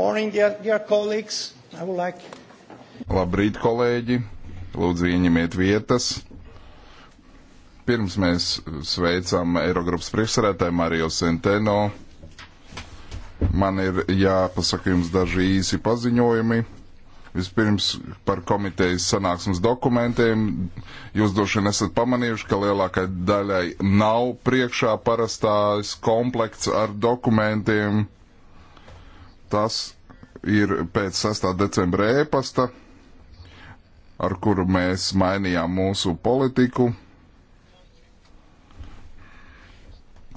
Morning, dear, dear colleagues. I would like... Labrīt, kolēģi! Lūdzu, ieņemiet vietas. Pirms mēs sveicam Eirogrupas priekšsarētāju Mario Centeno. Man ir jāpasaka jums daži īsi paziņojumi. Vispirms par komitejas sanāksmes dokumentiem. Jūs droši vien esat pamanījuši, ka lielākai daļai nav priekšā parastās komplekts ar dokumentiem. Tas ir pēc 6. decembra ēpasta, ar kuru mēs mainījām mūsu politiku,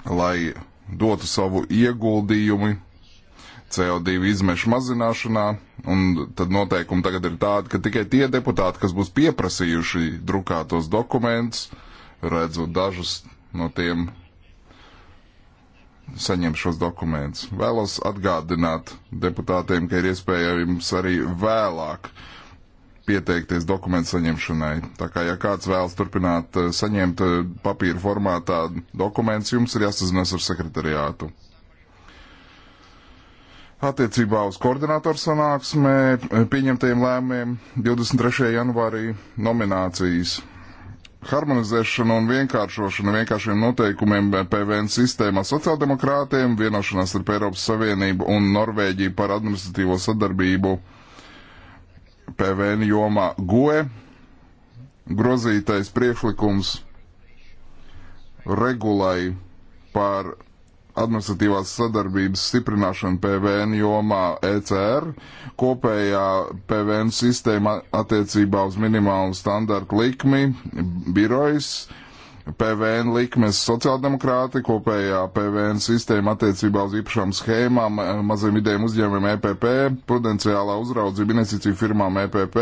lai dotu savu ieguldījumu CO2 izmešu mazināšanā, un tad noteikumi tagad ir tādi, ka tikai tie deputāti, kas būs pieprasījuši drukātos dokumentus, redzu dažus no tiem saņem šos dokumentus. Vēlos atgādināt deputātiem, ka ir iespējams arī vēlāk pieteikties dokumentu saņemšanai. Tā kā, ja kāds vēlas turpināt eh, saņemt eh, papīra formātā dokumentus, jums ir jāsazinās ar sekretariātu. Attiecībā uz koordinatoru sanāksmē eh, pieņemtajiem lēmumiem 23. janvārī nominācijas harmonizēšana un vienkāršošana vienkāršiem noteikumiem PVN sistēmā sociāldemokrātiem, vienošanās ar Eiropas Savienību un Norvēģiju par administratīvo sadarbību PVN jomā GOE, grozītais priekšlikums regulai par administratīvās sadarbības stiprināšanu PVN jomā ECR, kopējā PVN sistēma attiecībā uz minimālu standartu likmi, birojas, PVN likmes sociāldemokrāti, kopējā PVN sistēma attiecībā uz īpašām schēmām, maziem idejiem uzņēmumiem EPP, prudenciālā uzraudzība investīciju firmām EPP,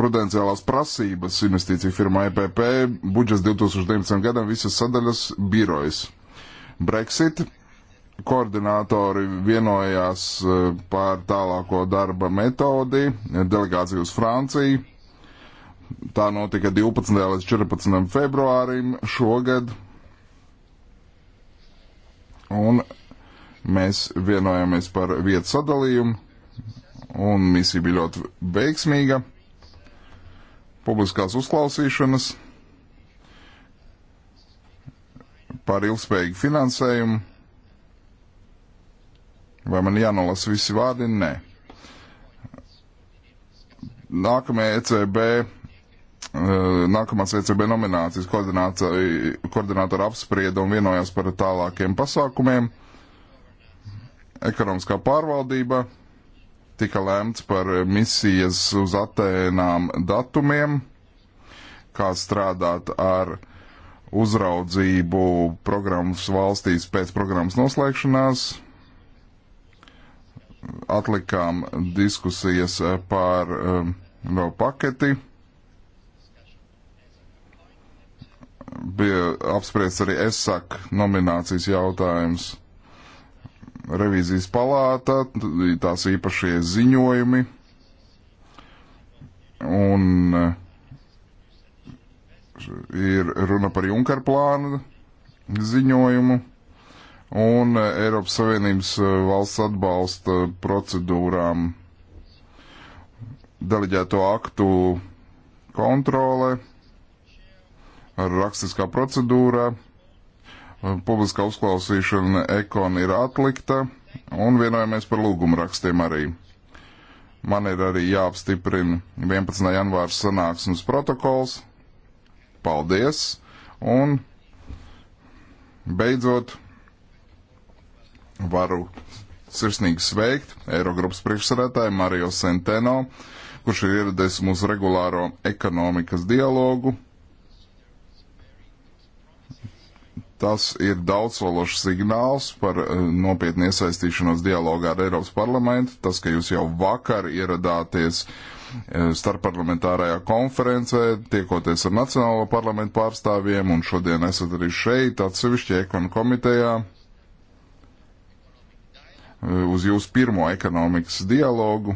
prudenciālās prasības investīciju firmā EPP, budžets 2019. gadam visas sadaļas birojas. Brexit. Koordinātori vienojās e, par tālāko darba metodi, delegāciju uz Franciju. Tā notika 12. līdz 14. februārim šogad. Un mēs vienojāmies par vietu sadalījumu, un misija bija ļoti veiksmīga. Publiskās uzklausīšanas par ilgspējīgu finansējumu. Vai man jānolasa visi vārdi? Nē. Nākamajā ECB, eh, nākamās ECB nominācijas koordinātori apsprieda un vienojās par tālākiem pasākumiem. Ekonomiskā pārvaldība tika lēmts par misijas uz Atēnām datumiem, kā strādāt ar uh, uzraudzību programmas valstīs pēc programmas noslēgšanās. Atlikām diskusijas par no um, paketi. Bija apspriests arī ESAK nominācijas jautājums. Revīzijas palāta, tās īpašie ziņojumi un uh, ir runa par Junkar plānu ziņojumu un e, Eiropas Savienības e, valsts atbalsta procedūrām deleģēto aktu kontrole ar rakstiskā procedūrā. E, publiskā uzklausīšana ekon ir atlikta un vienojamies par lūgumu rakstiem arī. Man ir arī jāapstiprina 11. janvāra sanāksmes protokols Paldies! Un beidzot varu sirsnīgi sveikt Eirogrupas priekšsarētāju Mario Centeno, kurš ir ieradies mūsu regulāro ekonomikas dialogu. Tas ir daudzsološs signāls par eh, nopietnu iesaistīšanos dialogā ar Eiropas parlamentu. Tas, ka jūs jau vakar ieradāties uh, starpparlamentārajā konferencē, tiekoties ar Nacionālo parlamentu pārstāvjiem, un šodien esat arī šeit, atsevišķi ekonomikas komitejā, uz jūsu pirmo ekonomikas dialogu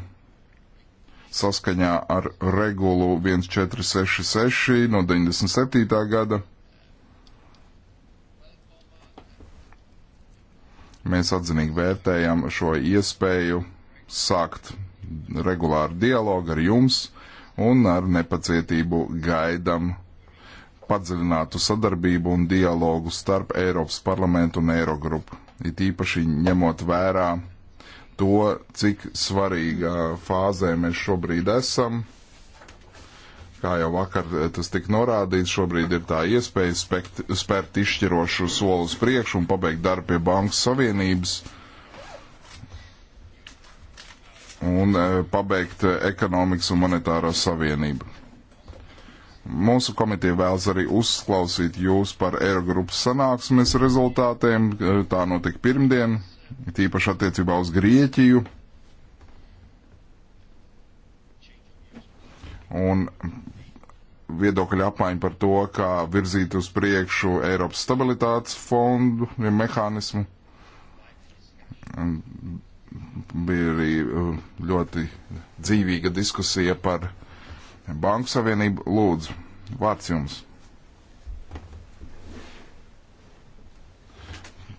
saskaņā ar regulu 1466 no 97. gada. Mēs atzinīgi vērtējam šo iespēju sākt regulāru dialogu ar jums un ar nepacietību gaidam padziļinātu sadarbību un dialogu starp Eiropas parlamentu un Eirogrupu. It īpaši ņemot vērā to, cik svarīgā fāzē mēs šobrīd esam. Kā jau vakar eh, tas tika norādīts, šobrīd ir tā iespēja spekt, spērt izšķirošu soli uz priekšu un pabeigt darbu pie Bankas Savienības un e, pabeigt ekonomikas un monetāro savienību. Mūsu komiteja vēlas arī uzklausīt jūs par Eirogrupas sanāksmes rezultātiem. E, tā notika pirmdien, tīpaši attiecībā uz Grieķiju. Un viedokļa apmaiņa par to, kā virzīt uz priekšu Eiropas stabilitātes fondu ja mehānismu bija arī uh, ļoti dzīvīga diskusija par Banku Savienību. Lūdzu, vārds jums.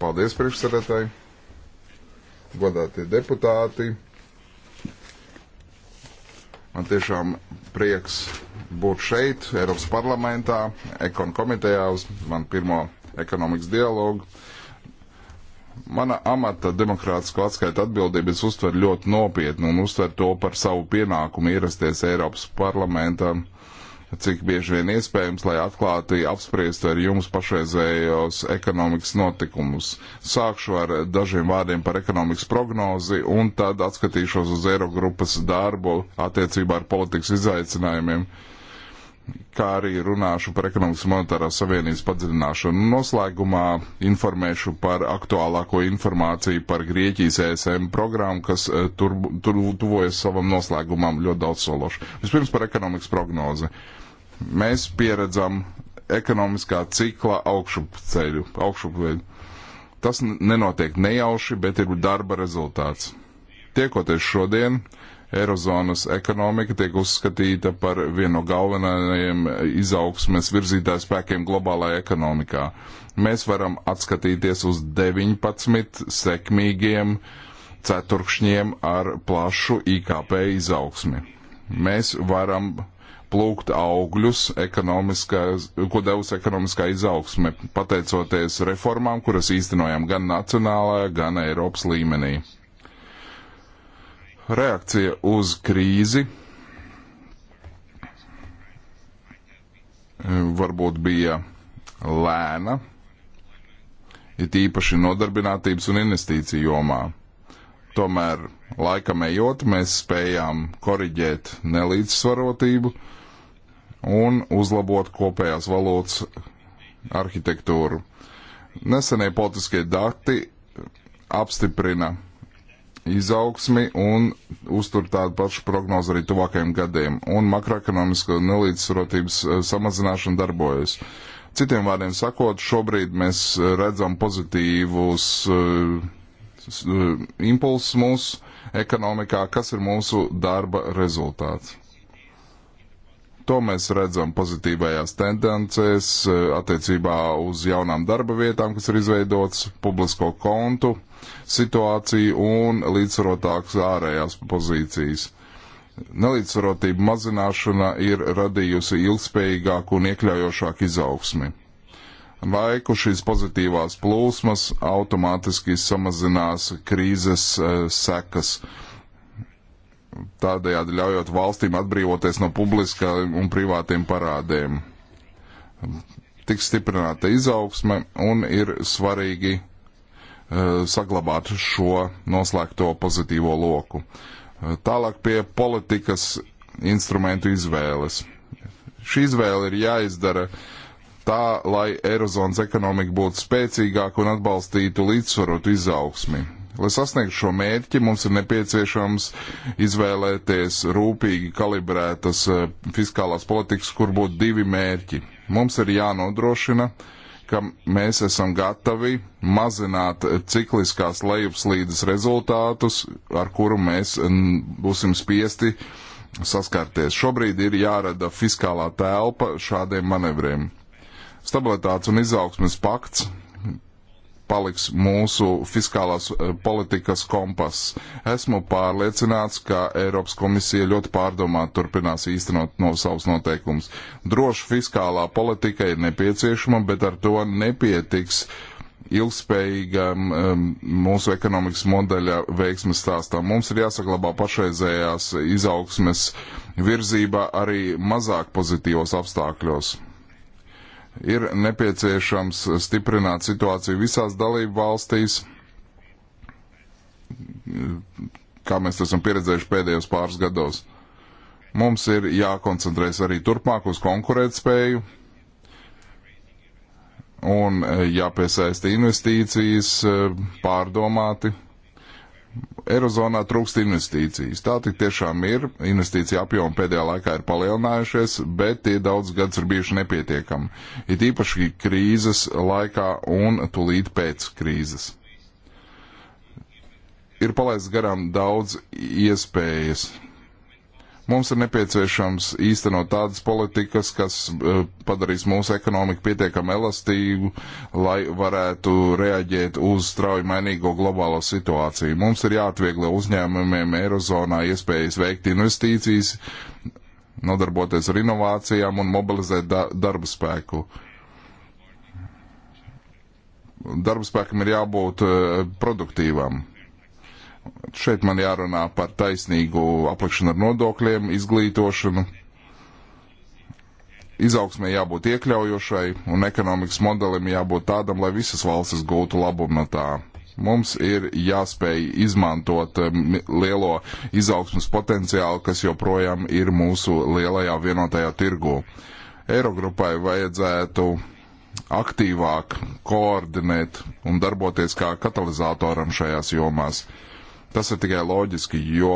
Paldies, priekšsēdētāji, godātie deputāti. Man tiešām prieks būt šeit, Eiropas parlamentā, ekon komitejā, uz man pirmo ekonomikas dialogu. Mana amata demokrātisko atskaitu atbildības uztver ļoti nopietni un uztver to par savu pienākumu ierasties Eiropas parlamentam, cik bieži vien iespējams, lai atklāti apspriestu ar jums pašreizējos ekonomikas notikumus. Sākšu ar dažiem vārdiem par ekonomikas prognozi un tad atskatīšos uz Eirogrupas darbu attiecībā ar politikas izaicinājumiem kā arī runāšu par ekonomikas monetārās savienības padziļināšanu. Noslēgumā informēšu par aktuālāko informāciju par Grieķijas ESM programmu, kas e, tur, tur tuvojas savam noslēgumam ļoti daudz sološu. Vispirms par ekonomikas prognozi. Mēs pieredzam ekonomiskā cikla augšupceļu. augšupceļu. Tas nenotiek nejauši, bet ir darba rezultāts. Tiekoties šodien, uh, Eirozonas ekonomika tiek uzskatīta par vienu no galvenajiem izaugsmes virzītāju spēkiem globālajā ekonomikā. Mēs varam atskatīties uz 19 sekmīgiem ceturkšņiem ar plašu IKP izaugsmi. Mēs varam plūkt augļus, ko devusi ekonomiskā izaugsme, pateicoties reformām, kuras īstenojam gan nacionālajā, gan Eiropas līmenī reakcija uz krīzi varbūt bija lēna, it īpaši nodarbinātības un investīciju jomā. Tomēr laikam ejot, mēs spējām koriģēt nelīdzsvarotību un uzlabot kopējās valūtas arhitektūru. Nesenie politiskie dati apstiprina izaugsmi un uztur tādu pašu prognozu arī tuvākajiem gadiem. Un makroekonomiska nelīdzsvarotības eh, samazināšana darbojas. Citiem vārdiem sakot, šobrīd mēs eh, redzam pozitīvus eh, impulsus mūsu ekonomikā, kas ir mūsu darba rezultāts. To mēs redzam pozitīvajās tendencēs e, attiecībā uz jaunām darba vietām, kas ir izveidotas, publisko kontu situāciju un līdzsvarotākas ārējās pozīcijas. Nelīdzsvarotība mazināšana ir radījusi ilgspējīgāku un iekļaujošāku izaugsmi laiku šīs pozitīvās plūsmas automātiski samazinās krīzes e, sekas tādējādi ļaujot valstīm atbrīvoties no publiskā un privātiem parādiem. Tiks stiprināta izaugsme un ir svarīgi uh, saglabāt šo noslēgto pozitīvo loku. Uh, tālāk pie politikas instrumentu izvēles. Šī izvēle ir jāizdara tā, lai Eirozonas ekonomika būtu spēcīgāka un atbalstītu līdzsvarotu izaugsmi Lai sasniegtu šo mērķi, mums ir nepieciešams izvēlēties rūpīgi kalibrētas e, fiskālās politikas, kur būtu divi mērķi. Mums ir jānodrošina, ka mēs esam gatavi mazināt cikliskās lejupslīdes rezultātus, ar kuru mēs būsim spiesti saskarties. Šobrīd ir jārada fiskālā telpa šādiem manevriem. Stabilitātes un izaugsmes pakts paliks mūsu fiskālās eh, politikas kompass. Esmu pārliecināts, ka Eiropas komisija ļoti pārdomāt turpinās īstenot no savus noteikumus. Droša fiskālā politika ir nepieciešama, bet ar to nepietiks ilgspējīgam um, mūsu ekonomikas modeļa veiksmes stāstā. Mums ir jāsaglabā pašreizējās izaugsmes virzība arī mazāk pozitīvos apstākļos ir nepieciešams stiprināt situāciju visās dalību valstīs, kā mēs esam pieredzējuši pēdējos pāris gados. Mums ir jākoncentrēs arī turpmāk uz konkurētspēju un jāpiesaista investīcijas eh, pārdomāti Eirozonā trūkst investīcijas. Tā tik tiešām ir. Investīcija apjoma pēdējā laikā ir palielinājušies, bet tie daudz gads ir bijuši nepietiekami. It īpaši krīzes laikā un tulīt pēc krīzes. Ir palaists garām daudz iespējas Mums ir nepieciešams īstenot tādas politikas, kas eh, padarīs mūsu ekonomiku pietiekami elastīgu, lai varētu reaģēt uz strauji mainīgo globālo situāciju. Mums ir jāatvieglo uzņēmumiem Eirozonā iespējas veikt investīcijas, nodarboties ar inovācijām un mobilizēt da darba spēku darba spēkam ir jābūt eh, produktīvam. Šeit man jārunā par taisnīgu aplikšanu ar nodokļiem, izglītošanu. Izaugsmē jābūt iekļaujošai un ekonomikas modelim jābūt tādam, lai visas valstis gūtu labumu no tā. Mums ir jāspēj izmantot um, lielo izaugsmas potenciālu, kas joprojām ir mūsu lielajā vienotajā tirgū. Eirogrupai vajadzētu aktīvāk koordinēt un darboties kā katalizatoram šajās jomās. Tas ir tikai loģiski, jo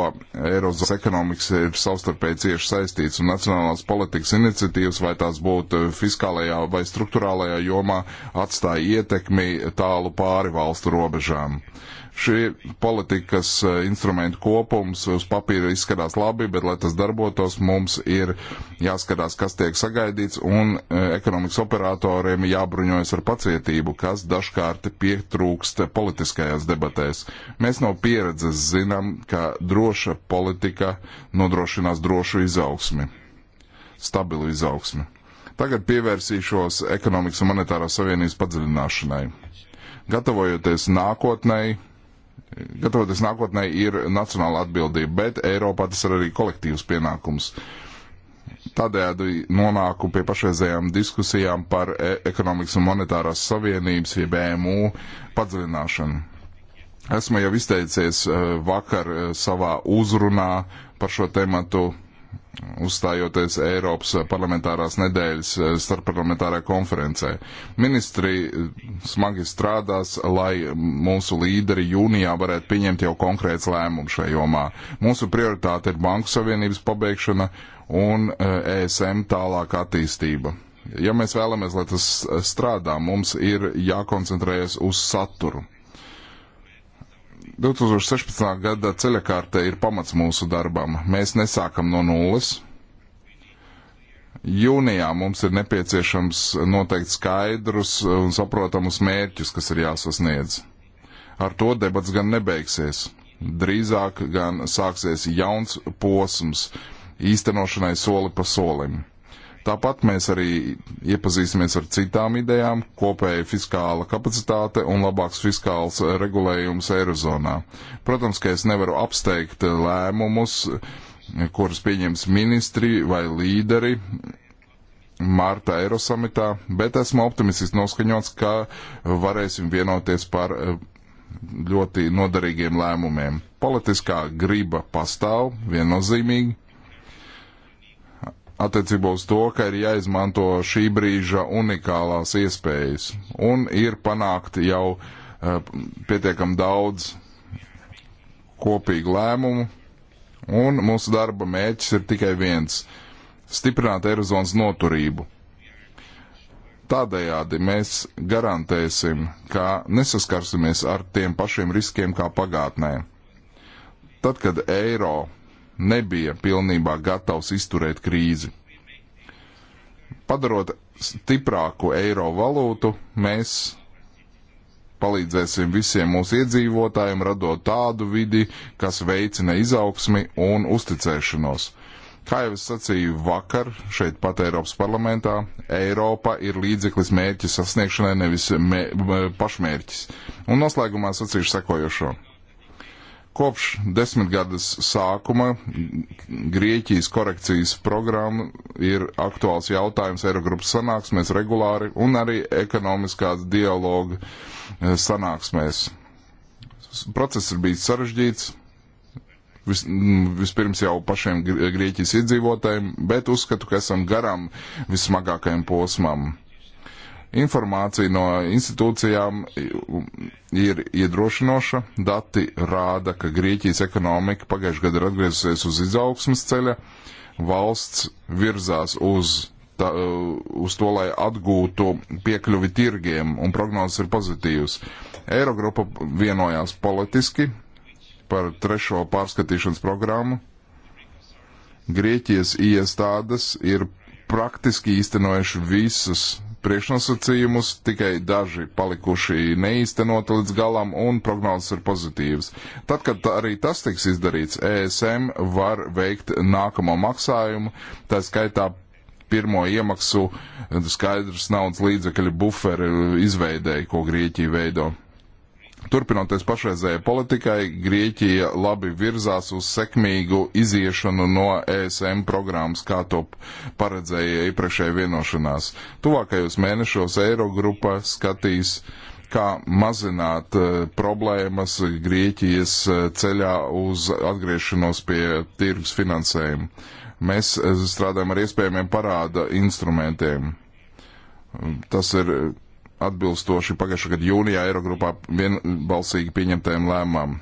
Eirozonas ekonomikas ir savstarpēji cieši saistīts un nacionālās politikas iniciatīvas, vai tās būtu fiskālajā vai struktūrālajā jomā, atstāja ietekmi tālu pāri valstu robežām. Uh, Šie politikas eh, instrumentu kopums uz papīra izskatās labi, bet, lai tas darbotos, mums ir jāskatās, kas tiek sagaidīts, un eh, ekonomikas operatoriem jābruņojas ar pacietību, kas dažkārt pietrūkst politiskajās debatēs. Mēs no pieredzes zinām, ka droša politika nodrošinās drošu izaugsmi, stabilu izaugsmi. Tagad pievērsīšos ekonomikas un monetārās savienības padziļināšanai. Gatavojoties nākotnēji, gatavoties nākotnē, ir nacionāla atbildība, bet Eiropā tas ir arī kolektīvs pienākums. Tādējādi nonāku pie pašreizējām diskusijām par e- ekonomikas un monetārās savienības, jeb EMU, padziļināšanu. Esmu jau izteicies e, vakar e, savā uzrunā par šo tematu uzstājoties Eiropas parlamentārās nedēļas eh, starpparlamentārā konferencē. Ministri eh, smagi strādās, lai mūsu līderi jūnijā varētu pieņemt jau konkrēts lēmumu šajā jomā. Mūsu prioritāte ir Banku Savienības pabeigšana un ESM eh, e tālāka attīstība. Ja mēs vēlamies, lai tas strādā, mums ir jākoncentrējas uz saturu. 2016. gada ceļakārte ir pamats mūsu darbam. Mēs nesākam no nulles. Jūnijā mums ir nepieciešams noteikt skaidrus un saprotamus mērķus, kas ir jāsasniedz. Ar to debats gan nebeigsies. Drīzāk gan sāksies jauns posms īstenošanai soli pa solim. Tāpat mēs arī iepazīsimies ar citām idejām - kopēja fiskāla kapacitāte un labāks fiskāls regulējums Eirozonā. Protams, ka es nevaru apsteigt lēmumus, kurus pieņems ministri vai līderi Mārta Eirosamitā, bet esmu optimistiski noskaņots, ka varēsim vienoties par ļoti noderīgiem lēmumiem. Politiskā griba pastāv viennozīmīgi attiecībā uz to, ka ir jāizmanto šī brīža unikālās iespējas un ir panākt jau uh, pietiekam daudz kopīgu lēmumu. Un mūsu darba mērķis ir tikai viens - stiprināt Eirozonas noturību. Tādējādi mēs garantēsim, ka nesaskarsimies ar tiem pašiem riskiem kā pagātnē. Tad, kad eiro nebija pilnībā gatavs izturēt krīzi. Padarot stiprāku eiro valūtu, mēs palīdzēsim visiem mūsu iedzīvotājiem, radot tādu vidi, kas veicina izaugsmi un uzticēšanos. Kā jau es sacīju vakar, šeit pat Eiropas parlamentā, Eiropa ir līdzeklis mērķa sasniegšanai, nevis mē, pašmērķis. Un noslēgumā sacīšu sekojošo. Kopš desmitgades sākuma Grieķijas korekcijas programma ir aktuāls jautājums Eirogrupas sanāksmēs regulāri un arī ekonomiskās dialoga eh, sanāksmēs. Process ir bijis sarežģīts, vis, mm, vispirms jau pašiem Grieķijas iedzīvotājiem, bet uzskatu, ka esam garam vismagākajam posmam Informācija no institūcijām ir iedrošinoša. Dati rāda, ka Grieķijas ekonomika pagājušajā gadā ir atgriezusies uz izaugsmas ceļa. Valsts virzās uz, tā, uz to, lai atgūtu piekļuvi tirgiem, un prognozes ir pozitīvas. Eirogrupa vienojās politiski par trešo pārskatīšanas programmu. Grieķijas iestādes ir praktiski īstenojuši visas priekšnosacījumus, tikai daži palikuši neīstenoti līdz galam, un prognozes ir pozitīvas. Tad, kad arī tas tiks izdarīts, ESM var veikt nākamo maksājumu, tā skaitā pirmo iemaksu skaidrs naudas līdzekļu buferi izveidēji, ko Grieķija veido. Turpinoties pašreizējai politikai, Grieķija labi virzās uz sekmīgu iziešanu no ESM programmas, kā to paredzēja iepriekšējā vienošanās. Tuvākajos mēnešos Eirogrupa skatīs kā mazināt eh, problēmas Grieķijas eh, ceļā uz atgriešanos pie tirgus finansējuma. Mēs eh, strādājam ar iespējamiem parāda instrumentiem. Tas ir atbilstoši pagājušā gada jūnijā Eirogrupā vienbalsīgi pieņemtajam lēmumam.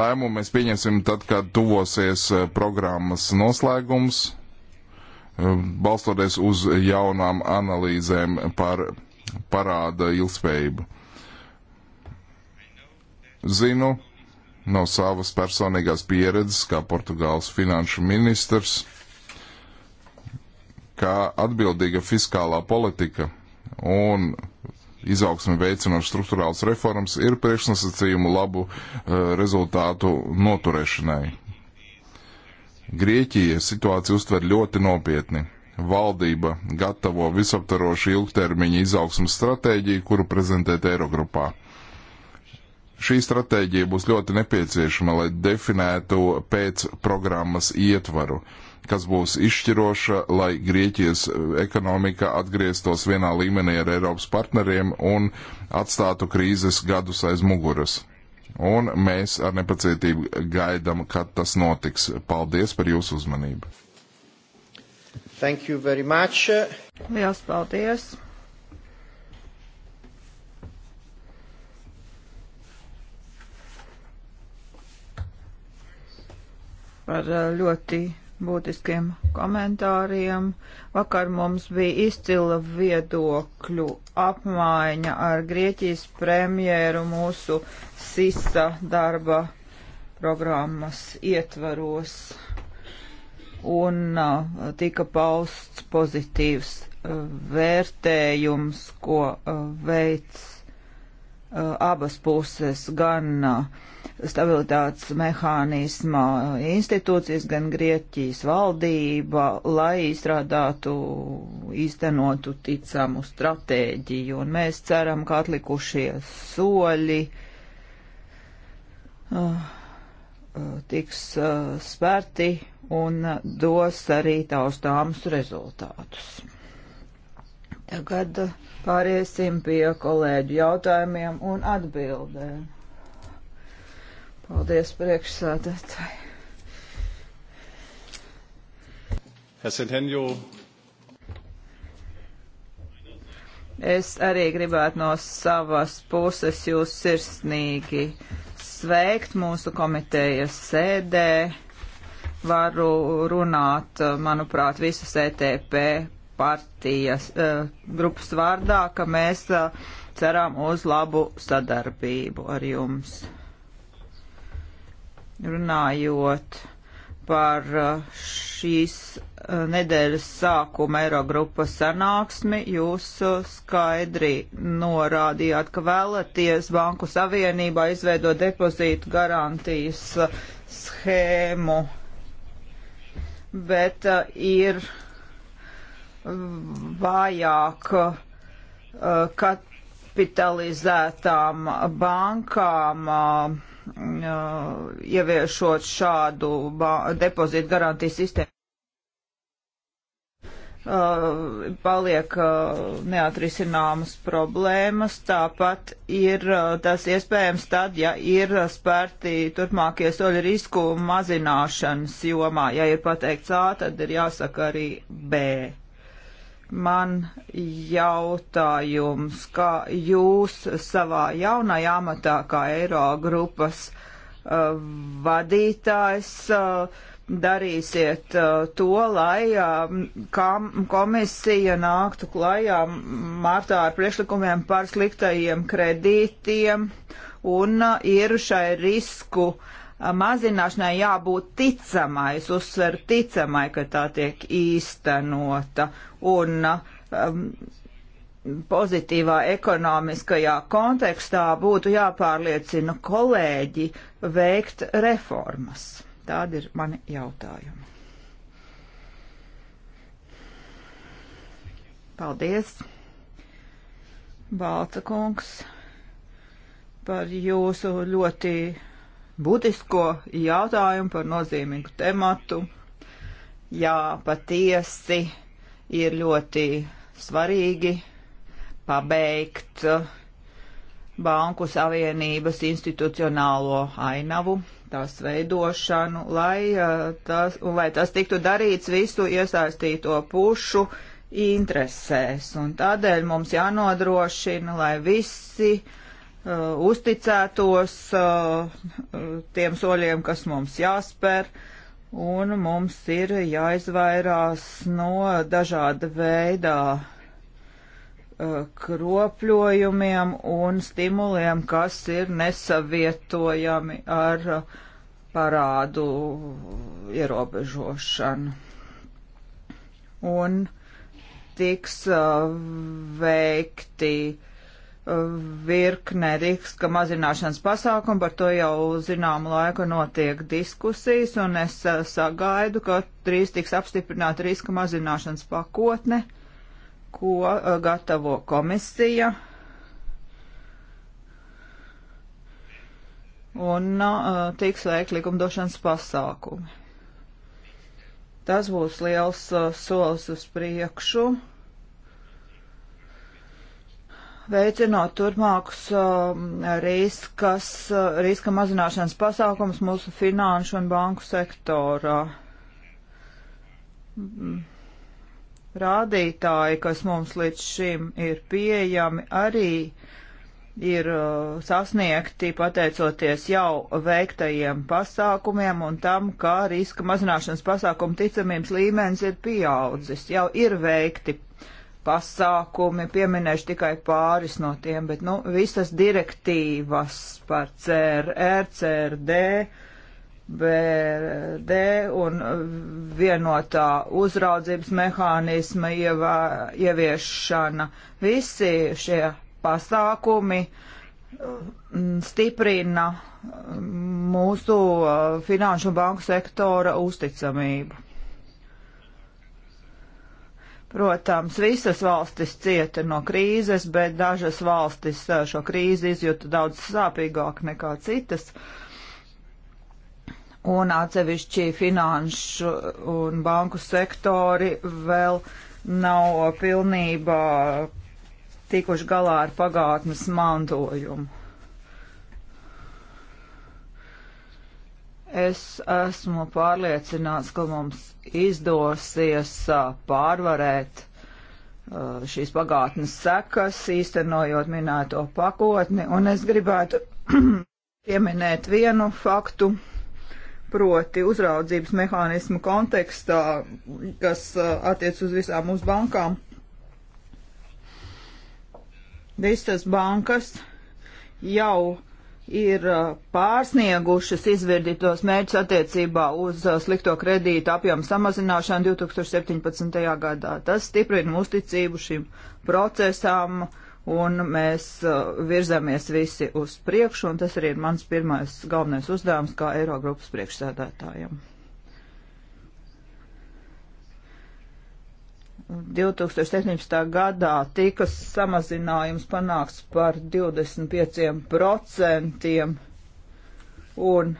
Lēmumu mēs pieņemsim tad, kad tuvosies eh, programmas noslēgums, eh, balstoties uz jaunām analīzēm par parāda ilgspējību. Zinu no savas personīgās pieredzes kā Portugāles finanšu ministrs, ka atbildīga fiskālā politika – un izaugsmi veicinošas struktūrāls reformas ir priekšnosacījumu labu eh, rezultātu noturēšanai. Grieķija situāciju uztver ļoti nopietni. Valdība gatavo visaptarošu ilgtermiņa izaugsmas stratēģiju, kuru prezentēt Eirogrupā. Šī stratēģija būs ļoti nepieciešama, lai definētu pēc programmas ietvaru. Uh, kas būs izšķiroša, lai Grieķijas e, ekonomika atgrieztos vienā līmenī ar Eiropas partneriem un atstātu krīzes gadus aiz muguras. Un mēs ar nepacietību gaidām, kad tas notiks. Paldies par jūsu uzmanību. Thank you very much. Liels paldies. par e, ļoti būtiskiem komentāriem. Vakar mums bija izcila viedokļu apmaiņa ar Grieķijas premjēru mūsu SISA darba programmas ietvaros un tika pausts pozitīvs vērtējums, ko veids Eh, abas puses, gan eh, stabilitātes mehānisma institūcijas, gan Grieķijas valdība, lai izstrādātu, īstenotu ticamu stratēģiju. Un mēs ceram, ka atlikušie soļi uh, tiks uh, spērti un dos arī taustāmus rezultātus. Tagad uh, Pāriesim pie kolēģu jautājumiem un atbildēm. Paldies priekšsādātāji. Herr Sentenjo. Es arī gribētu no savas puses jūs sirsnīgi sveikt mūsu komitejas sēdē. Varu runāt, manuprāt, visas ETP partijas eh, grupas vārdā, ka mēs eh, ceram uz labu sadarbību ar jums. Runājot par eh, šīs nedēļas sākuma Eirogrupas sanāksmi, jūs skaidri norādījāt, ka vēlaties Banku Savienībā izveidot depozītu garantijas schēmu, bet ir vājāk eh, kapitalizētām bankām eh, ieviešot šādu depozītu garantiju sistēmu. Uh, paliek uh, neatrisināmas problēmas. Tāpat ir uh, tas iespējams tad, ja ir spērti turpmākie soļi risku mazināšanas jomā. Ja ir pateikts A, tad ir jāsaka arī B man jautājums, kā jūs savā jaunajā amatā kā Eiro grupas uh, vadītājs uh, darīsiet uh, to, lai uh, komisija nāktu klajā martā ar priekšlikumiem par sliktajiem kredītiem un uh, ir šai risku uh, mazināšanai jābūt ticamai, es uzsveru ticamai, ka tā tiek īstenota. Un um, pozitīvā ekonomiskajā kontekstā būtu jāpārliecina kolēģi veikt reformas. Tādi ir mani jautājumi. Paldies, Balca kungs, par jūsu ļoti būtisko jautājumu, par nozīmīgu tematu. Jā, patiesi ir ļoti svarīgi pabeigt Banku Savienības institucionālo ainavu, tās veidošanu, lai eh, tas, un lai tas tiktu darīts visu iesaistīto pušu interesēs. Un tādēļ mums jānodrošina, lai visi uh, uh, uzticētos uh, tiem soļiem, kas mums jāspēr, un mums ir jāizvairās no dažāda veidā uh, kropļojumiem un stimuliem, kas ir nesavietojami ar parādu ierobežošanu. Un tiks uh, veikti uh, virknē riska mazināšanas pasākumu, par to jau zināmu laiku notiek diskusijas, un es eh, sagaidu, ka drīz tiks apstiprināta riska mazināšanas pakotne, ko eh, gatavo komisija. Un eh, tiks veikt likumdošanas pasākumi. Tas būs liels solis uz priekšu veicinot turpmākus um, riskas, uh, riska mazināšanas pasākums mūsu finanšu un banku sektorā. Mm. Rādītāji, kas mums līdz šim ir pieejami, arī ir uh, sasniegti pateicoties jau veiktajiem pasākumiem un tam, kā riska mazināšanas pasākumu ticamības līmenis ir pieaudzis. Jau ir veikti pasākumi, pieminēšu tikai pāris no tiem, bet nu, visas direktīvas par CRR, CRD, BRD un vienotā uzraudzības mehānisma ievā, ieviešana, visi šie pasākumi mm, stiprina mm, mūsu uh, finanšu un banku sektora uzticamību. Protams, visas valstis cieta no krīzes, bet dažas valstis eh, šo krīzi izjūta daudz sāpīgāk nekā citas. Un atsevišķi finanšu un banku sektori vēl nav pilnībā tikuši galā ar pagātnes mantojumu. Es esmu pārliecināts, ka mums izdosies pārvarēt šīs pagātnes sekas, īstenojot minēto pakotni, un es gribētu pieminēt vienu faktu, proti uzraudzības mehānismu kontekstā, kas attiec uz visām mūsu bankām. Visas bankas jau ir uh, pārsniegušas izvirdītos mērķus attiecībā uz uh, slikto kredītu apjomu samazināšanu 2017. gadā. Tas stiprina uzticību šim procesam un mēs uh, virzamies visi uz priekšu, un tas arī ir mans pirmais galvenais uzdevums kā Eirogrupas priekšsēdētājiem. 2017. gadā tika samazinājums panāks par 25% un,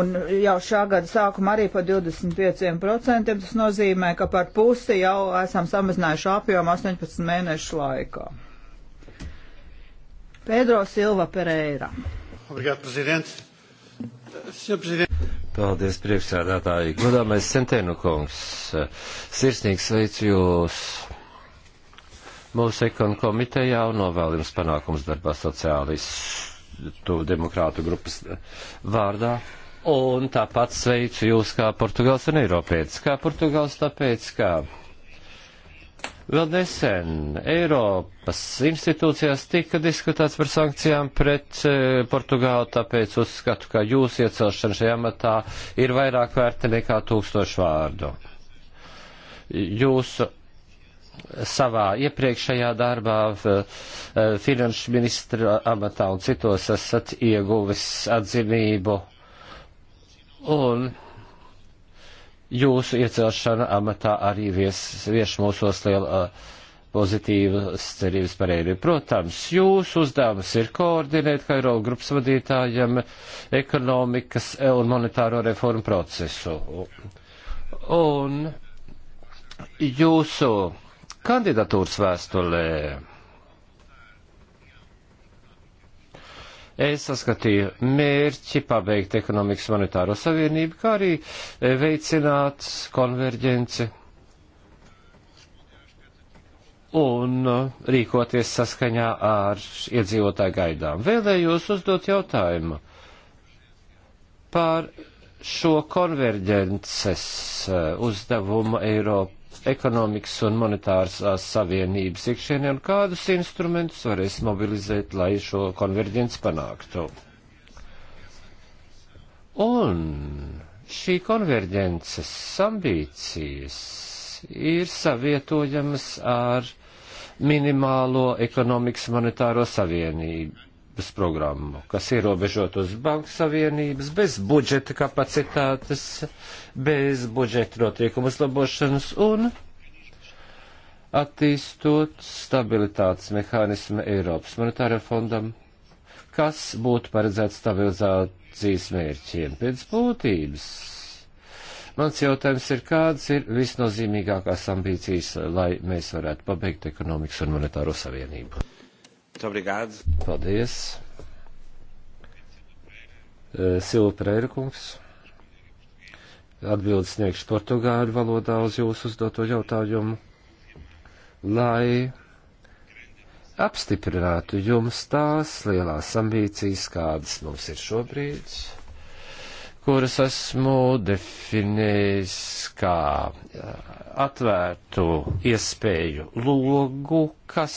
un jau šā gada sākumā arī par 25%. Tas nozīmē, ka par pusi jau esam samazinājuši apjomu 18 mēnešu laikā. Pedro Silva Pereira. Obrigado, presidente. Senhor presidente. Paldies, priekšsēdētāji. Godāmais Centenu kungs, sirsnīgs sveicu jūs mūsu ekonu komitejā un novēl jums panākums darbā sociālistu demokrātu grupas vārdā. Un tāpat sveicu jūs kā Portugāls un Eiropietis, kā Portugāls, tāpēc, kā. Ka Vēl nesen Eiropas institūcijās tika diskutēts par sankcijām pret e, Portugālu, tāpēc uzskatu, ka jūsu iecelšana šajā matā ir vairāk vērta nekā tūkstošu vārdu. Jūsu savā iepriekšējā darbā e, finanšu ministra amatā un citos esat ieguvis atzinību un jūsu iecelšana amatā arī vies, vieš mūsos liela pozitīvas cerības par eiro. Protams, jūsu uzdevums ir koordinēt Kairo grupas vadītājiem ekonomikas un monetāro reformu procesu. Un jūsu kandidatūras vēstulē es saskatīju mērķi pabeigt ekonomikas monetāro savienību, kā arī e, veicināt konverģenci un e, rīkoties saskaņā ar iedzīvotāju gaidām. Vēlējos uzdot jautājumu par šo konverģences e, uzdevumu Eiropā ekonomikas un monetārās savienības iekšienē un kādus instrumentus varēs mobilizēt, lai šo konverģents panāktu. Un šī konverģences ambīcijas ir savietojamas ar minimālo ekonomikas monetāro savienību sadarbības programmu, kas ierobežot uz Banku Savienības, bez budžeta kapacitātes, bez budžeta notiekumu uzlabošanas un attīstot stabilitātes mehānismu Eiropas monetāra fondam, kas būtu paredzēts stabilizācijas mērķiem pēc būtības. Mans jautājums ir, kādas ir visnozīmīgākās ambīcijas, lai mēs varētu pabeigt ekonomikas un monetāro savienību? Obrigado. Paldies. Eh, Silva Pereira kungs. Atbildes sniegšu portugāļu valodā uz jūsu uzdoto jautājumu, lai apstiprinātu jums tās lielās ambīcijas, kādas mums ir šobrīd, kuras esmu definējis kā atvērtu iespēju logu, kas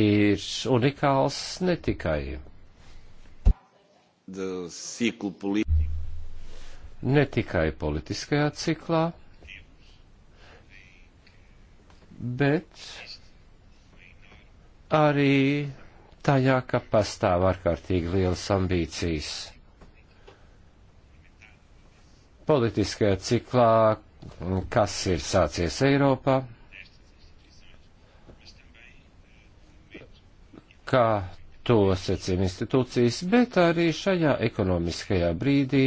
ir unikāls ne tikai ne tikai politiskajā ciklā, bet arī tajā, ka pastāv ārkārtīgi lielas ambīcijas. Politiskajā ciklā, kas ir sācies Eiropā, kā to secina institūcijas, bet arī šajā ekonomiskajā brīdī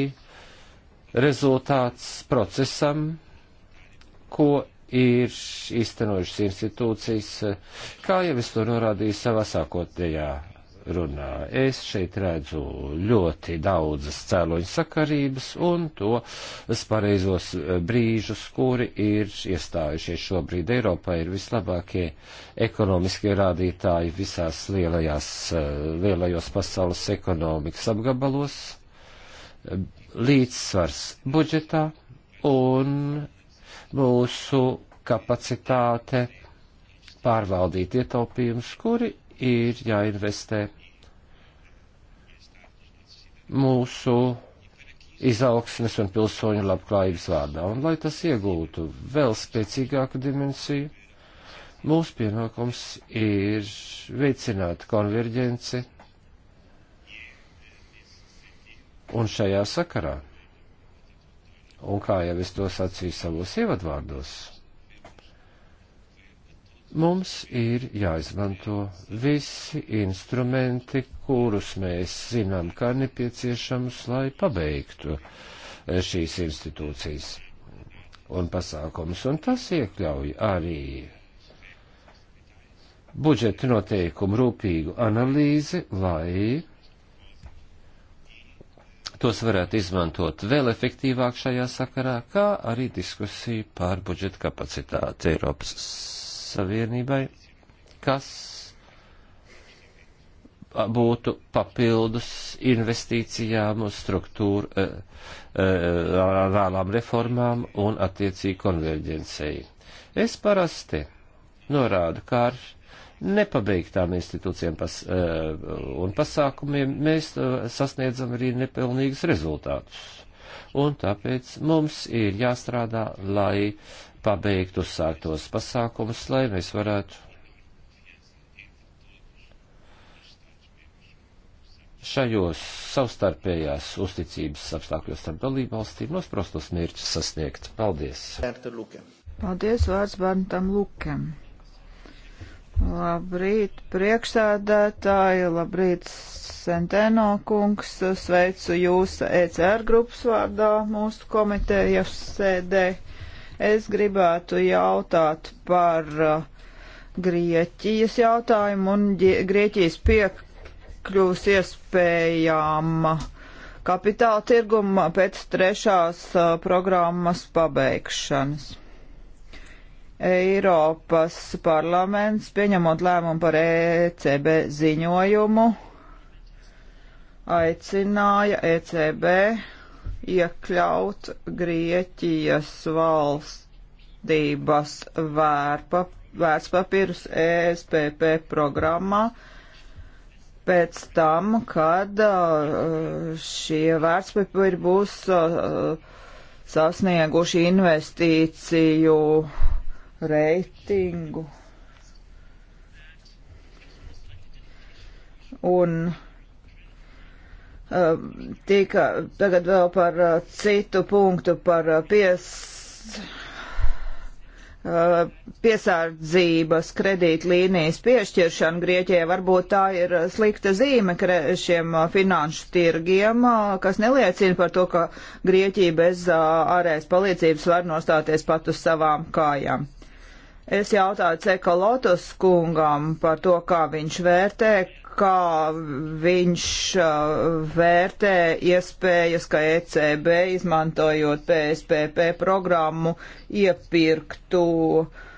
rezultāts procesam, ko ir iztenojušas institūcijas, kā jau es to norādīju savā sākotnējā runā. Es šeit redzu ļoti daudzas cēloņu sakarības un to spareizos eh, brīžus, kuri ir iestājušies šobrīd Eiropā, ir vislabākie ekonomiskie rādītāji visās lielajās, eh, lielajos pasaules ekonomikas apgabalos, līdzsvars budžetā un mūsu kapacitāte pārvaldīt ietaupījumus, kuri ir jāinvestē mūsu izaugsmes un pilsoņu labklājības vārdā. Un lai tas iegūtu vēl spēcīgāku dimensiju, mūsu pienākums ir veicināt konverģenci. Un šajā sakarā, un kā jau es to sacīju savos ievadvārdos, Mums ir jāizmanto visi instrumenti, kurus mēs zinām, kā nepieciešams, lai pabeigtu e, šīs institūcijas un pasākumus, un tas iekļauj arī budžeta noteikumu rūpīgu analīzi, lai tos varētu izmantot vēl efektīvāk šajā sakarā, kā arī diskusiju par budžeta kapacitāti Eiropas Savienībai, kas būtu papildus investīcijām uz struktūru rālām eh, eh, reformām un attiecīgi konverģencei. Es parasti norādu, kā ar nepabeigtām institūcijām pas, eh, un pasākumiem mēs sasniedzam arī nepilnīgus rezultātus. Un tāpēc mums ir jāstrādā, lai pabeigt uzsāktos pasākumus, lai mēs varētu šajos savstarpējās uzticības apstākļos starp dalībvalstīm nosprostos mērķus sasniegt. Paldies! Paldies vārds Berntam Lukem! Labrīt, priekšsēdētāji, labrīt, Senteno kungs, sveicu jūs ECR grupas vārdā mūsu komitejas sēdē. Es gribētu jautāt par uh, Grieķijas jautājumu un Grieķijas piekļūs iespējām kapitāla tirguma pēc trešās uh, programmas pabeigšanas. Eiropas parlaments pieņemot lēmumu par ECB ziņojumu aicināja ECB iekļaut Grieķijas valstības vērpa, vērtspapīrus ESPP programmā pēc tam, kad uh, šie vērtspapīri būs uh, sasnieguši investīciju reitingu. Un Ehm, tika tagad vēl par eh, citu punktu, par eh, pies, eh, piesārdzības kredītlīnijas piešķiršanu Grieķijai. Varbūt tā ir slikta zīme šiem finanšu tirgiem, kas neliecina par to, ka Grieķija bez ārējas palīdzības var nostāties pat uz savām kājām. Es jautāju Cekalotus kungam par to, kā viņš vērtē, kā viņš uh, vērtē iespējas, ka ECB izmantojot PSPP programmu iepirktu uh,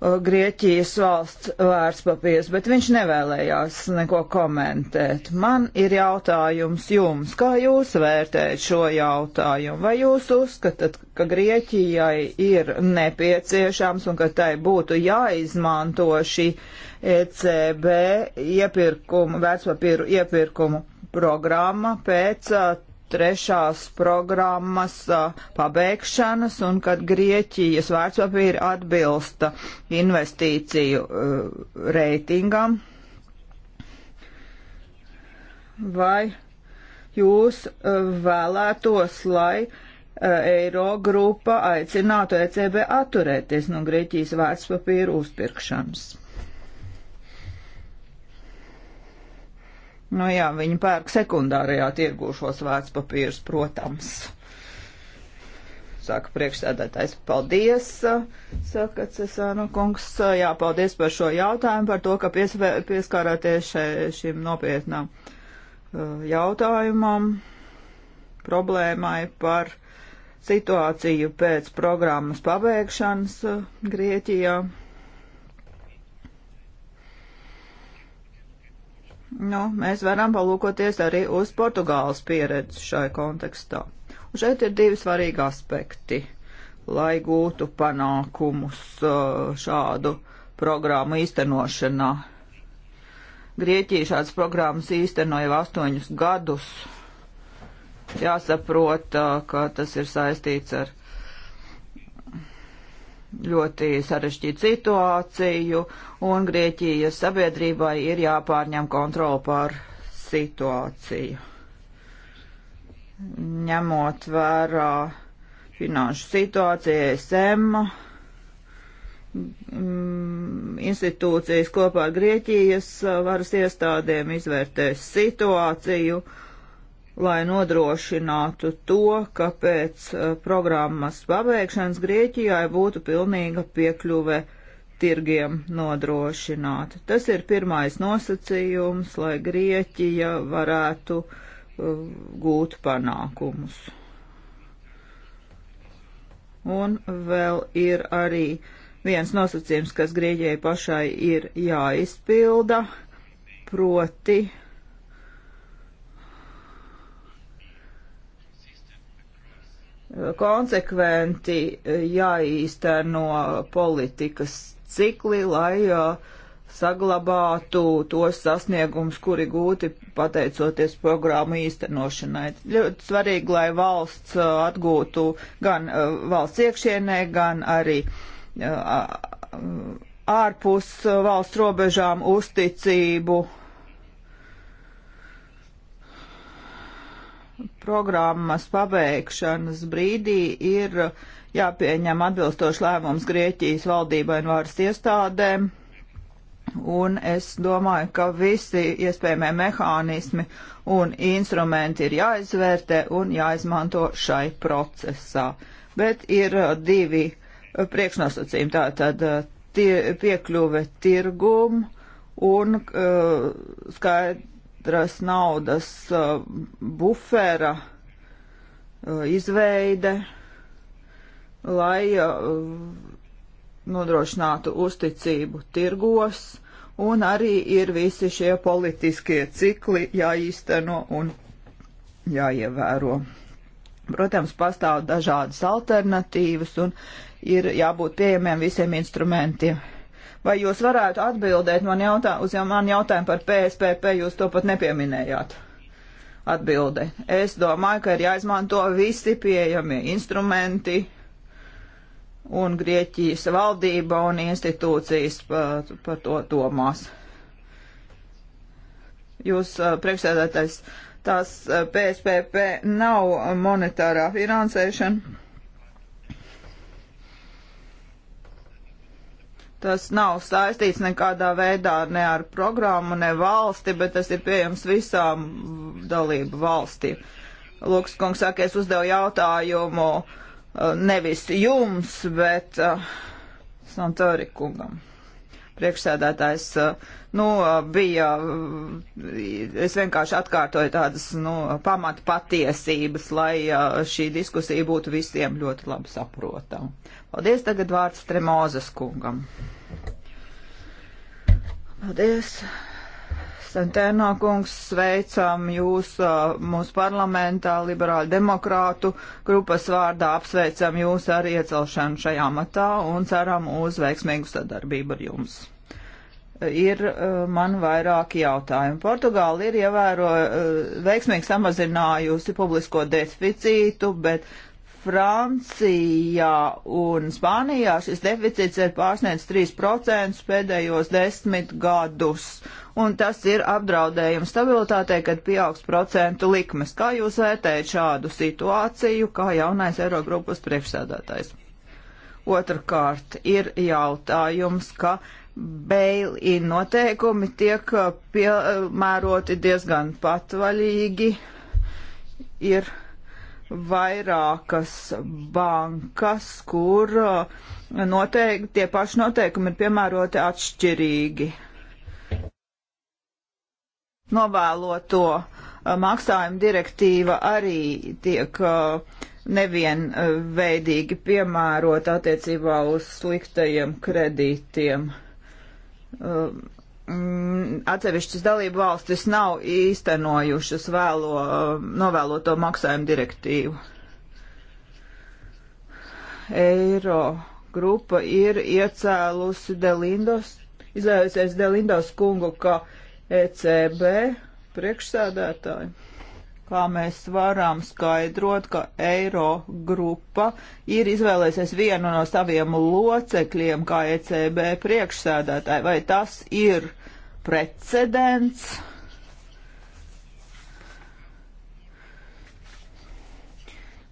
Uh, Grieķijas valsts vērtspapīrs, bet viņš nevēlējās neko komentēt. Man ir jautājums jums, kā jūs vērtējat šo jautājumu? Vai jūs uzskatāt, ka Grieķijai ir nepieciešams un ka tai būtu jāizmanto šī ECB iepirkumu, vērtspapīru iepirkumu programma pēc uh, trešās programmas pabeigšanas un kad Grieķijas vērtspapīri atbilsta investīciju reitingam. Vai jūs vēlētos, lai eiro grupa aicinātu ECB atturēties no Grieķijas vērtspapīru uzpirkšanas? Nu jā, viņi pērk sekundārajā tirgū šos vērtspapīrus, protams. Saka priekšsēdētājs, paldies, saka Cesāna kungs, jā, paldies par šo jautājumu, par to, ka piesvē, pieskārāties še, šim nopietnam uh, jautājumam, problēmai par situāciju pēc programmas pabeigšanas uh, Grieķijā. nu, mēs varam palūkoties arī uz Portugāles pieredzi šai kontekstā. Un šeit ir divi svarīgi aspekti, lai gūtu panākumus uh, šādu programmu īstenošanā. Grieķija šādas programmas īstenoja jau astoņus gadus. Jāsaprot, uh, ka tas ir saistīts ar ļoti sarežģītu situāciju, un Grieķijas sabiedrībai ir jāpārņem kontroli pār situāciju. Ņemot vērā finanšu situāciju, e SM mm, institūcijas kopā ar Grieķijas varas iestādēm izvērtēs situāciju lai nodrošinātu to, ka pēc eh, programmas pabeigšanas Grieķijai būtu pilnīga piekļuve tirgiem nodrošināta. Tas ir pirmais nosacījums, lai Grieķija varētu uh, gūt panākumus. Un vēl ir arī viens nosacījums, kas Grieķijai pašai ir jāizpilda, proti uh, konsekventi e, jāīsteno politikas cikli, lai e, saglabātu tos sasniegums, kuri gūti pateicoties programmu īstenošanai. Ļoti svarīgi, lai valsts e, atgūtu gan valsts iekšienē, gan arī ārpus valsts robežām uzticību programmas pabeigšanas brīdī ir jāpieņem atbilstoši lēmums Grieķijas valdībai un varas iestādēm. Un es domāju, ka visi iespējamie mehānismi un instrumenti ir jāizvērtē un jāizmanto šai procesā. Bet ir uh, divi uh, priekšnosacījumi. Tātad uh, tie, piekļuve tirgumu un uh, skaidrs katras naudas uh, bufera uh, izveide, lai uh, nodrošinātu uzticību tirgos, un arī ir visi šie politiskie cikli jāīsteno un jāievēro. Protams, pastāv dažādas alternatīvas un ir jābūt pieejamiem visiem instrumentiem Vai jūs varētu atbildēt man jautā, uz jau man jautājumu par PSPP, jūs to pat nepieminējāt? Atbilde. Es domāju, ka ir jāizmanto visi pieejamie instrumenti, un Grieķijas valdība un institūcijas par, par to domās. Jūs priekšsēdētais, tās PSPP nav monetārā finansēšana Tas nav saistīts nekādā veidā ne ar programmu, ne valsti, bet tas ir pieejams visām dalību valstīm. Lūks kungs saka, es uzdevu jautājumu uh, nevis jums, bet uh, Santori kungam. Priekšsēdētājs, uh, nu, uh, bija, uh, es vienkārši atkārtoju tādas, nu, pamata patiesības, lai uh, šī diskusija būtu visiem ļoti labi saprotama. Paldies, tagad vārds Tremozes kungam. Paldies. Santēno kungs, sveicam jūs uh, mūsu parlamentā, liberāļu demokrātu grupas vārdā, apsveicam jūs ar iecelšanu šajā matā un ceram uz veiksmīgu sadarbību ar jums. Ir uh, man vairāki jautājumi. Portugāla ir ievēro uh, veiksmīgi samazinājusi publisko deficītu, bet Francijā un Spānijā šis deficīts ir pārsniedz 3% pēdējos desmit gadus. Un tas ir apdraudējums stabilitātei, kad pieaugs procentu likmes. Kā jūs vērtējat šādu situāciju, kā jaunais Eirogrupas priekšsēdētājs? Otrakārt ir jautājums, ka bail-in noteikumi tiek uh, piemēroti diezgan patvaļīgi. Ir vairākas bankas, kur uh, noteikti, tie paši noteikumi ir piemēroti atšķirīgi. Novēloto uh, maksājuma direktīva arī tiek uh, nevienveidīgi piemērot attiecībā uz sliktajiem kredītiem. Um, Mm, atsevišķas dalību valstis nav īstenojušas vēlo, novēloto maksājumu direktīvu. Eiro grupa ir iecēlusi Delindos, izvēlēsies Delindos kungu kā ECB priekšsēdētāju. Kā mēs varam skaidrot, ka Eiro grupa ir izvēlēsies vienu no saviem locekļiem kā ECB priekšsēdētāju, vai tas ir precedents.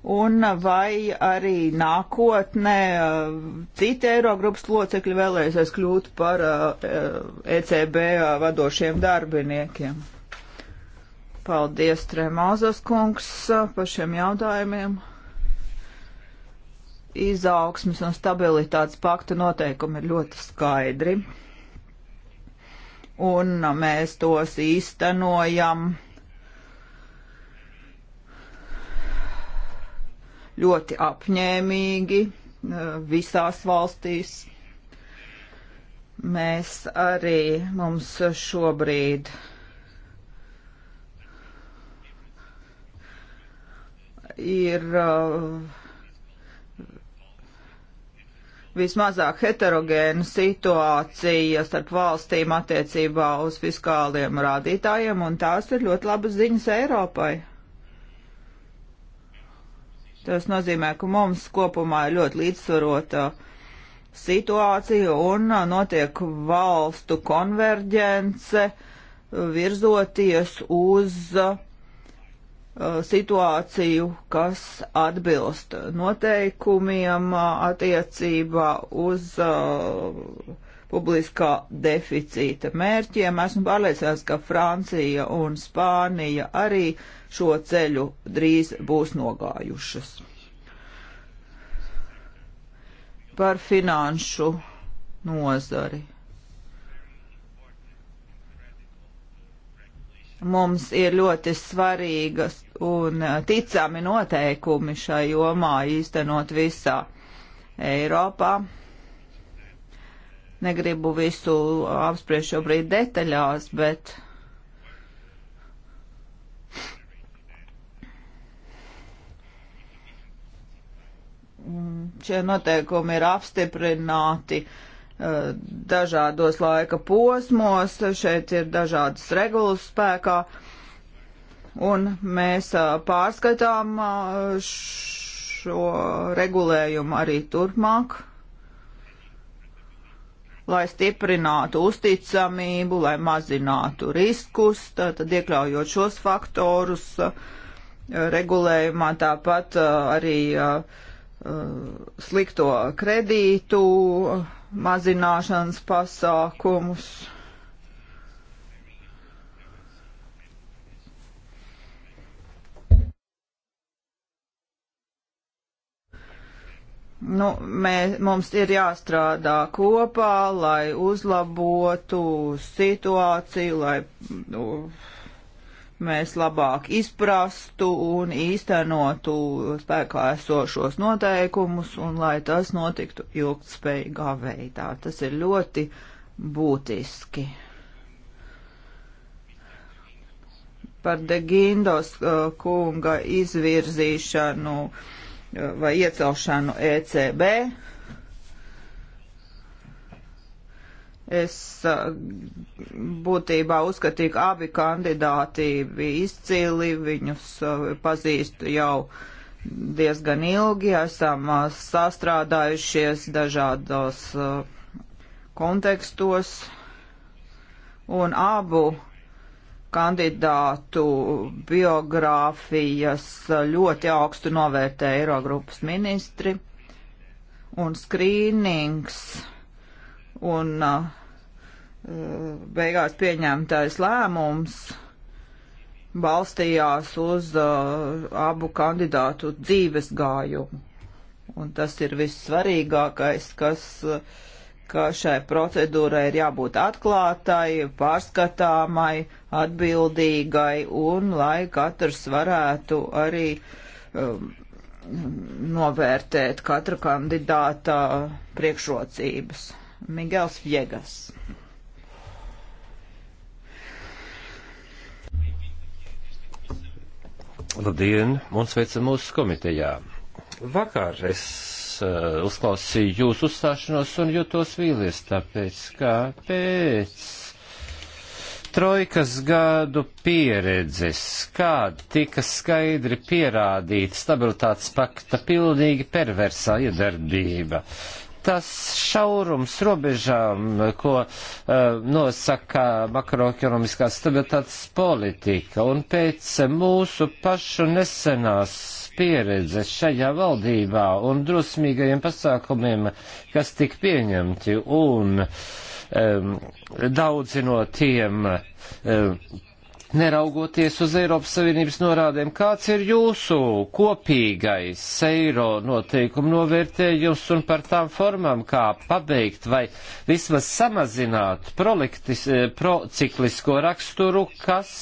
Un vai arī nākotnē eh, citi Eirogrupas locekļi vēlēsies kļūt par ECB eh, e eh, vadošiem darbiniekiem? Paldies, Tremāzas kungs, par šiem jautājumiem. Izaugsmes un stabilitātes pakta noteikumi ir ļoti skaidri un mēs tos īstenojam ļoti apņēmīgi eh, visās valstīs. Mēs arī mums šobrīd ir uh, vismazāk heterogēnu situāciju starp valstīm attiecībā uz fiskāliem rādītājiem, un tās ir ļoti labas ziņas Eiropai. Tas nozīmē, ka mums kopumā ir ļoti līdzsvarota situācija un uh, notiek valstu konverģence uh, virzoties uz uh, Uh, situāciju, kas atbilst noteikumiem uh, attiecībā uz uh, publiskā deficīta mērķiem. Esmu pārliecināts, ka Francija un Spānija arī šo ceļu drīz būs nogājušas. Par finanšu nozari. Mums ir ļoti svarīgas un eh, ticami noteikumi šai jomā īstenot visā Eiropā. Negribu visu apspriest šobrīd detaļās, bet šie noteikumi ir apstiprināti eh, dažādos laika posmos, šeit ir dažādas regulas spēkā. Uh, un mēs pārskatām šo regulējumu arī turpmāk, lai stiprinātu uzticamību, lai mazinātu riskus, tad iekļaujot šos faktorus regulējumā, tāpat arī slikto kredītu mazināšanas pasākumus. Nu, mē, mums ir jāstrādā kopā, lai uzlabotu situāciju, lai nu, mēs labāk izprastu un īstenotu spēkā esošos noteikumus un lai tas notiktu ilgtspējīgā veidā. Tas ir ļoti būtiski. Par Degindos uh, kunga izvirzīšanu. Uh, vai iecelšanu ECB. Es būtībā uzskatīju, ka abi kandidāti bija izcili, viņus pazīstu jau diezgan ilgi, esam sastrādājušies dažādos kontekstos, un abu kandidātu biogrāfijas ļoti augstu novērtē Eirogrupas ministri un skrīnings un uh, beigās pieņemtais lēmums balstījās uz uh, abu kandidātu dzīves gājumu. Un tas ir vissvarīgākais, kas uh, ka šai procedūrai ir jābūt atklātai, pārskatāmai, atbildīgai un lai katrs varētu arī um, novērtēt katra kandidāta priekšrocības. Migels Viegas. Labdien, un sveicam mūsu komitejā. Vakar es Eh, uzklausīju jūsu uzstāšanos un jūtos vīlies, tāpēc kā pēc trojkas gadu pieredzes, kāda tika skaidri pierādīta stabilitātes pakta pilnīgi perversā iedarbība. Tas šaurums robežām, ko uh, nosaka makroekonomiskā stabilitātes politika, un pēc mūsu pašu nesenās pieredzes šajā valdībā un drusmīgajiem pasākumiem, kas tik pieņemti un um, daudzi no tiem um, neraugoties uz Eiropas Savienības norādēm, kāds ir jūsu kopīgais eiro noteikumu novērtējums un par tām formām, kā pabeigt vai vismaz samazināt eh, prociklisko raksturu, kas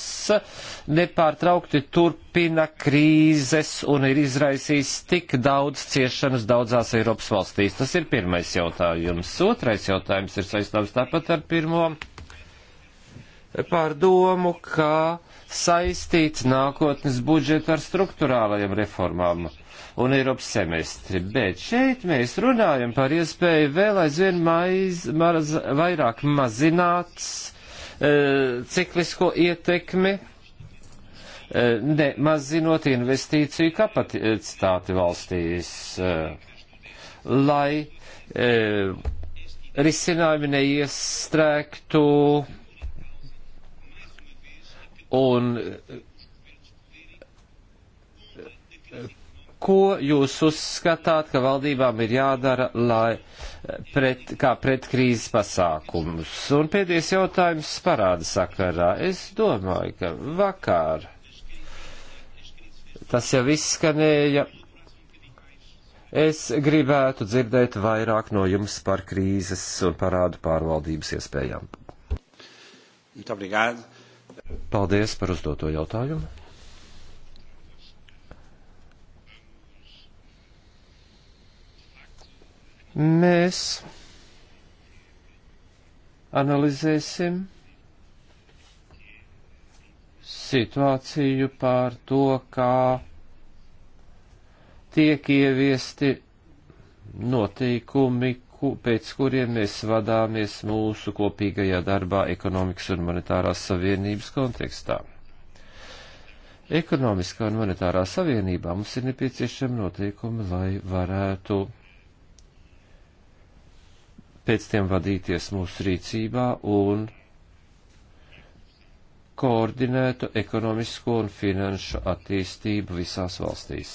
nepārtraukti turpina krīzes un ir izraisījis tik daudz ciešanas daudzās Eiropas valstīs? Tas ir pirmais jautājums. Otrais jautājums ir saistāms tāpat ar pirmo par domu, kā saistīt nākotnes budžetu ar struktūrālajiem reformām un Eiropas semestri. Bet šeit mēs runājam par iespēju vēl aizvien maiz, maz, vairāk mazināt e, ciklisko ietekmi, e, nemazinot investīciju kapacitāti valstīs, e, lai e, risinājumi neiestrēgtu un ko jūs uzskatāt, ka valdībām ir jādara, lai pret, kā pret krīzes pasākumus? Un pēdējais jautājums parāda sakarā. Es domāju, ka vakar tas jau izskanēja. Es gribētu dzirdēt vairāk no jums par krīzes un parādu pārvaldības iespējām. Muito obrigado. Paldies par uzdoto jautājumu. Mēs analizēsim situāciju par to, kā tiek ieviesti noteikumi, ku, pēc kuriem mēs vadāmies mūsu kopīgajā darbā ekonomikas un monetārās savienības kontekstā. Ekonomiskā un monetārā savienībā mums ir nepieciešami noteikumi, lai varētu pēc tiem vadīties mūsu rīcībā un koordinētu ekonomisko un finanšu attīstību visās valstīs.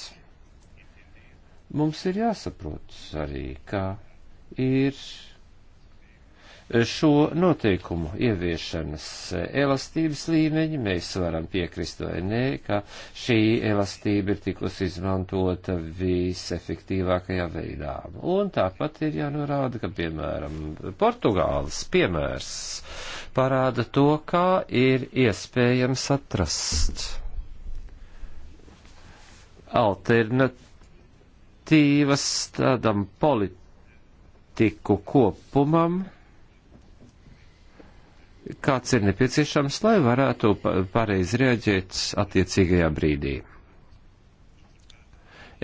Mums ir jāsaprot arī, ka ir šo noteikumu ieviešanas elastības līmeņi, mēs varam piekrist vai nē, ka šī elastība ir tikusi izmantota visefektīvākajā veidā. Un tāpat ir jānorāda, ka, piemēram, Portugāles piemērs parāda to, kā ir iespējams atrast alternatīvas tādam politisku politiku kopumam, kāds ir nepieciešams, lai varētu pareizi reaģēt attiecīgajā brīdī.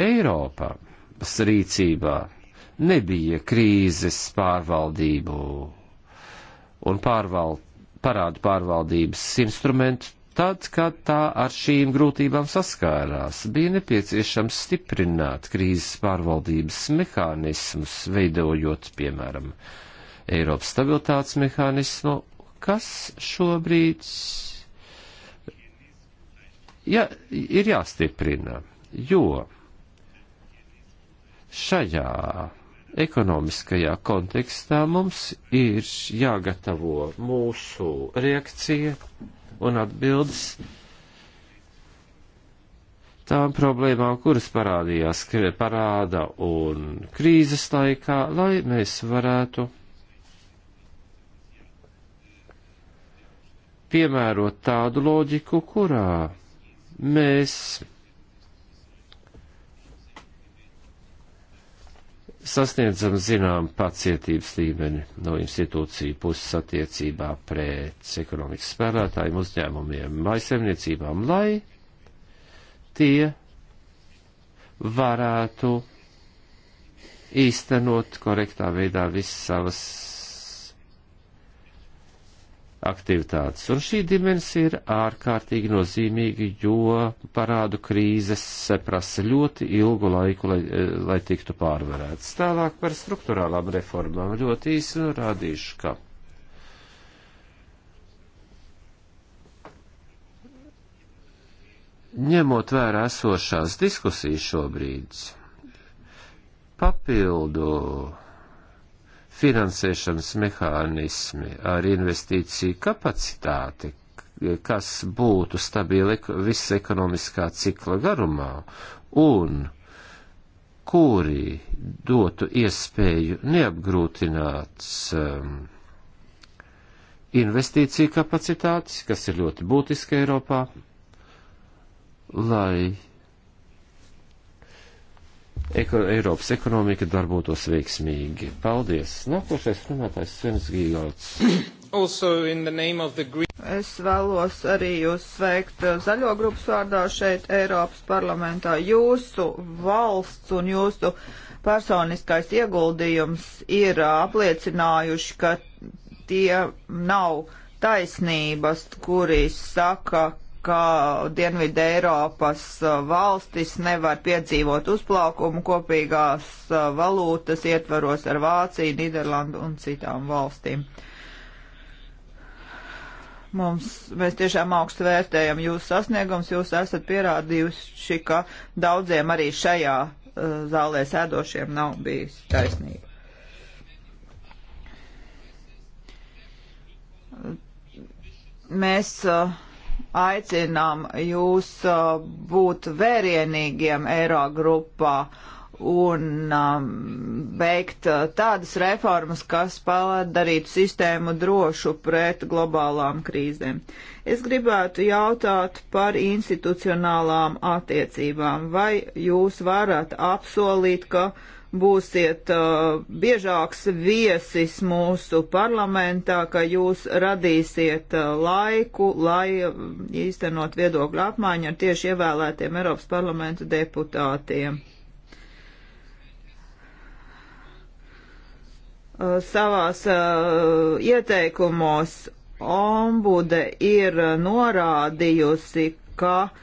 Eiropas rīcībā nebija krīzes pārvaldību un pārval, parādu pārvaldības instrumentu Tad, kad tā ar šīm grūtībām saskārās, bija nepieciešams stiprināt krīzes pārvaldības mehānismus, veidojot, piemēram, Eiropas stabilitātes mehānismu, kas šobrīd ja, ir jāstiprina, jo šajā ekonomiskajā kontekstā mums ir jāgatavo mūsu reakcija un atbildes tām problēmām, kuras parādījās parāda un krīzes laikā, lai mēs varētu piemērot tādu loģiku, kurā mēs sasniedzam zinām pacietības līmeni no institūciju puses attiecībā pret ekonomikas spēlētājiem, uzņēmumiem, maisemniecībām, lai tie varētu īstenot korektā veidā visas savas aktivitātes. Un šī dimensija ir ārkārtīgi nozīmīga, jo parādu krīzes prasa ļoti ilgu laiku, lai, eh, lai tiktu pārvarēts. Tālāk par struktūrālām reformām ļoti īsi norādīšu, ka. Ņemot vērā esošās diskusijas šobrīd, papildu finansēšanas mehānismi ar investīciju kapacitāti, kas būtu stabili visas ekonomiskā cikla garumā un kuri dotu iespēju neapgrūtināt um, investīciju kapacitātes, kas ir ļoti būtiska Eiropā, lai eko, Eiropas ekonomika darbotos veiksmīgi. Paldies! Nākošais runātājs Svens Gīgauts. Es vēlos arī jūs sveikt zaļo grupas vārdā šeit Eiropas parlamentā. Jūsu valsts un jūsu personiskais ieguldījums ir apliecinājuši, ka tie nav taisnības, kuri saka, ka Dienvidu Eiropas uh, valstis nevar piedzīvot uzplaukumu kopīgās uh, valūtas ietvaros ar Vāciju, Niderlandu un citām valstīm. Mums, mēs tiešām augstu vērtējam jūsu sasniegums, jūs esat pierādījuši, ka daudziem arī šajā uh, zālē sēdošiem nav bijis taisnība. Mēs uh, aicinām jūs uh, būt vērienīgiem Eirogrupā un um, veikt um, tādas reformas, kas padarītu sistēmu drošu pret globālām krīzēm. Es gribētu jautāt par institucionālām attiecībām. Vai jūs varat apsolīt, ka uh, būsiet uh, biežāks viesis mūsu parlamentā, ka jūs radīsiet uh, laiku, lai uh, īstenot viedokļu apmaiņu ar tieši ievēlētiem Eiropas parlamenta deputātiem. Uh, savās uh, ieteikumos ombude ir uh, norādījusi, ka uh,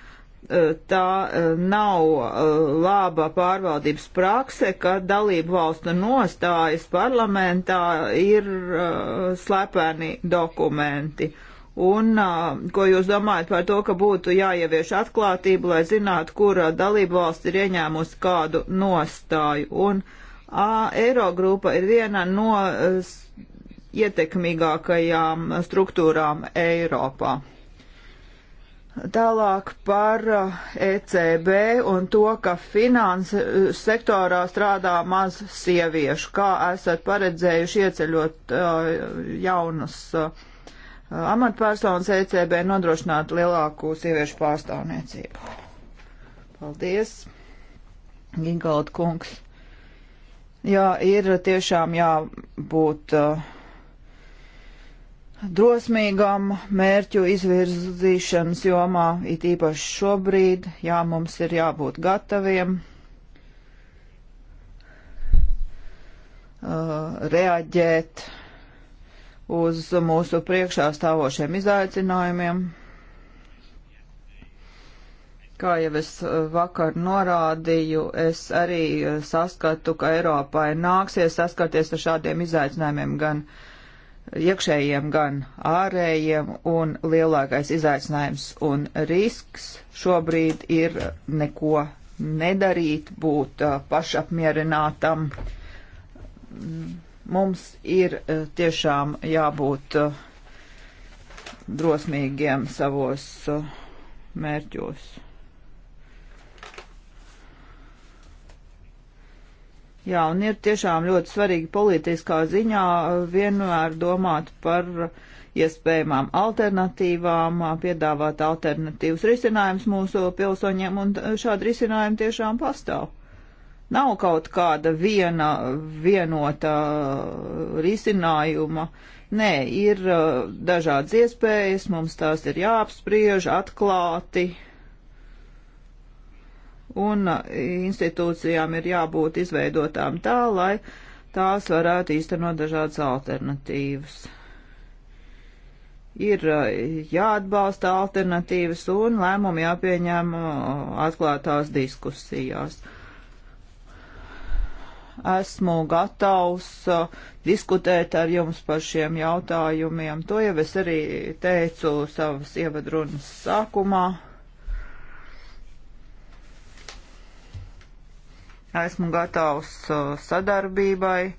tā e, nav e, laba pārvaldības prakse, ka dalību valstu nostājas parlamentā ir e, slepeni dokumenti. Un ko jūs domājat par to, ka būtu jāievieš atklātība, lai zinātu, kura dalību valsts ir ieņēmusi kādu nostāju? Un a, Eirogrupa ir viena no ietekmīgākajām struktūrām Eiropā. Tālāk par uh, ECB un to, ka finanses uh, sektorā strādā maz sieviešu. Kā esat paredzējuši ieceļot uh, jaunas uh, amatpersonas ECB nodrošināt lielāku sieviešu pārstāvniecību? Paldies, Gingalda kungs. Jā, ir tiešām jābūt. Uh, drosmīgam mērķu izvirzīšanas jomā, it īpaši šobrīd, jā, mums ir jābūt gataviem uh, reaģēt uz mūsu priekšā stāvošiem izaicinājumiem. Kā jau es uh, vakar norādīju, es arī uh, saskatu, ka Eiropai nāksies saskarties ar šādiem izaicinājumiem gan uh, iekšējiem, gan ārējiem, un lielākais izaicinājums un risks šobrīd ir neko nedarīt, būt uh, pašapmierinātam. Mums ir uh, tiešām jābūt uh, drosmīgiem savos mērķos. Jā, un ir tiešām ļoti svarīgi politiskā ziņā uh, vienmēr domāt par iespējamām alternatīvām, uh, piedāvāt alternatīvas risinājumus mūsu pilsoņiem, un uh, šādi risinājumi tiešām pastāv. Nav kaut kāda viena vienota risinājuma. Nē, ir dažādas iespējas, mums tās ir jāapspriež atklāti un uh, institūcijām ir jābūt izveidotām tā, lai tās varētu īstenot dažādas alternatīvas. Ir uh, jāatbalsta alternatīvas un lēmumi jāpieņem uh, atklātās diskusijās. Esmu gatavs diskutēt ar jums par šiem jautājumiem. To jau es arī teicu savas ievadrunas sākumā. Esmu gatavs uh, sadarbībai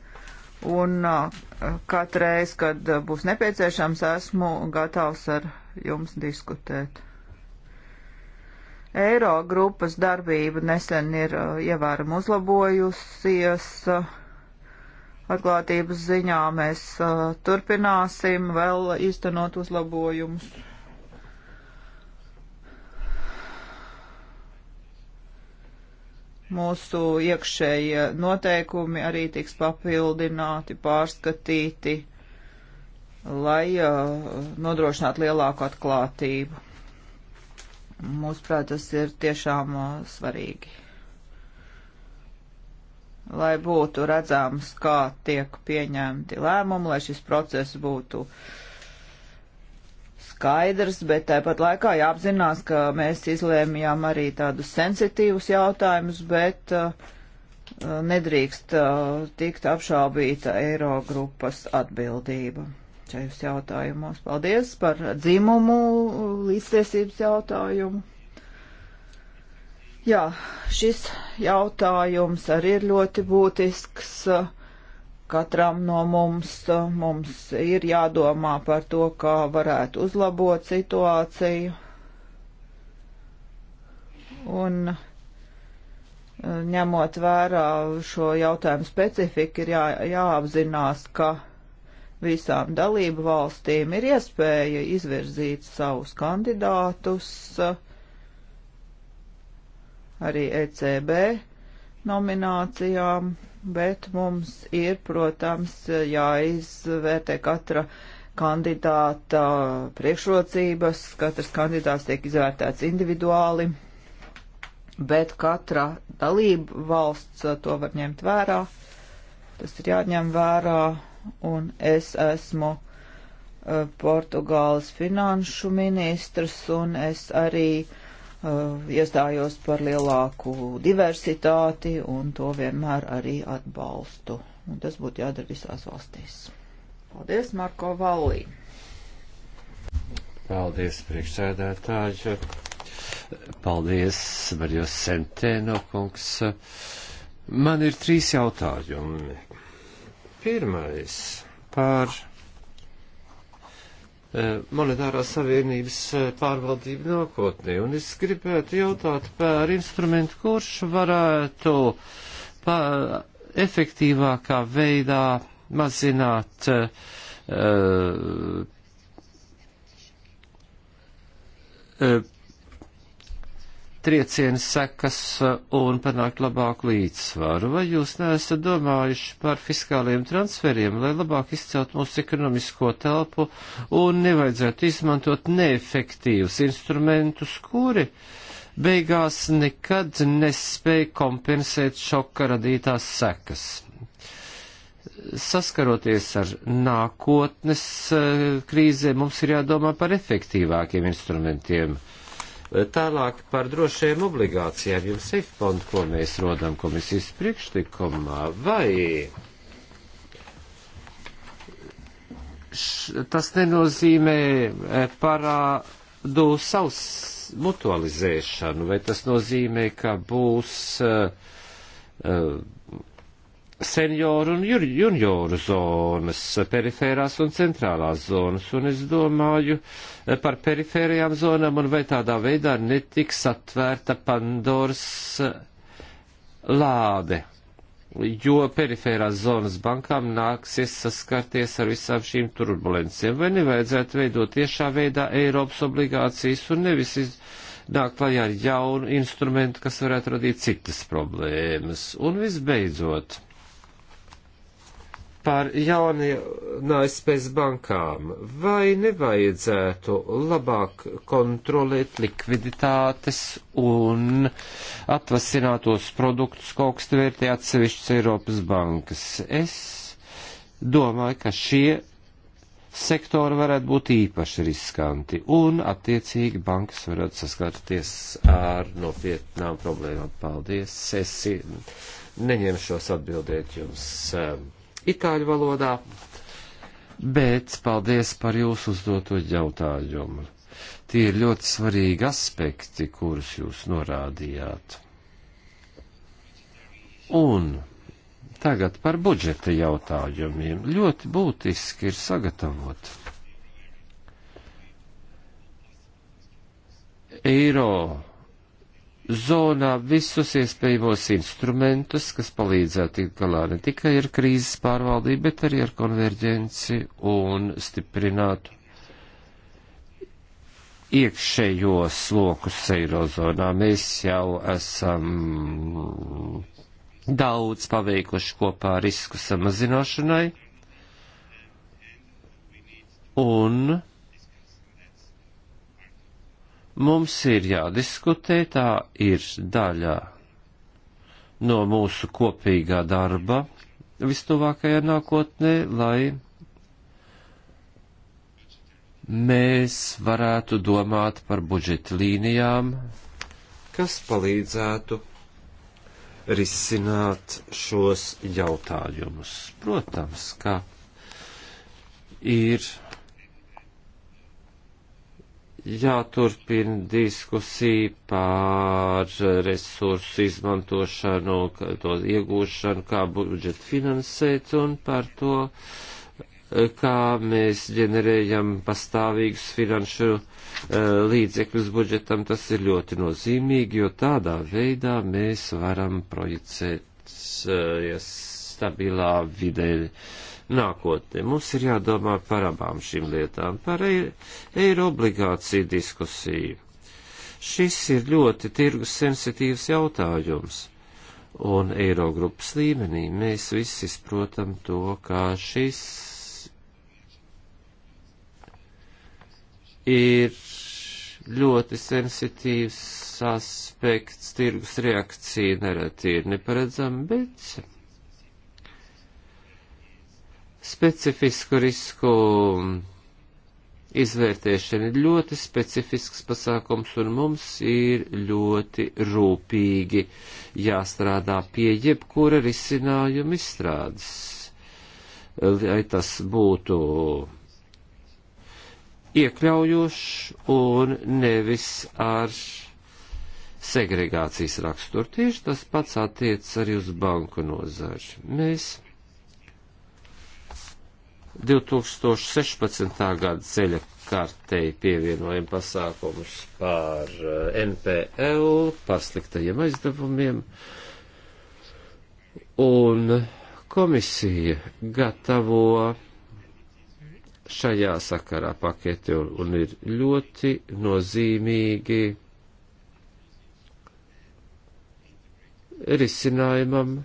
un uh, katreiz, kad uh, būs nepieciešams, esmu gatavs ar jums diskutēt. Eiro grupas darbība nesen ir ievērama uzlabojusies. Atklātības ziņā mēs turpināsim vēl īstenot uzlabojumus. mūsu iekšējie noteikumi arī tiks papildināti, pārskatīti, lai uh, nodrošinātu lielāku atklātību. Mūsuprāt, tas ir tiešām uh, svarīgi. Lai būtu redzams, kā tiek pieņemti lēmumi, lai šis process būtu uh, skaidrs, bet tāpat laikā jāapzinās, ka mēs izlēmjām arī tādus sensitīvus jautājumus, bet uh, uh nedrīkst uh, tikt apšaubīta Eirogrupas atbildība šajos jautājumos. Paldies par dzimumu uh, līdztiesības jautājumu. Jā, šis jautājums arī ir ļoti būtisks. Uh, katram no mums. Mums ir jādomā par to, kā varētu uzlabot situāciju. Un eh, ņemot vērā šo jautājumu specifiku, ir jā, jāapzinās, ka visām dalību valstīm ir iespēja izvirzīt savus kandidātus. Arī ECB nominācijām bet mums ir, protams, jāizvērtē katra kandidāta priekšrocības, katrs kandidāts tiek izvērtēts individuāli, bet katra dalība valsts to var ņemt vērā, tas ir jāņem vērā, un es esmu. Eh, Portugāles finanšu ministrs, un es arī uh, Eh, iestājos par lielāku diversitāti un to vienmēr arī atbalstu. Un tas būtu jādara visās valstīs. Paldies, Marko Vallī! Paldies, priekšsēdētāji! Paldies, Marjos Sentēno kungs! Man ir trīs jautājumi. Pirmais par Eh, monetārās savienības eh, pārvaldību nākotnē. Un es gribētu jautāt par instrumentu, kurš varētu efektīvākā veidā mazināt uh, uh, trieciena sekas uh, un panākt labāku līdzsvaru? Vai jūs neesat domājuši par fiskāliem transferiem, lai labāk izcelt mūsu ekonomisko telpu un nevajadzētu izmantot neefektīvus instrumentus, kuri beigās nekad nespēja kompensēt šoka radītās sekas? saskaroties ar nākotnes uh, krīzē, mums ir jādomā par efektīvākiem instrumentiem. Tālāk par drošajām obligācijām, jums safe fondu, ko mēs rodam komisijas priekšlikumā, vai š, tas nenozīmē e, parādu savs mutualizēšanu, vai tas nozīmē, ka būs uh, uh, senioru un junioru zonas, perifērās un centrālās zonas, un es domāju eh, par perifērajām zonām, un vai tādā veidā netiks atvērta Pandoras eh, lāde, jo perifērās zonas bankām nāksies saskarties ar visām šīm turbulencēm, vai nevajadzētu veidot tiešā veidā Eiropas obligācijas un nevis iz nāk klajā ar jaunu instrumentu, kas varētu radīt citas problēmas. Un visbeidzot, par jaunais bez bankām, vai nevajadzētu labāk kontrolēt likviditātes un atvasinātos produktus, ko augstvērtē atsevišķas Eiropas bankas? Es domāju, ka šie sektori varētu būt īpaši riskanti, un attiecīgi bankas varētu saskarties ar nopietnām problēmām. Paldies! Es neņemšos atbildēt jums. Um, itāļu valodā, bet paldies par jūsu uzdoto jautājumu. Tie ir ļoti svarīgi aspekti, kurus jūs norādījāt. Un tagad par budžeta jautājumiem. Ļoti būtiski ir sagatavot eiro zonā visus iespējamos instrumentus, kas palīdzētu tikt galā ne tikai ar krīzes pārvaldību, bet arī ar konverģenci un stiprinātu iekšējos lokus eirozonā. Mēs jau esam daudz paveikuši kopā risku samazināšanai. Un Mums ir jādiskutē, tā ir daļa no mūsu kopīgā darba vistuvākajā nākotnē, lai mēs varētu domāt par budžeta līnijām, kas palīdzētu risināt šos jautājumus. Protams, ka ir jāturpina diskusija par resursu izmantošanu, to iegūšanu, kā budžetu finansēt un par to, kā mēs ģenerējam pastāvīgus finanšu eh, līdzekļus budžetam. Tas ir ļoti nozīmīgi, jo tādā veidā mēs varam projicēt eh, stabilā vidē nākotni. Mums ir jādomā par abām šīm lietām, par eiro obligāciju diskusiju. Šis ir ļoti tirgus sensitīvs jautājums. Un Eirogrupas līmenī mēs visi saprotam to, kā šis ir ļoti sensitīvs aspekts, tirgus reakcija nereti ir neparedzama, bet specifisku risku izvērtēšana ir ļoti specifisks pasākums, un mums ir ļoti rūpīgi jāstrādā pie jebkura risinājuma izstrādes. Lai tas būtu iekļaujošs un nevis ar segregācijas raksturu. Tieši tas pats attiec arī uz banku nozari. Mēs 2016. gada ceļa kartei pievienojam pasākumus par eh, NPL, pasliktajiem aizdevumiem, un komisija gatavo šajā sakarā paketi un, un ir ļoti nozīmīgi risinājumam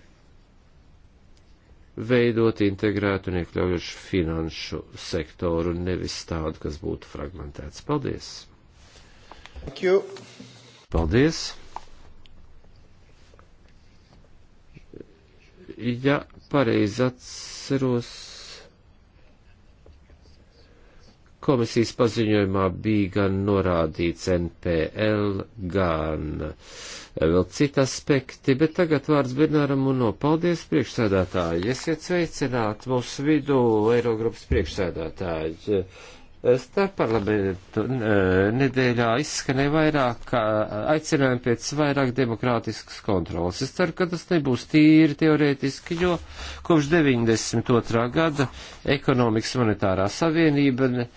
veidot integrētu un iekļaujušu finanšu sektoru, nevis tādu, kas būtu fragmentēts. Paldies! Thank you. Paldies! Ja pareizi atceros Komisijas paziņojumā bija gan norādīts NPL, gan eh, vēl citi aspekti, bet tagad vārds Bernāram un no paldies priekšsēdētāji. Esiet sveicināti mūsu vidū, Eirogrupas priekšsēdētāji. Uh, Starp parlamentu e, nedēļā izskanēja vairāk e, aicinājumi pēc vairāk demokrātiskas kontrolas. Es ceru, ka tas nebūs tīri teorētiski, jo kopš 92. gada ekonomikas monetārā savienība e,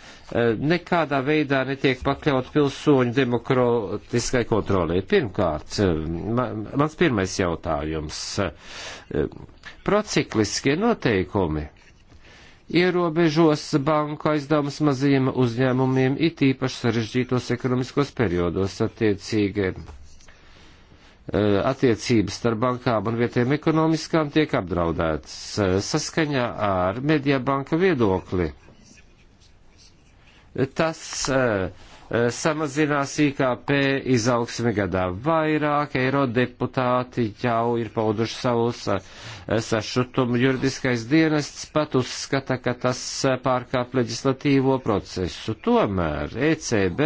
nekādā veidā netiek pakļaut pilsoņu demokrātiskai kontrolē. Pirmkārt, mans pirmais jautājums. Procikliskie noteikumi ierobežos banku aizdevumus mazajiem uzņēmumiem, it īpaši sarežģītos ekonomiskos periodos attiecīgi. Eh, attiecības starp bankām un vietējiem ekonomiskām tiek apdraudētas eh, saskaņā ar Mediabanka viedokli. Tas uh, Eh, samazinās IKP izaugsme gadā. Vairāk eirodeputāti jau ir pauduši savu sa, eh, sašutumu. Juridiskais dienests pat uzskata, ka tas eh, pārkāp leģislatīvo procesu. Tomēr ECB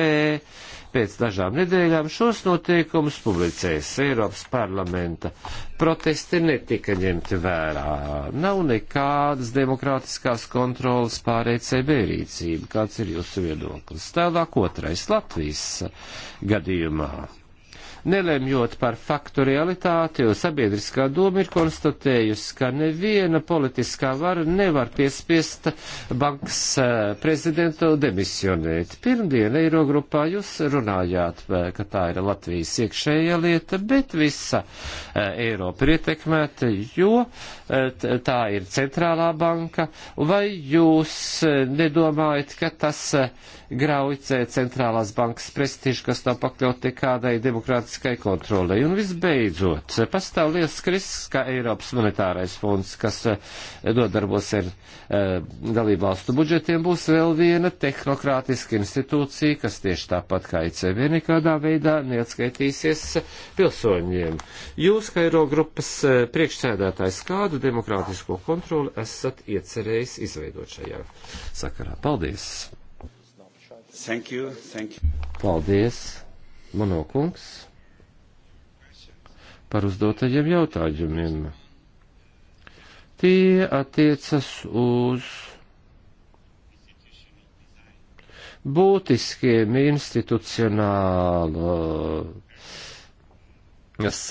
pēc dažām nedēļām šos noteikumus publicēs. Eiropas parlamenta protesti netika ņemti vērā. Nav nekādas demokrātiskās kontrolas pār ECB rīcību. Kāds ir jūsu viedoklis? Tālāk otrais Latvijas gadījumā nelemjot par faktu realitāti, jo sabiedriskā doma ir konstatējusi, ka neviena politiskā vara nevar piespiest bankas eh, prezidentu demisionēt. Pirmdien Eirogrupā jūs runājāt, eh, ka tā ir Latvijas iekšējā lieta, bet visa eh, Eiropa ir ietekmēta, jo tā ir centrālā banka, vai jūs nedomājat, ka tas grauj centrālās bankas prestižu, kas nav pakļaut nekādai demokrātiskai kontrolei. Un visbeidzot, pastāv liels risks, ka Eiropas monetārais fonds, kas dodarbos eh, ar eh, dalībvalstu budžetiem, būs vēl viena tehnokrātiska institūcija, kas tieši tāpat kā ICB nekādā veidā neatskaitīsies pilsoņiem. Jūs, kā Eiro grupas eh, priekšsēdētājs, kādu demokrātisko kontroli esat iecerējis izveidot šajā sakarā? Paldies! Thank you, thank you. Paldies, Monokungs, par uzdotajiem jautājumiem. Tie attiecas uz būtiskiem institucionālu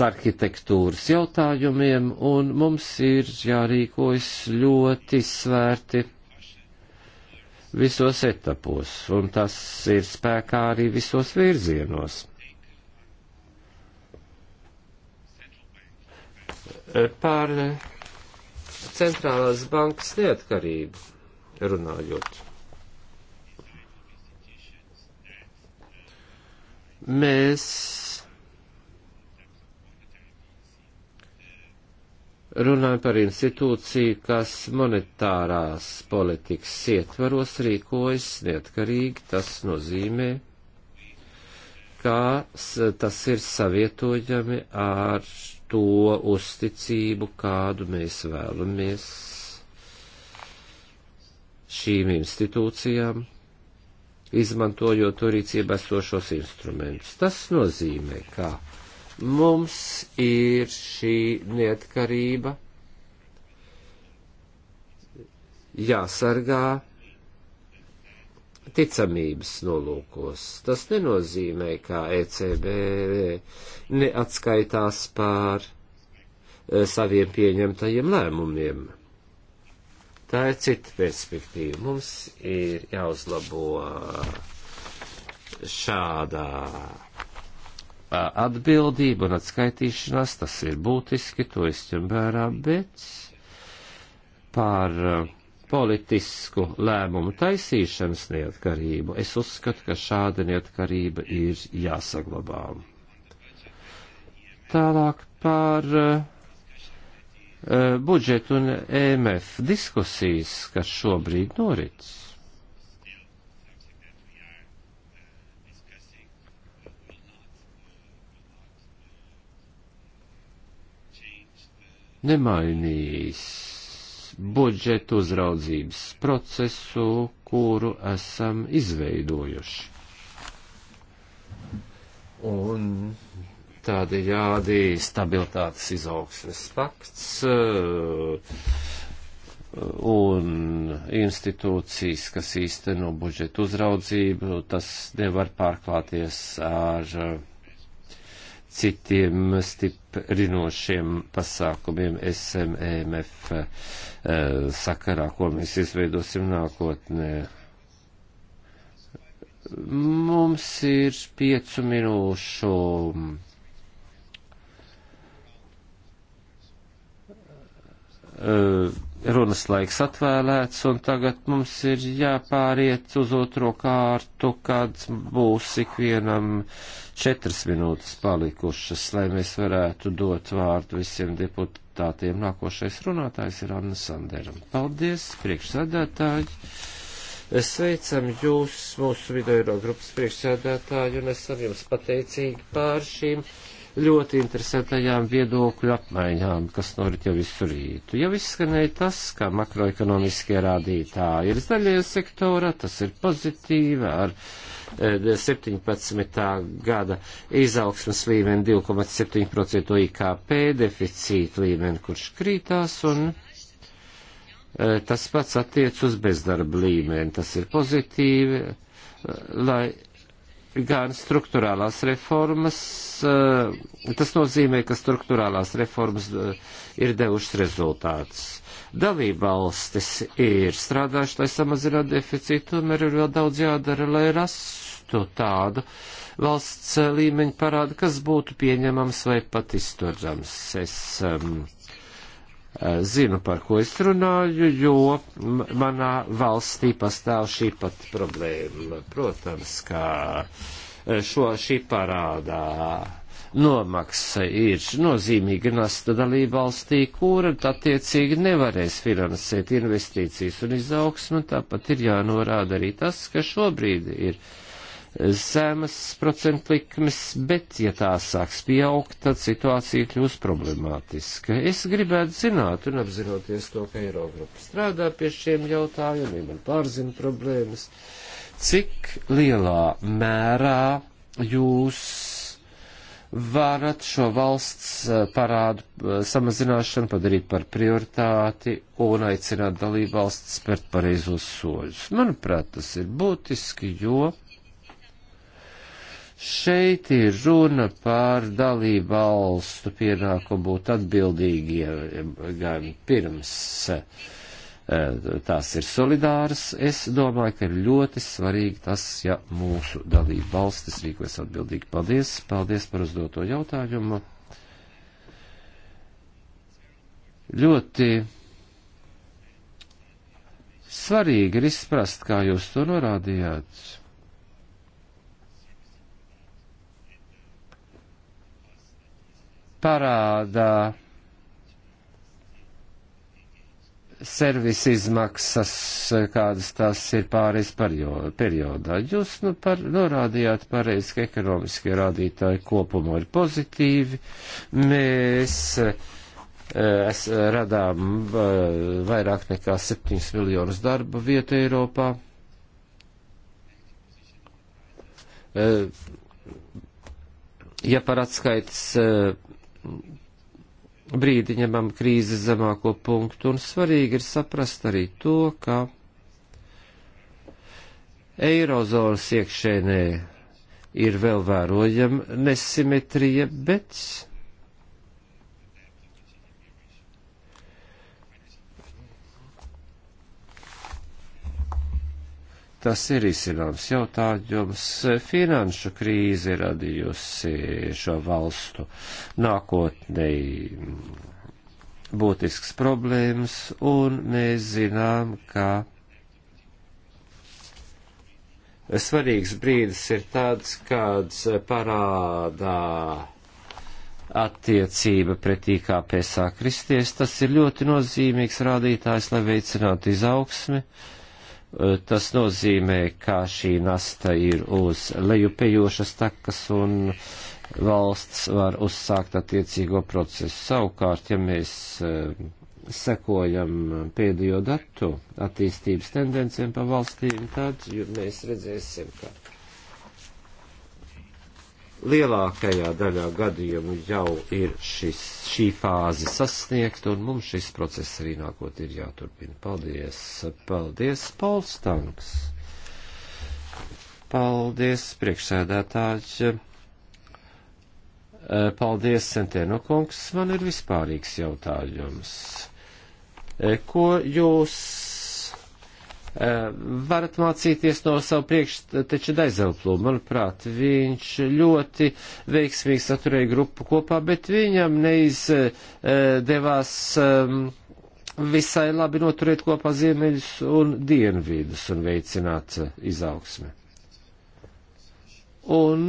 arhitektūras jautājumiem, un mums ir jārīkojas ļoti svērti visos etapos, un tas ir spēkā arī visos virzienos. Par centrālās bankas neatkarību runājot. Mēs runājam par institūciju, kas monetārās politikas ietvaros rīkojas neatkarīgi. Tas nozīmē, kā tas ir savietojami ar to uzticību, kādu mēs vēlamies šīm institūcijām, izmantojot to rīcībā esošos instrumentus. Tas nozīmē, ka Mums ir šī neatkarība jāsargā ticamības nolūkos. Tas nenozīmē, ka ECB neatskaitās pār e, saviem pieņemtajiem lēmumiem. Tā ir cita perspektīva. Mums ir jāuzlabo šādā atbildība un atskaitīšanās, tas ir būtiski, to es ņem vērā, bet par eh, politisku lēmumu taisīšanas neatkarību es uzskatu, ka šāda neatkarība ir jāsaglabā. Tālāk par eh, budžetu un EMF diskusijas, kas šobrīd norits nemainīs budžetu uzraudzības procesu, kuru esam izveidojuši. Un tādējādi stabilitātes izaugsmes pakts uh, un institūcijas, kas īsteno budžetu uzraudzību, tas nevar pārklāties ar uh, citiem stiprinošiem pasākumiem SMMF e eh, sakarā, ko mēs izveidosim nākotnē. Mums ir piecu minūšu uh, runas laiks atvēlēts, un tagad mums ir jāpāriet uz otro kārtu, kad būs ikvienam četras minūtes palikušas, lai mēs varētu dot vārdu visiem deputātiem. Nākošais runātājs ir Anna Sanderam. Paldies, priekšsēdētāji! Sveicam jūs, mūsu video grupas priekšsēdētāji, un esam jums pateicīgi pār šīm. Šī ļoti interesantajām viedokļu apmaiņām, kas norit jau visu rītu. Jau izskanēja tas, ka makroekonomiskie rādītāji ir zaļie sektora, tas ir pozitīvi ar 17. E, gada izaugsmas līmeni 2,7% IKP, deficīta līmeni, kurš krītās, un e, tas pats attiec uz bezdarba līmeni, tas ir pozitīvi, lai gan struktūrālās reformas, eh, tas nozīmē, ka struktūrālās reformas eh, ir devušas rezultātus. Dalībvalstis ir strādājuši, lai samazinātu deficītu, tomēr ir vēl daudz jādara, lai rastu tādu valsts eh, līmeņu parādu, kas būtu pieņemams vai pat izturams. Es um, Eh, zinu, par ko es runāju, jo manā valstī pastāv šī pat problēma. Protams, kā eh, šo šī parādā nomaksa ir nozīmīga nasta dalība valstī, kura attiecīgi nevarēs finansēt investīcijas un izaugsmu, tāpat ir jānorāda arī tas, ka šobrīd ir zemas procentu likmes, bet, ja tā sāks pieaugt, tad situācija kļūs problemātiska. Es gribētu zināt un apzinoties to, ka Eirogrupa strādā pie šiem jautājumiem un pārzina problēmas, cik lielā mērā jūs varat šo valsts eh, parādu eh, samazināšanu padarīt par prioritāti un aicināt dalību valsts spērt pareizos soļus. Manuprāt, tas ir būtiski, jo Šeit ir runa par dalību valstu pienākumu būt atbildīgiem gan pirms e, tās ir solidāras. Es domāju, ka ir ļoti svarīgi tas, ja mūsu dalību valstis rīkojas atbildīgi. Paldies! Paldies par uzdoto jautājumu! Ļoti svarīgi ir izprast, kā jūs to norādījāt. parādā servis izmaksas, kādas tās ir pāris periodā. Jūs nu par, norādījāt pareizi, ka ekonomiskie rādītāji kopumā ir pozitīvi. Mēs eh, es, radām eh, vairāk nekā 7 miljonus darba vietu Eiropā. Eh, ja par atskaites brīdi ņemam krīzes zemāko punktu, un svarīgi ir saprast arī to, ka eirozonas iekšēnē ir vēl vērojama nesimetrija, bet tas ir izcināms jautājums. Finanšu krīze radījusi šo valstu nākotnei būtisks problēmas, un mēs zinām, ka svarīgs brīdis ir tāds, kāds parādā attiecība pret IKP sākristies. Tas ir ļoti nozīmīgs rādītājs, lai veicinātu izaugsmi. Uh, Tas nozīmē, ka šī nasta ir uz lejupējošas takas un valsts var uzsākt attiecīgo procesu. Savukārt, ja mēs e, sekojam pēdējo datu attīstības tendencēm pa valstīm, tad mēs redzēsim, ka Lielākajā daļā gadījumu jau ir šis, šī fāze sasniegta, un mums šis process arī nākot ir jāturpina. Paldies! Paldies, Polstanks! Paldies, priekšsēdētāji! Paldies, Sentēno kungs. Man ir vispārīgs jautājums. Ko jūs Eh, varat mācīties no savu priekšteču Daizelplū. Manuprāt, viņš ļoti veiksmīgi saturēja grupu kopā, bet viņam neizdevās eh, ehm, visai labi noturēt kopā ziemeļus un dienvidus un veicināt eh, izaugsmi. Un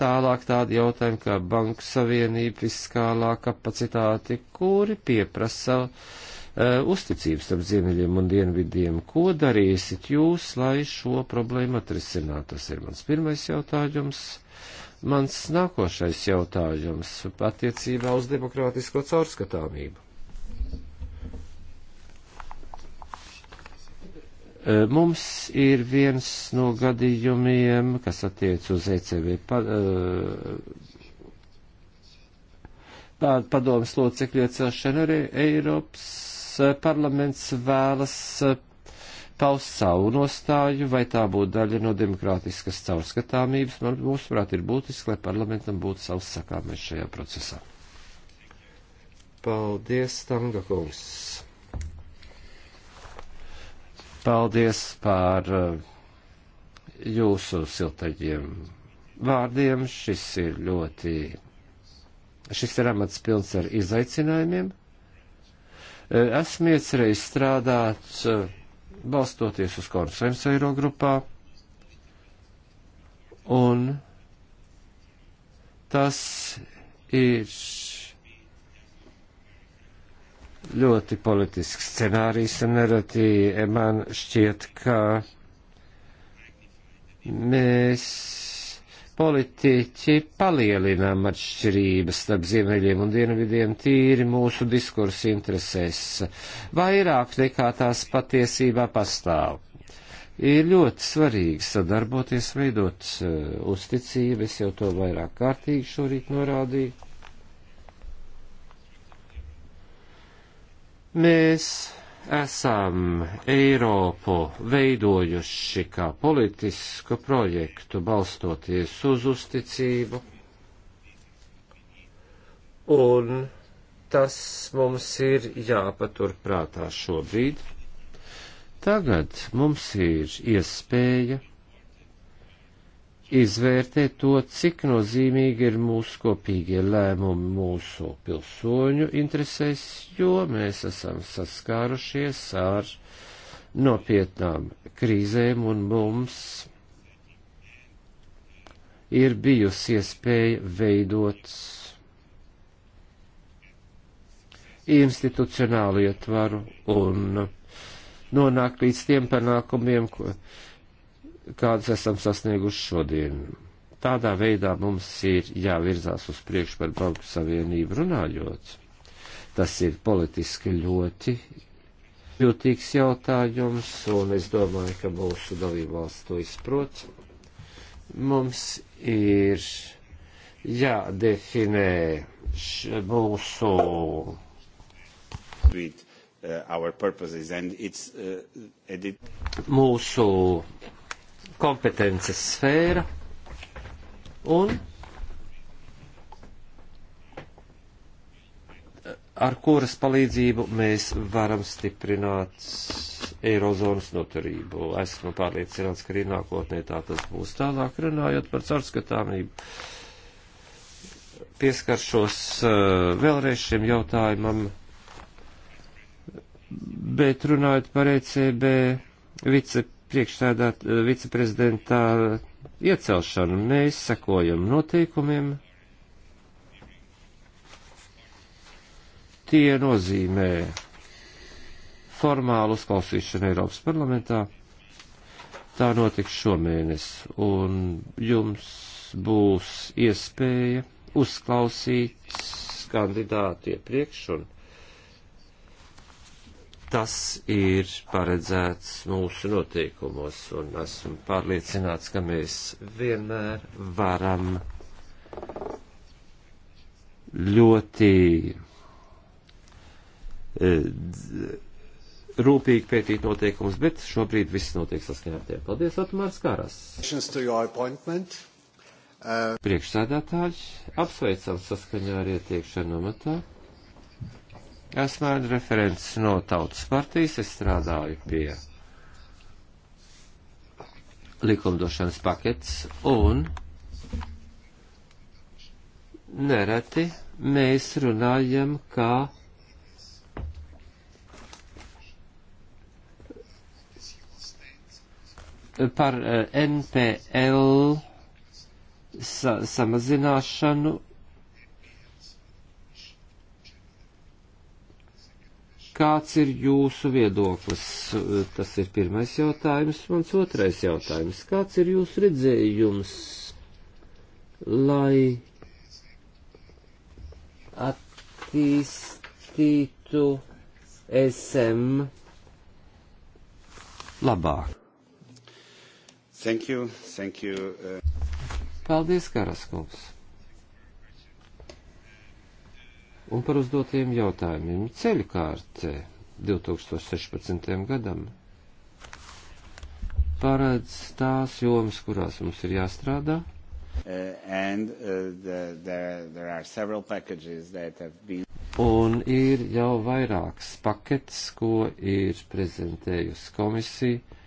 tālāk tādi jautājumi kā banku savienība, fiskālā kapacitāte, kuri pieprasa uh, Eh, uzticības ap ziemeļiem un dienvidiem. Ko darīsit jūs, lai šo problēmu atrisinātu? Tas ir mans pirmais jautājums. Mans nākošais jautājums attiecībā uz demokrātisko caurskatāmību. Eh, mums ir viens no gadījumiem, kas attiec uz ECB pa, eh, padomas locekļu iecelšanu arī Eiropas Eh, parlaments vēlas eh, paust savu nostāju, vai tā būtu daļa no demokrātiskas caurskatāmības, man mūsuprāt ir būtiski, lai parlamentam būtu savs sakāmais šajā procesā. Paldies, Tanga kungs! Paldies par eh, jūsu siltaģiem vārdiem. Šis ir ļoti, šis ir amats pilns ar izaicinājumiem Esmu iecerējis strādāt balstoties uz konsensu Eirogrupā un tas ir ļoti politisks scenārijs, un nereti man šķiet, ka mēs politiķi palielinām atšķirības starp ziemeļiem un dienvidiem tīri mūsu diskursu interesēs, vairāk nekā tās patiesībā pastāv. Ir ļoti svarīgi sadarboties, veidot uh, uzticību, es jau to vairāk kārtīgi šorīt norādīju. Mēs esam Eiropu veidojuši kā politisku projektu, balstoties uz uzticību, un tas mums ir jāpaturprātā šobrīd. Tagad mums ir iespēja izvērtē to, cik nozīmīgi ir mūsu kopīgie lēmumi mūsu pilsoņu interesēs, jo mēs esam saskārušies ar nopietnām krīzēm un mums ir bijusi iespēja veidot institucionālu ietvaru un nonākt līdz tiem panākumiem, ko kādas esam sasnieguši šodien. Tādā veidā mums ir jāvirzās uz priekšu par Banku Savienību runājot. Tas ir politiski ļoti jūtīgs jautājums, un es domāju, ka mūsu dalībvalsts to izprot. Mums ir jādefinē š, mūsu. With, uh, our purposes and it's uh, edit. Mūsu kompetences sfēra un ar kuras palīdzību mēs varam stiprināt Eirozonas noturību. Esmu pārliecināts, ka arī nākotnē tā tas būs tālāk runājot par cārskatāmību. Pieskaršos eh, vēlreiz šim jautājumam, bet runājot par ECB viceprezidentu priekšsēdāt eh, viceprezidentā iecelšanu. Mēs sekojam noteikumiem. Tie nozīmē formālu uzklausīšanu Eiropas parlamentā. Tā notiks šomēnes, un jums būs iespēja uzklausīt kandidātu iepriekš un tas ir paredzēts mūsu noteikumos, un esmu pārliecināts, ka mēs vienmēr varam ļoti eh, rūpīgi pētīt noteikumus, bet šobrīd viss notiek saskaņā ar tiem. Paldies, Otmārs Kāras. Priekšsēdētāji, apsveicam saskaņā ar ieteikšanu matā. Esmu referents no tautas partijas, es strādāju pie likumdošanas pakets un nereti mēs runājam, kā par eh, NPL sa samazināšanu Kāds ir jūsu viedoklis? Tas ir pirmais jautājums. Mans otrais jautājums. Kāds ir jūsu redzējums, lai attīstītu SM labāk? Thank you, thank you. Uh, Paldies, Karaskungs. un par uzdotiem jautājumiem. Ceļu kārtē 2016. gadam paredz tās jomas, kurās mums ir jāstrādā. Uh, and, uh, the, the, there are several packages that have been... Un ir jau vairāks pakets, ko ir prezentējusi komisija.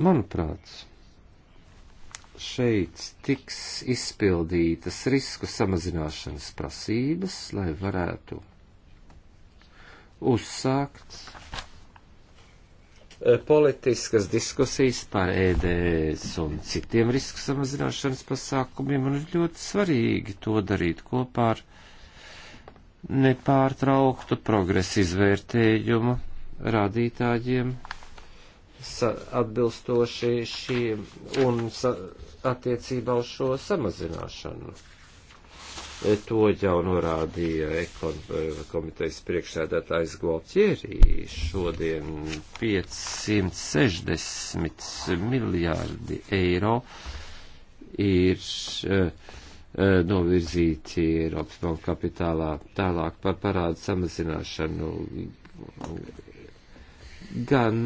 Manuprāt, šeit tiks izpildītas risku samazināšanas prasības, lai varētu uzsākt e, politiskas diskusijas par ēdēs e un citiem risku samazināšanas pasākumiem, un ir ļoti svarīgi to darīt kopā ar nepārtrauktu progresu izvērtējumu rādītājiem atbilstoši šiem un attiecībā uz šo samazināšanu. E, to jau norādīja ekon, e, komitejas priekšsēdētājs Gualtierī. Šodien 560 miljārdi eiro ir uh, novirzīti Eiropas banku kapitālā tālāk par parādu samazināšanu gan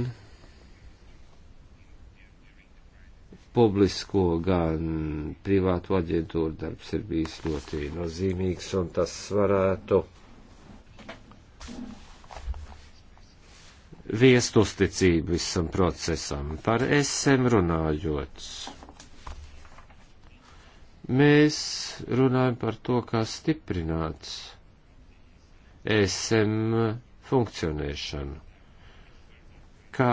publisko, gan privātu aģentūru darbs ir bijis ļoti nozīmīgs, un tas varētu viest uzticību visam procesam. Par esam runājot. Mēs runājam par to, kā stiprināts esam funkcionēšanu, kā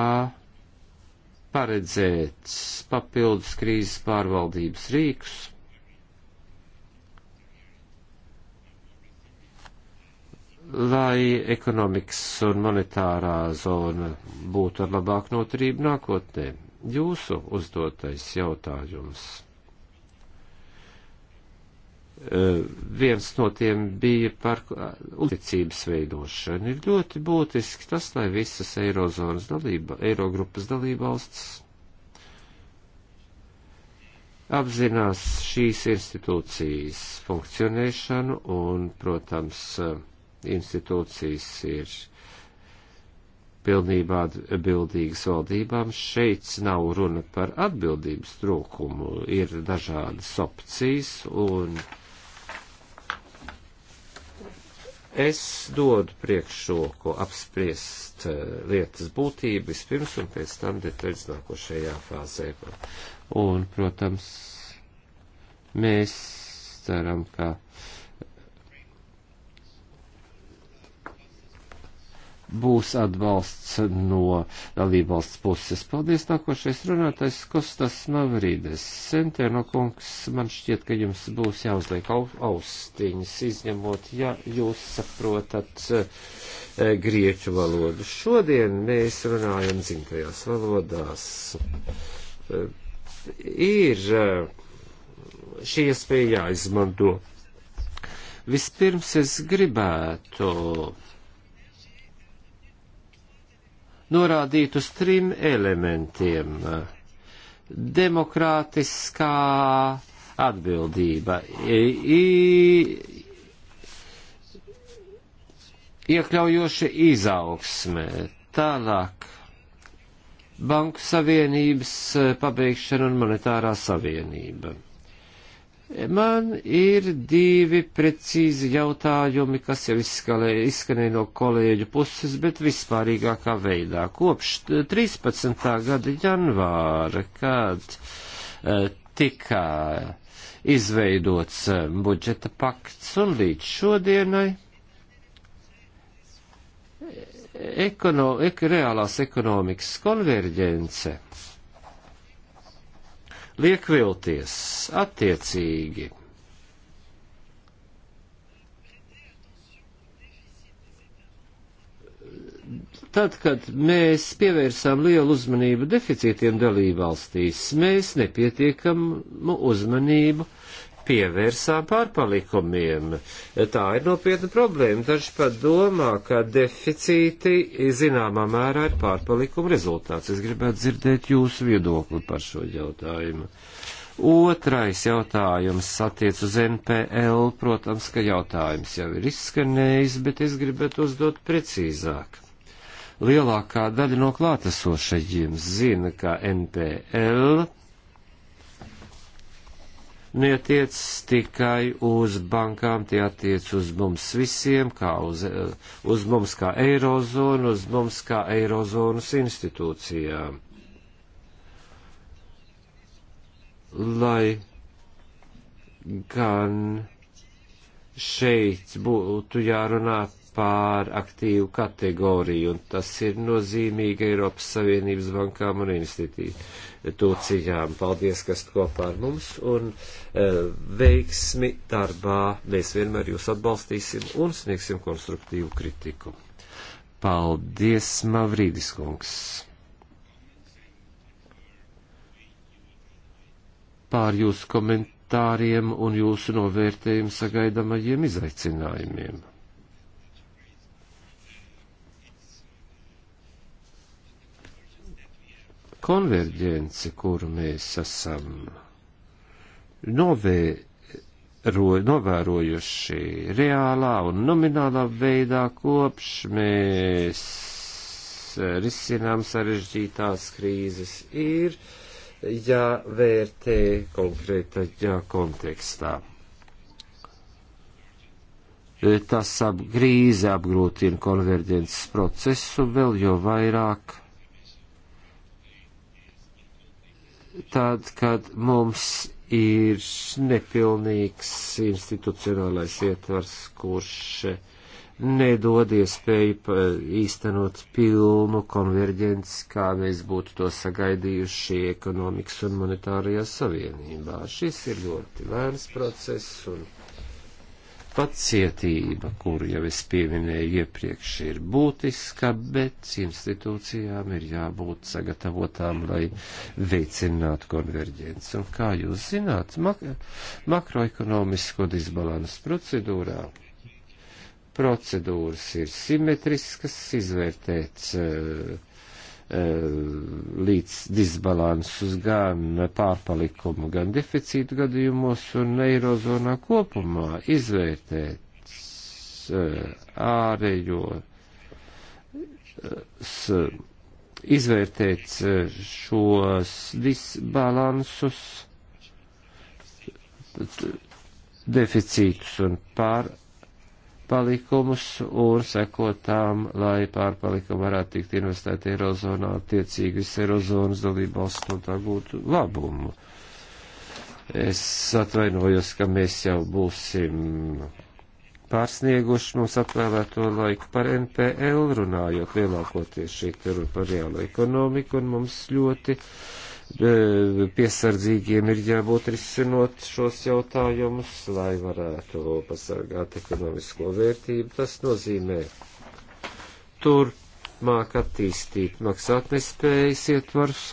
paredzēt papildus krīzes pārvaldības rīkus. Lai ekonomikas un monetārā zona būtu ar labāku noturību nākotnē, jūsu uzdotais jautājums Eh, viens no tiem bija par eh, uzticības veidošanu. Ir ļoti būtiski tas, lai visas Eirozonas dalība, Eirogrupas dalībvalstis apzinās šīs institūcijas funkcionēšanu un, protams, eh, institūcijas ir pilnībā atbildīgas valdībām. Šeit nav runa par atbildības trūkumu, ir dažādas opcijas un Es dodu priekšroku apspriest eh, lietas būtību vispirms un pēc tam detaļas nākošajā fāzē. Un, protams, mēs ceram, ka būs atbalsts no dalībvalsts puses. Paldies, nākošais runātais Kostas Mavrīdes. Centeno kungs, man šķiet, ka jums būs jāuzliek austiņas, izņemot, ja jūs saprotat e, grieķu valodu. Šodien mēs runājam dzimtajās valodās. E, ir eh, šī iespēja jāizmanto. Vispirms es gribētu norādīt uz trim elementiem. Demokrātiskā atbildība, I, iekļaujoša izaugsmē, tālāk Banku savienības pabeigšana un monetārā savienība. Man ir divi precīzi jautājumi, kas jau izskalēja, izskanēja no kolēģu puses, bet vispārīgākā veidā. Kopš 13. gada janvāra, kad uh, tika izveidots e, budžeta pakts un līdz šodienai e, ekono, ek, reālās ekonomikas konverģence liek vilties attiecīgi. Tad, kad mēs pievērsām lielu uzmanību deficītiem dalībvalstīs, mēs nepietiekamu uzmanību uh, pievērsām pārpalikumiem. Tā ir nopietna problēma. Daži pat domā, ka deficīti zināmā mērā ir pārpalikuma rezultāts. Es gribētu dzirdēt jūsu viedokli par šo jautājumu. Otrais jautājums attiec uz NPL. Protams, ka jautājums jau ir izskanējis, bet es gribētu uzdot precīzāk. Lielākā daļa no klātesošajiem zina, ka NPL neatiec tikai uz bankām, tie attiec uz mums visiem, kā uz, eh, uz mums kā eirozonu, uz mums kā eirozonas institūcijām. Lai gan šeit būtu jārunā pār aktīvu kategoriju, un tas ir nozīmīgi Eiropas Savienības bankām un institūcijām. Paldies, kas kopā ar mums, un e, veiksmi darbā mēs vienmēr jūs atbalstīsim un sniegsim konstruktīvu kritiku. Paldies, Mavrīdis kungs! Pār jūsu komentāriem un jūsu novērtējumu sagaidamajiem izaicinājumiem. konverģenci, kuru mēs esam novēro, novērojuši reālā un nominālā veidā kopš mēs risinām sarežģītās krīzes, ir jāvērtē konkrētajā kontekstā. Tas ap, krīze apgrūtina konverģences procesu vēl jo vairāk tad, kad mums ir nepilnīgs institucionālais ietvars, kurš nedod iespēju īstenot pilnu konverģenci, kā mēs būtu to sagaidījuši ekonomikas un monetārajā savienībā. Šis ir ļoti lēns process un pacietība, kuru jau es pieminēju iepriekš, ir būtiska, bet institūcijām ir jābūt sagatavotām, lai veicinātu konverģents. Un kā jūs zināt, mak makroekonomisko disbalans procedūrā procedūras ir simetriskas, izvērtēts uh, E, līdz disbalansus gan pārpalikumu, gan deficītu gadījumos un eirozonā kopumā izvērtēt e, ārējo, e, izvērtēt šos disbalansus, deficītus un pārpalikumus pārpalikumus un sekot tām, lai pārpalikumi varētu tikt investēti Eirozonā, attiecīgi visi Eirozonas dalībvalsts no tā gūtu labumu. Es atvainojos, ka mēs jau būsim pārsnieguši mums atvēlēto laiku par NPL runājot lielākoties šī te runa par reālu ekonomiku un mums ļoti E, piesardzīgiem ir jābūt risinot šos jautājumus, lai varētu pasargāt ekonomisko vērtību. Tas nozīmē turpmāk attīstīt maksātnespējas ietvarus,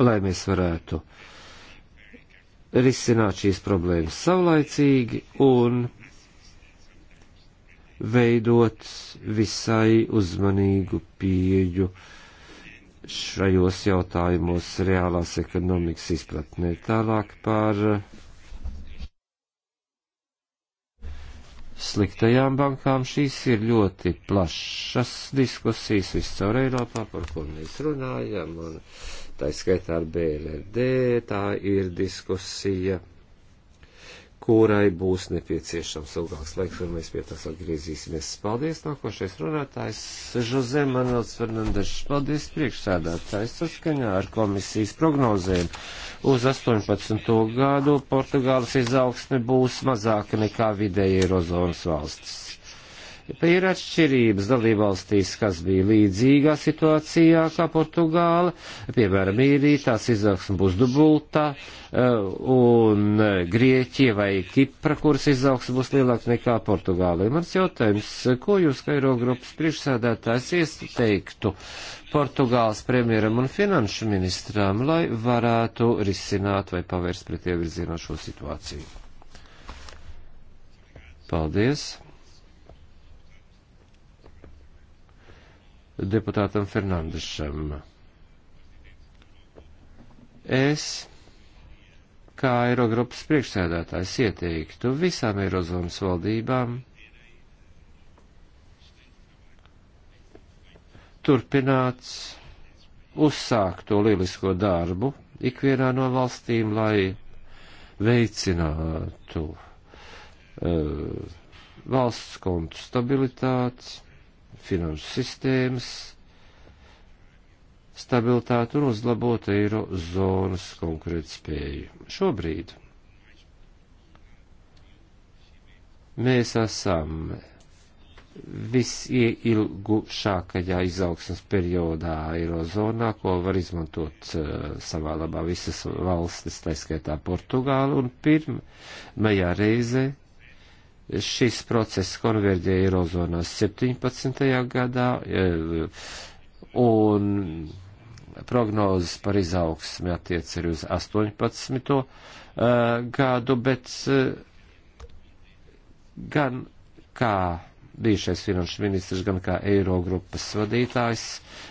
lai mēs varētu risināt šīs problēmas saulaicīgi un veidot visai uzmanīgu pieju uh, šajos jautājumos reālās ekonomikas izpratnē. Tālāk par sliktajām bankām šīs ir ļoti plašas diskusijas viscaur Eiropā, par ko mēs runājam, un tā skaitā ar BLD, tā ir diskusija kurai būs nepieciešams ilgāks laiks, un mēs pie tās atgriezīsimies. Paldies, nākošais runātājs Žozē Manuels Fernandešs. Paldies, priekšsēdētājs, saskaņā ar komisijas prognozēm. Uz 18. gadu Portugāles izaugsme būs mazāka nekā vidēji Eirozonas valsts Ir atšķirības dalībvalstīs, kas bija līdzīgā situācijā kā Portugāla, piemēram, īrija, tās izaugsme būs dubultā, eh, un eh, Grieķija vai Kipra, kuras izaugsme būs lielāka nekā Portugāla. Mans jautājums, ko jūs, kā Eirogrupas priekšsēdētājs, ieteiktu Portugāles premjeram un finanšu ministrām, lai varētu risināt vai pavērst pret ievirzienā šo situāciju? Paldies! deputātam Fernandešam. Es, kā Eirogrupas priekšsēdētājs, ieteiktu visām Eirozonas valdībām turpināt uzsākt to lielisko darbu ikvienā no valstīm, lai veicinātu uh, valsts kontu stabilitātes finanšu sistēmas stabilitāti un uzlabot eiro zonas konkurētspēju. Šobrīd mēs esam visieilgušākajā izaugsmas periodā Eirozonā, ko var izmantot uh, savā labā visas valstis, taiskaitā Portugāla, un pirmajā reize šis process konverģēja Eirozonā 17. gadā, e, un prognozes par izaugsmi attiec arī uz 18. E, gadu, bet e, gan kā bijušais finanšu ministrs, gan kā Eirogrupas vadītājs,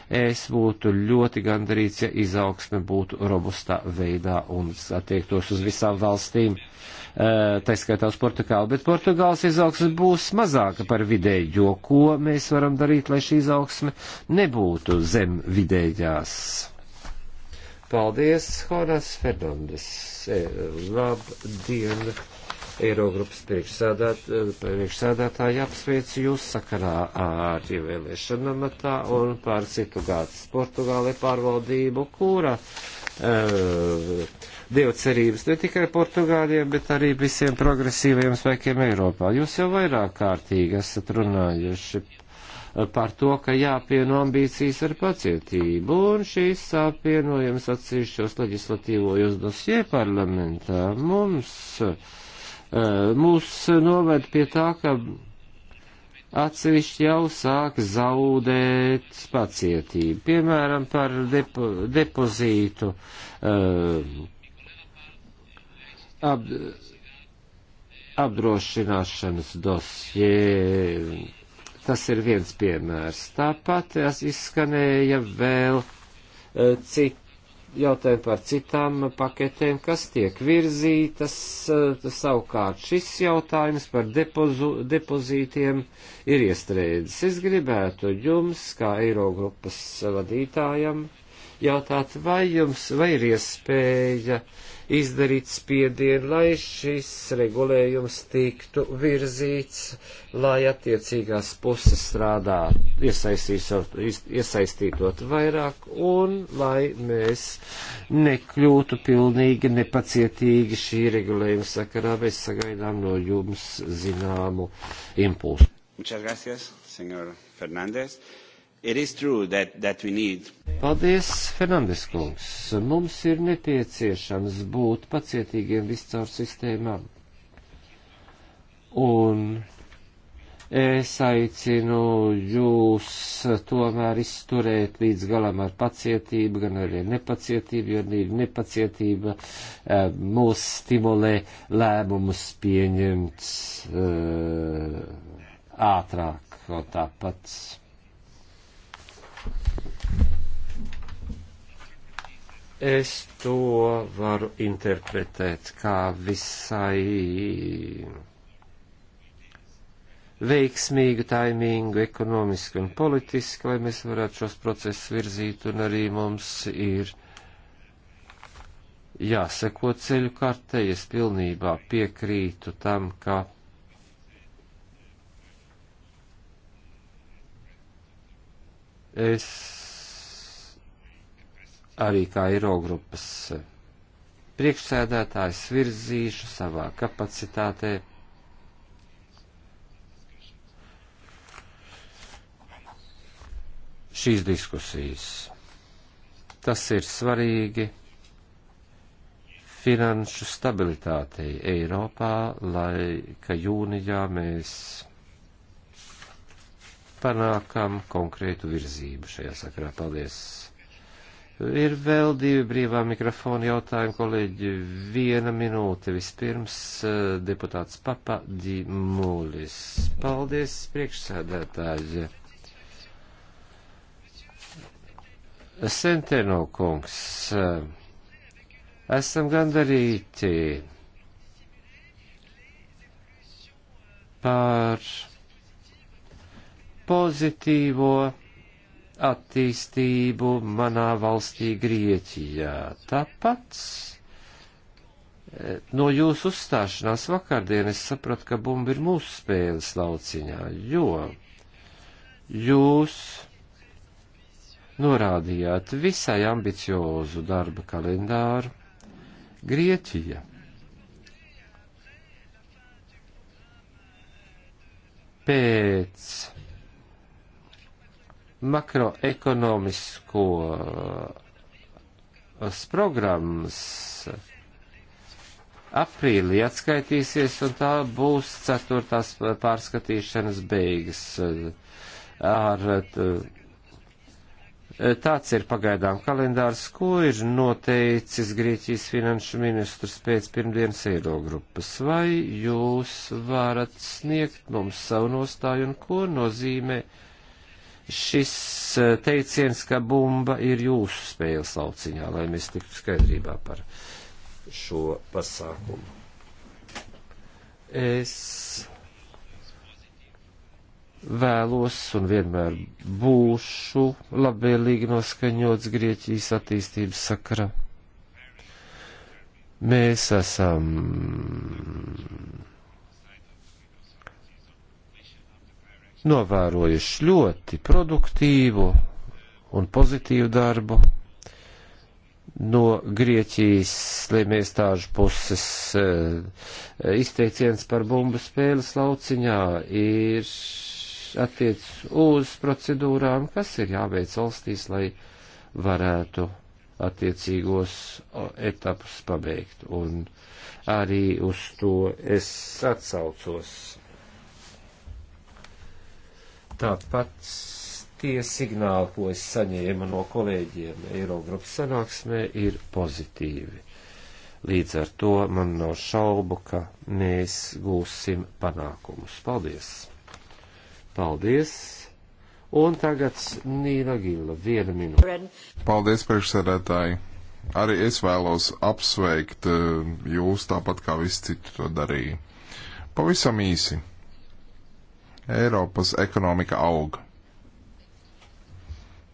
es būtu ļoti gandarīts, ja izaugsme būtu robustā veidā un attiektos uz visām valstīm. Uh, Eh, tā skaitā uz Portugālu, bet Portugāles izaugsme būs mazāka par vidējo, ko mēs varam darīt, lai šī izaugsme nebūtu zem vidējās. Paldies, Horas Fernandes. Eh, labdien, Eirogrupas priekšsādātāji eh, apsveicu jūs sakarā ar ievēlēšanu amatā un par citu gadu Portugālē pārvaldību, kura uh, dievcerības ne tikai Portugāļiem, bet arī visiem progresīviem spēkiem Eiropā. Jūs jau vairāk kārtīgi esat runājuši par to, ka jāpieno ambīcijas ar pacietību, un šīs apvienojums atsevišķos leģislatīvojos dosie parlamentā mums, eh, mūs noved pie tā, ka atsevišķi jau sāk zaudēt pacietību, piemēram, par depo, depozītu uh, ap, apdrošināšanas dosjē. Tas ir viens piemērs. Tāpat izskanēja vēl eh, citi jautājumi par citām paketēm, kas tiek virzītas. Eh, savukārt šis jautājums par depozu, depozītiem ir iestrēdzis. Es gribētu jums, kā Eirogrupas vadītājam, jautāt, vai jums vai ir iespēja uh, izdarīt spiedienu, lai šis regulējums tiktu virzīts, lai attiecīgās puses strādā, iesaistītot vairāk un lai mēs nekļūtu pilnīgi nepacietīgi šī regulējuma sakarā. Mēs sagaidām no jums zināmu impulsu. Muchas gracias, señor Fernández. That, that Paldies, Fernandes kungs. Mums ir nepieciešams būt pacietīgiem viscaur sistēmām. Un es aicinu jūs tomēr izturēt līdz galam ar pacietību, gan arī nepacietību, jo ir nepacietība eh, mūs stimulē lēmumus pieņemt eh, ātrāk un tāpat Es to varu interpretēt kā visai veiksmīgu taimingu, ekonomiski un politiski, lai mēs varētu šos procesus virzīt, un arī mums ir jāseko ceļu kartei. Es pilnībā piekrītu tam, ka Es arī kā Eirogrupas priekšsēdētājs virzīšu savā kapacitātē šīs diskusijas. Tas ir svarīgi finanšu stabilitātei Eiropā, lai ka jūnijā mēs panākam konkrētu virzību šajā sakarā. Paldies! Ir vēl divi brīvā mikrofona jautājumi, kolēģi. Viena minūte vispirms eh, deputāts Papa Dimulis. Paldies, priekšsēdētāji. Senteno kungs, eh, esam gandarīti par pozitīvo attīstību manā valstī Grieķijā. Tāpat e, no jūsu uzstāšanās vakardien es sapratu, ka bumba ir mūsu spēles lauciņā, jo jūs norādījāt visai ambiciozu darba kalendāru Grieķija. Pēc makroekonomisko eh, programmas aprīlī atskaitīsies, un tā būs ceturtās pārskatīšanas beigas. Eh, ar, eh, tāds ir pagaidām kalendārs, ko ir noteicis Grieķijas finanšu ministrs pēc pirmdienas eirogrupas. Vai jūs varat sniegt mums savu nostāju un ko nozīmē? šis eh, teiciens, ka bumba ir jūsu spēles lauciņā, lai mēs tiktu skaidrībā par šo pasākumu. Es vēlos un vienmēr būšu labvēlīgi noskaņots Grieķijas attīstības sakra. Mēs esam novērojuši ļoti produktīvu un pozitīvu darbu no Grieķijas slimiestāžu puses eh, izteiciens par bumbu spēles lauciņā ir attiec uz procedūrām, kas ir jāveic valstīs, lai varētu attiecīgos etapus pabeigt. Un arī uz to es atsaucos Tāpat tie signāli, ko es saņēmu no kolēģiem Eirogrupas sanāksmē, ir pozitīvi. Līdz ar to man nav šaubu, ka mēs gūsim panākumus. Paldies! Paldies! Un tagad Nīla Gila, viena minūte. Paldies, priekšsēdētāji! Arī es vēlos apsveikt eh, jūs tāpat kā visi citi to darīja. Pavisam īsi Eiropas ekonomika aug.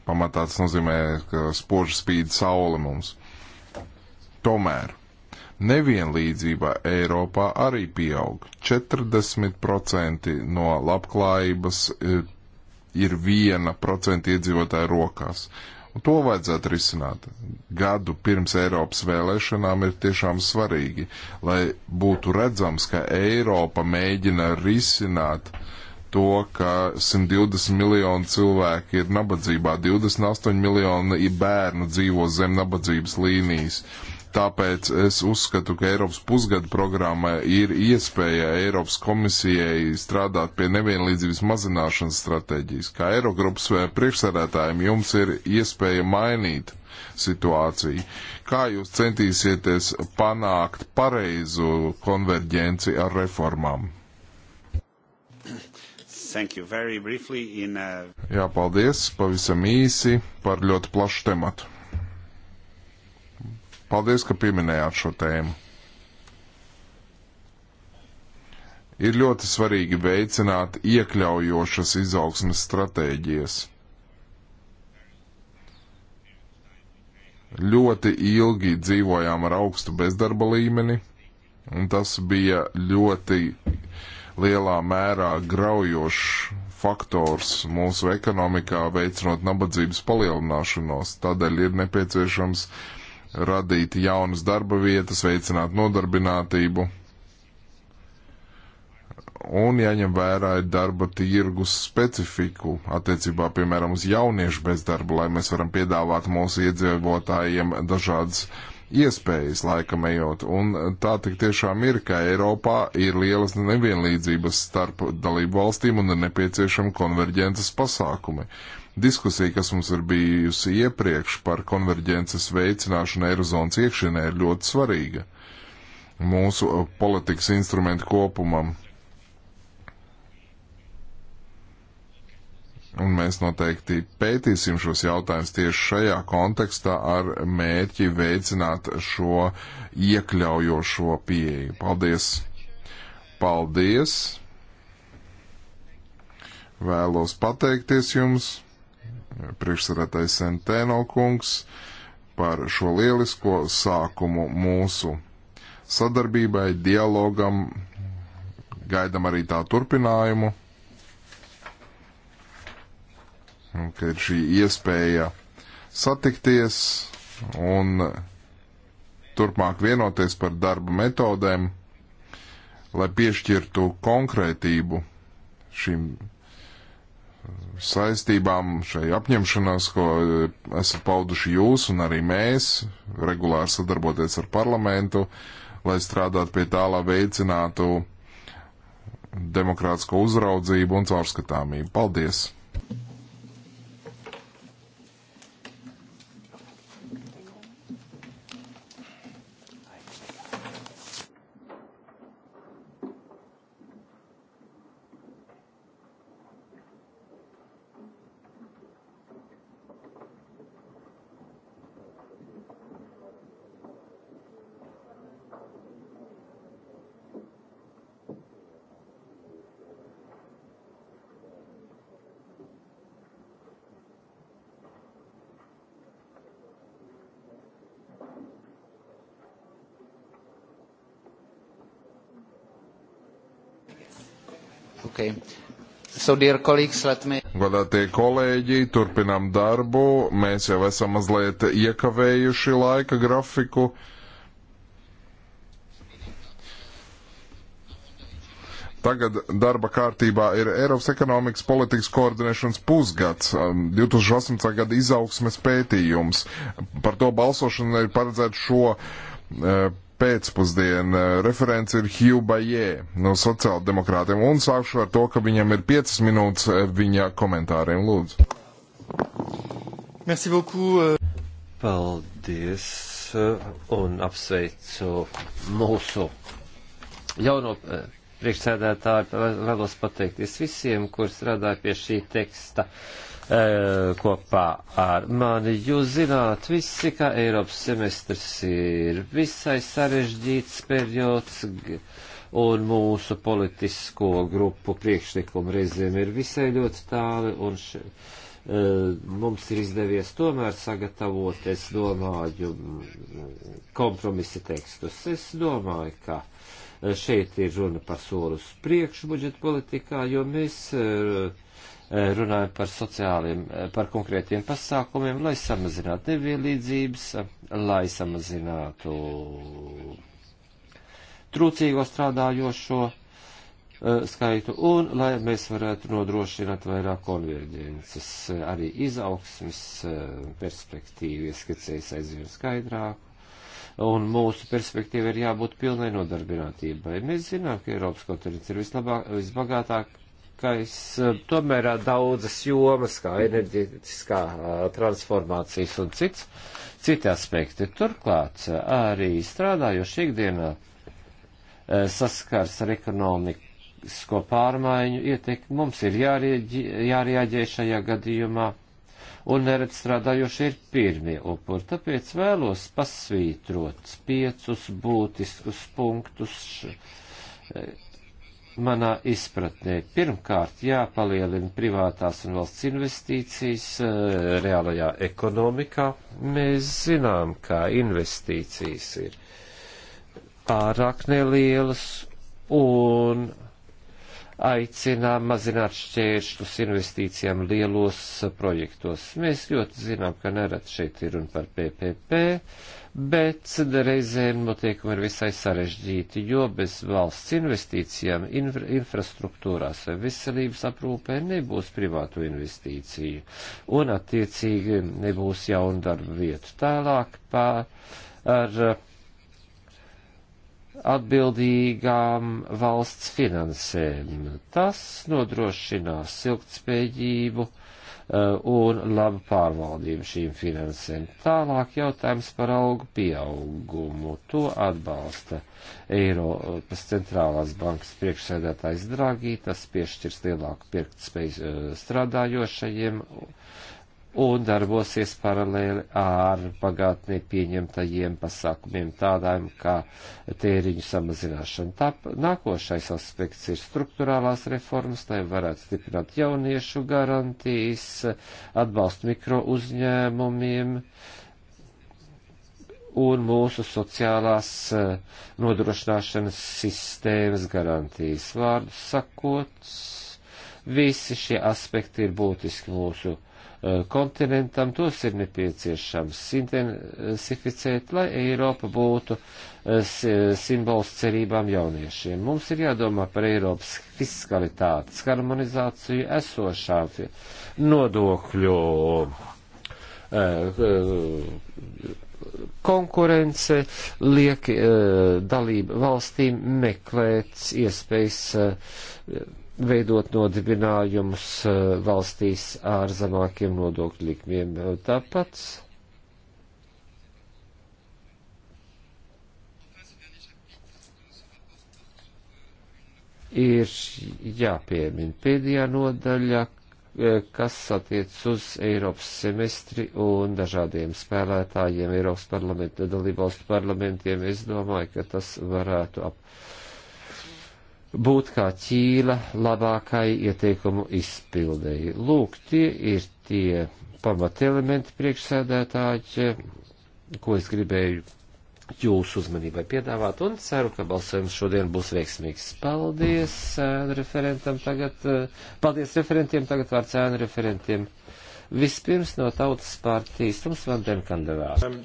Pamatā tas nozīmē, ka spoži spīd saule mums. Tomēr nevienlīdzība Eiropā arī pieaug. 40% no labklājības e, ir viena procenta iedzīvotāja rokās. Un to vajadzētu risināt. Gadu pirms Eiropas vēlēšanām ir tiešām svarīgi, lai būtu redzams, ka Eiropa mēģina risināt uh, to, ka 120 miljoni cilvēki ir nabadzībā, 28 miljoni bērnu dzīvo zem nabadzības līnijas. Tāpēc es uzskatu, ka Eiropas pusgada programma ir iespēja Eiropas komisijai strādāt pie nevienlīdzības mazināšanas stratēģijas. Kā Eirogrupas priekšsēdētājiem jums ir iespēja mainīt situāciju. Kā jūs centīsieties panākt pareizu konverģenci ar reformām? Thank you. Very briefly in... A... Uh, Jā, paldies, pavisam īsi par ļoti plašu tematu. Paldies, ka pieminējāt šo tēmu. Ir ļoti svarīgi veicināt iekļaujošas izaugsmes stratēģijas. Ļoti ilgi dzīvojām ar augstu bezdarba līmeni, un tas bija ļoti lielā mērā graujošs faktors mūsu ekonomikā, veicinot nabadzības palielināšanos. Tādēļ ir nepieciešams radīt jaunas darba vietas, veicināt nodarbinātību. Un jāņem ja vērā ir darba tirgus specifiku attiecībā, piemēram, uz jauniešu bezdarbu, lai mēs varam piedāvāt mūsu iedzīvotājiem dažādas uh, iespējas laikam ejot. Un tā tik tiešām ir, ka Eiropā ir lielas nevienlīdzības starp dalību valstīm un ir nepieciešama konverģences pasākumi. Diskusija, kas mums ir bijusi iepriekš par konverģences veicināšanu Eirozonas iekšienē, ir ļoti svarīga mūsu politikas instrumentu kopumam un mēs noteikti pētīsim šos jautājumus tieši šajā kontekstā ar mērķi veicināt šo iekļaujošo pieeju. Paldies! Paldies! Vēlos pateikties jums, priekšsarētais Sentēno kungs, par šo lielisko sākumu mūsu sadarbībai, dialogam. Gaidam arī tā turpinājumu ka ir šī iespēja satikties un turpmāk vienoties par darba metodēm, lai piešķirtu konkrētību šīm uh, saistībām, šai apņemšanās, ko esat pauduši jūs un arī mēs, regulāri sadarboties ar parlamentu, lai strādātu pie tā, lai veicinātu demokrātisko uzraudzību un caurskatāmību. Paldies! So, me... Godātie kolēģi, turpinām darbu. Mēs jau esam mazliet iekavējuši laika grafiku. Tagad darba kārtībā ir Eiropas ekonomikas politikas koordinēšanas pusgads, 2018. Um, gada izaugsmes pētījums. Par to balsošanu ir paredzēta šo uh, pēcpusdiena. Eh, referents ir Hugh Bajē no sociāldemokrātiem un sākšu ar to, ka viņam ir 5 minūtes eh, viņa komentāriem. Lūdzu. Merci beaucoup. Euh. Paldies eh, un apsveicu mūsu jauno priekšsēdētāju. Vēlos pateikties visiem, kur strādāja pie šī teksta. Uh, E, kopā ar mani. Jūs zināt visi, ka Eiropas semestrs ir visai sarežģīts periods un mūsu politisko grupu priekšlikumu reizēm ir visai ļoti tāli un še, e, mums ir izdevies tomēr sagatavot, es domāju, kompromisa tekstus. Es domāju, ka e, šeit ir runa par solus priekšu budžeta politikā, jo mēs uh, runājam par sociāliem, par konkrētiem pasākumiem, lai samazinātu nevienlīdzības, lai samazinātu trūcīgo strādājošo eh, skaitu un lai mēs varētu nodrošināt vairāk konverģences. Arī izaugsmes eh, perspektīva ieskicējas aizvien skaidrāk. Un mūsu perspektīva ir jābūt pilnai nodarbinātībai. Mēs zinām, ka Eiropas kontinents ir vislabāk, visbagātāk svarīgākais eh, tomēr ir daudzas jomas, kā enerģetiskā transformācijas un cits, citi aspekti. Turklāt arī strādājoši ikdienā saskars ar ekonomisko pārmaiņu ietekmi, mums ir jārieģi, jārieģē šajā gadījumā, un neredz strādājoši ir pirmie upuri. Tāpēc vēlos pasvītrot piecus būtiskus punktus. Š, manā izpratnē. Pirmkārt, jāpalielina privātās un valsts investīcijas eh, reālajā ekonomikā. Mēs zinām, ka investīcijas ir pārāk nelielas un aicinām mazināt šķēršļus investīcijām lielos projektos. Mēs ļoti zinām, ka nerad šeit ir un par PPP, bet reizēm notiekumi ir visai sarežģīti, jo bez valsts investīcijām infra infrastruktūrās vai veselības aprūpē nebūs privātu investīciju un attiecīgi nebūs jaunu darbu vietu. Tālāk pār ar atbildīgām valsts finansēm. Tas nodrošinās ilgtspējību eh, un labu pārvaldību šīm finansēm. Tālāk jautājums par augu pieaugumu. To atbalsta Eiropas centrālās bankas priekšsēdētājs Dragī. Tas piešķirs lielāku pirktspēju eh, strādājošajiem. Uh, un darbosies paralēli ar pagātnē pieņemtajiem pasākumiem tādām kā tēriņu samazināšana. Tā, nākošais aspekts ir struktūrālās reformas, lai varētu stiprināt jauniešu garantijas, atbalstu mikro uzņēmumiem un mūsu sociālās eh, nodrošināšanas sistēmas garantijas. Vārdu sakot, visi šie aspekti ir būtiski mūsu kontinentam, tos ir nepieciešams intensificēt, lai Eiropa būtu eh, simbols cerībām jauniešiem. Mums ir jādomā par Eiropas fiskalitātes harmonizāciju esošām nodokļu eh, konkurence liek eh, dalību valstīm meklēt iespējas veidot nodibinājumus eh, valstīs ar zemākiem nodokļu likmiem. Tāpat ir jāpiemina pēdējā nodaļa, eh, kas attiec uz Eiropas semestri un dažādiem spēlētājiem, Eiropas parlamenta dalībvalstu parlamentiem. Es domāju, ka tas varētu apmierināties būt kā ķīla labākai ieteikumu izpildēji. Lūk, tie ir tie pamatelementi priekšsēdētāji, ko es gribēju jūsu uzmanībai piedāvāt un ceru, ka balsojums šodien būs veiksmīgs. Paldies referentam tagad, paldies referentiem, tagad vārds ēnu referentiem. Vispirms no tautas partijas, Tums Vandenkandevā. Um,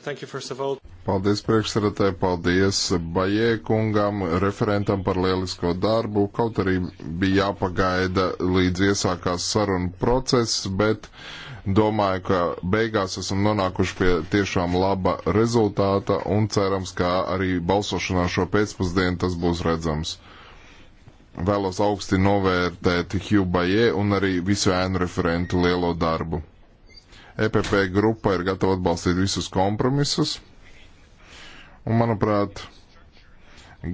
Paldies priekšsaratai, paldies Bajē kungam, referentam par lielisko darbu. Kaut arī bija jāpagaida līdz iesākās saruna process, bet domāju, ka beigās esam nonākuši pie tiešām laba rezultāta un cerams, ka arī balsošanā šo pēcpusdienu tas būs redzams. Vēlos augsti novērtēt Hugh Bajē un arī visu ēnu referentu lielo darbu. EPP grupa ir gatava atbalstīt visus kompromisus. Un, manuprāt,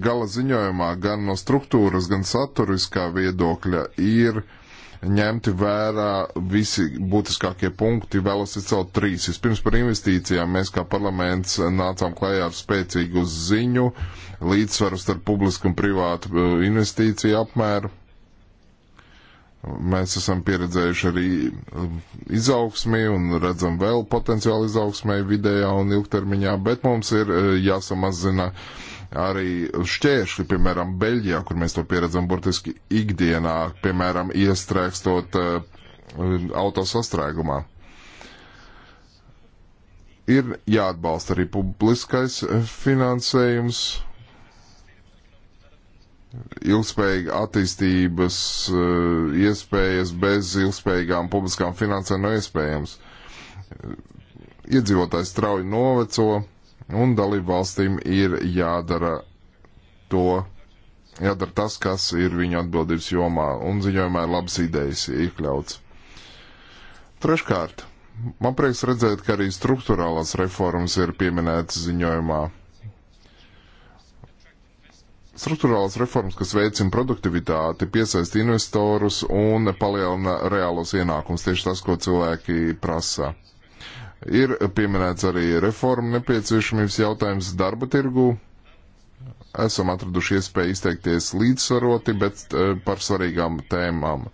gala ziņojumā gan no struktūras, gan saturiskā viedokļa ir ņemti vērā visi būtiskākie punkti. Vēlos izcelt trīs. Vispirms par investīcijām mēs kā parlaments nācām klajā ar spēcīgu ziņu, līdzsvaru starp publisku un privātu eh, investīciju apmēru Mēs esam pieredzējuši arī um, izaugsmī un redzam vēl potenciālu izaugsmē vidējā un ilgtermiņā, bet mums ir uh, jāsamazina arī šķēršļi, piemēram, Beļģijā, kur mēs to pieredzam burtiski ikdienā, piemēram, iestrēgstot uh, autosastrēgumā. Ir jāatbalsta arī publiskais uh, finansējums ilgspējīga attīstības eh, iespējas bez ilgspējīgām publiskām finansēm nav iespējams. Iedzīvotājs strauji noveco un dalību valstīm ir jādara to, jādara tas, kas ir viņu atbildības jomā, un ziņojumā ir labas idejas iekļauts. Treškārt, man prieks redzēt, ka arī struktūrālās reformas ir pieminētas ziņojumā Struktūrālās reformas, kas veicina produktivitāti, piesaista investorus un palielina reālos ienākumus, tieši tas, ko cilvēki prasa. Ir pieminēts arī reforma nepieciešamības jautājums darba tirgū. Esam atraduši iespēju izteikties līdzsvaroti, bet eh, par svarīgām tēmām.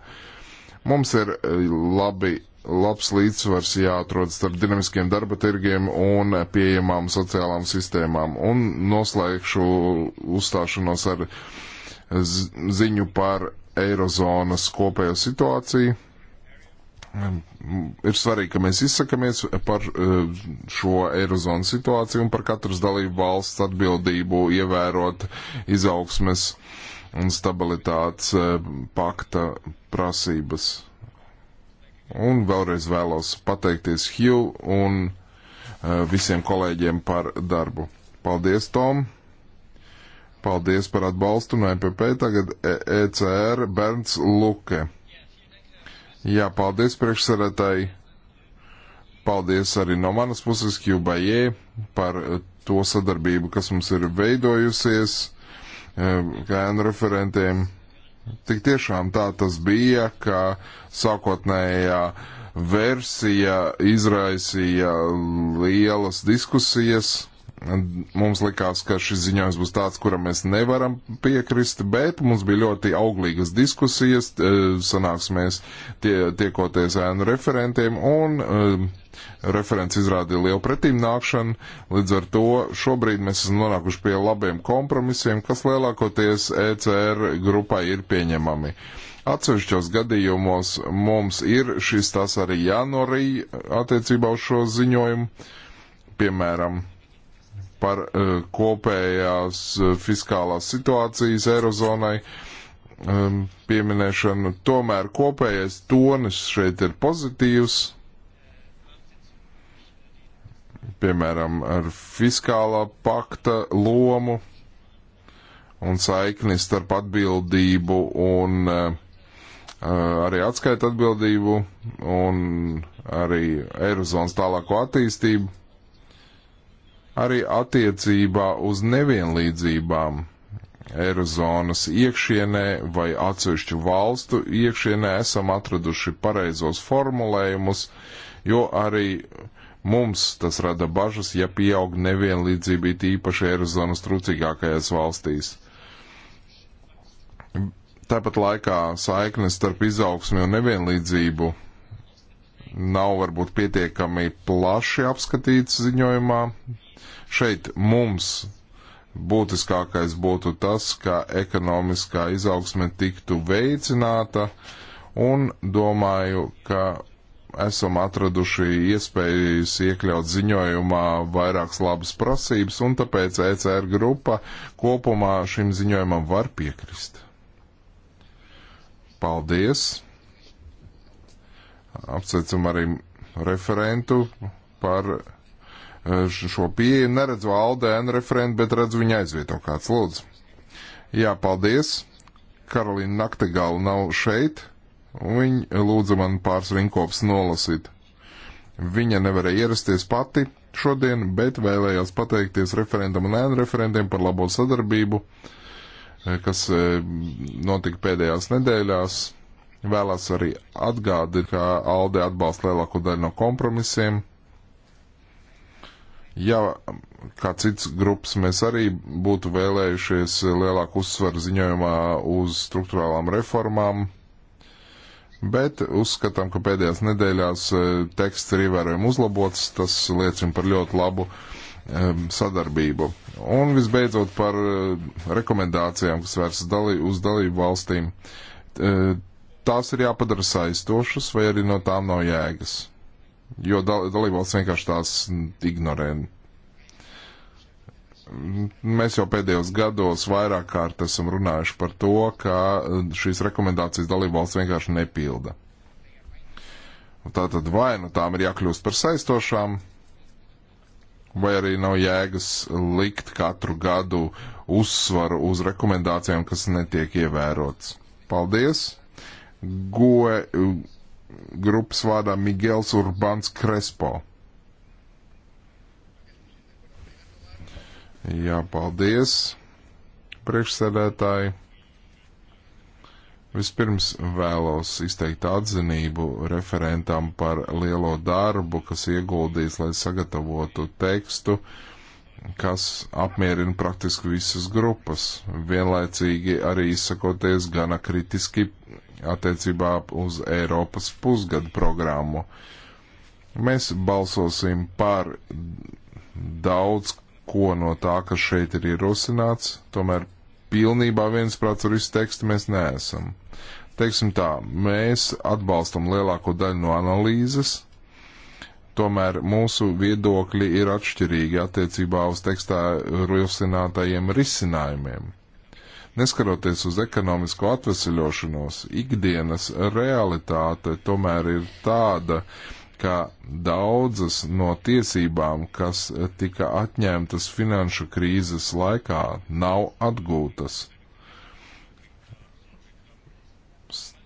Mums ir eh, labi labs līdzsvars jāatrod starp dinamiskiem darba tirgiem un pieejamām sociālām sistēmām. Un noslēgšu uzstāšanos ar ziņu par Eirozonas kopējo situāciju. Ir svarīgi, ka mēs izsakamies par e, šo Eirozonas situāciju un par katras dalību valsts atbildību ievērot izaugsmes un stabilitātes e, pakta prasības Un vēlreiz vēlos pateikties Hju un uh, visiem kolēģiem par darbu. Paldies, Tom! Paldies par atbalstu no MPP. Tagad ECR e Bernds Luke. Jā, paldies priekšsarētāji. Paldies arī no manas puses Hjubajē par eh, to sadarbību, kas mums ir veidojusies, eh, kā referentiem. Tik tiešām tā tas bija, ka sākotnējā versija izraisīja lielas diskusijas Mums likās, ka šis ziņojums būs tāds, kuram mēs nevaram piekrist, bet mums bija ļoti auglīgas diskusijas, e, sanāksmēs tie, tiekoties ēnu referentiem, un e, referents izrādīja lielu pretīm nākšanu, līdz ar to šobrīd mēs esam nonākuši pie labiem kompromisiem, kas lielākoties ECR grupai ir pieņemami. Atsevišķos gadījumos mums ir šis tas arī jānorī attiecībā uz šo ziņojumu, piemēram, par e, kopējās e, fiskālās situācijas Eirozonai e, pieminēšanu. Tomēr kopējais tonis šeit ir pozitīvs. Piemēram, ar fiskālā pakta lomu un saikni starp atbildību un uh, arī atskaita atbildību un arī Eirozonas tālāko attīstību arī attiecībā uz nevienlīdzībām Eirozonas iekšienē vai atsevišķu valstu iekšienē esam atraduši pareizos formulējumus, jo arī mums tas rada bažas, ja pieaug nevienlīdzība īpaši Eirozonas trūcīgākajās valstīs. Tāpat laikā saiknes starp izaugsmi un nevienlīdzību nav varbūt pietiekami plaši apskatīts ziņojumā. Šeit mums būtiskākais būtu tas, ka ekonomiskā izaugsme tiktu veicināta, un domāju, ka esam atraduši iespējas iekļaut ziņojumā vairākas labas prasības, un tāpēc ECR grupa kopumā šim ziņojumam var piekrist. Paldies! apsveicam arī referentu par e, šo pieeju. Neredzu Aldēnu referentu, bet redzu viņu aizvieto kāds lūdzu. Jā, paldies. Karolīna Naktegala nav šeit. Viņa lūdza man pāris rinkops nolasīt. Viņa nevarēja ierasties pati šodien, bet vēlējās pateikties referentam un ēnu referentiem par labo sadarbību, e, kas e, notika pēdējās nedēļās Vēlās arī atgādināt, ka ALDE atbalsta lielāko daļu no kompromisiem. Ja kā cits grupas mēs arī būtu vēlējušies lielāku uzsvaru ziņojumā uz struktūrālām reformām, bet uzskatām, ka pēdējās nedēļās e, teksts ir ievērojami uzlabots, tas liecina par ļoti labu e, sadarbību. Un visbeidzot par e, rekomendācijām, kas vērsas dalī, uz dalību valstīm tās ir jāpadara saistošas, vai arī no tām nav jēgas. Jo dal dalībvalsts vienkārši tās ignorē. Mēs jau pēdējos gados vairāk kārt esam runājuši par to, ka šīs rekomendācijas dalībvalsts vienkārši nepilda. Tātad vai nu tām ir jākļūst par saistošām, vai arī nav jēgas likt katru gadu uzsvaru uz rekomendācijām, kas netiek ievērotas. Paldies! GOE uh, grupas vārdā Migels Urbans Krespo. Jā, paldies, priekšsēdētāji. Vispirms vēlos izteikt atzinību referentam par lielo darbu, kas ieguldīts, lai sagatavotu tekstu, uh, kas apmierina praktiski visas grupas, vienlaicīgi arī izsakoties gana kritiski attiecībā uz Eiropas pusgadu programmu. Mēs balsosim par daudz ko no tā, kas šeit ir ierosināts, tomēr pilnībā viensprāts ar visu tekstu mēs neesam. Teiksim tā, mēs atbalstam lielāko daļu no analīzes, Tomēr mūsu viedokļi ir atšķirīgi attiecībā uz tekstā rosinātajiem risinājumiem. Neskaroties uz ekonomisko atvesaļošanos, ikdienas realitāte tomēr ir tāda, ka daudzas no tiesībām, kas tika atņemtas finanšu krīzes laikā, nav atgūtas.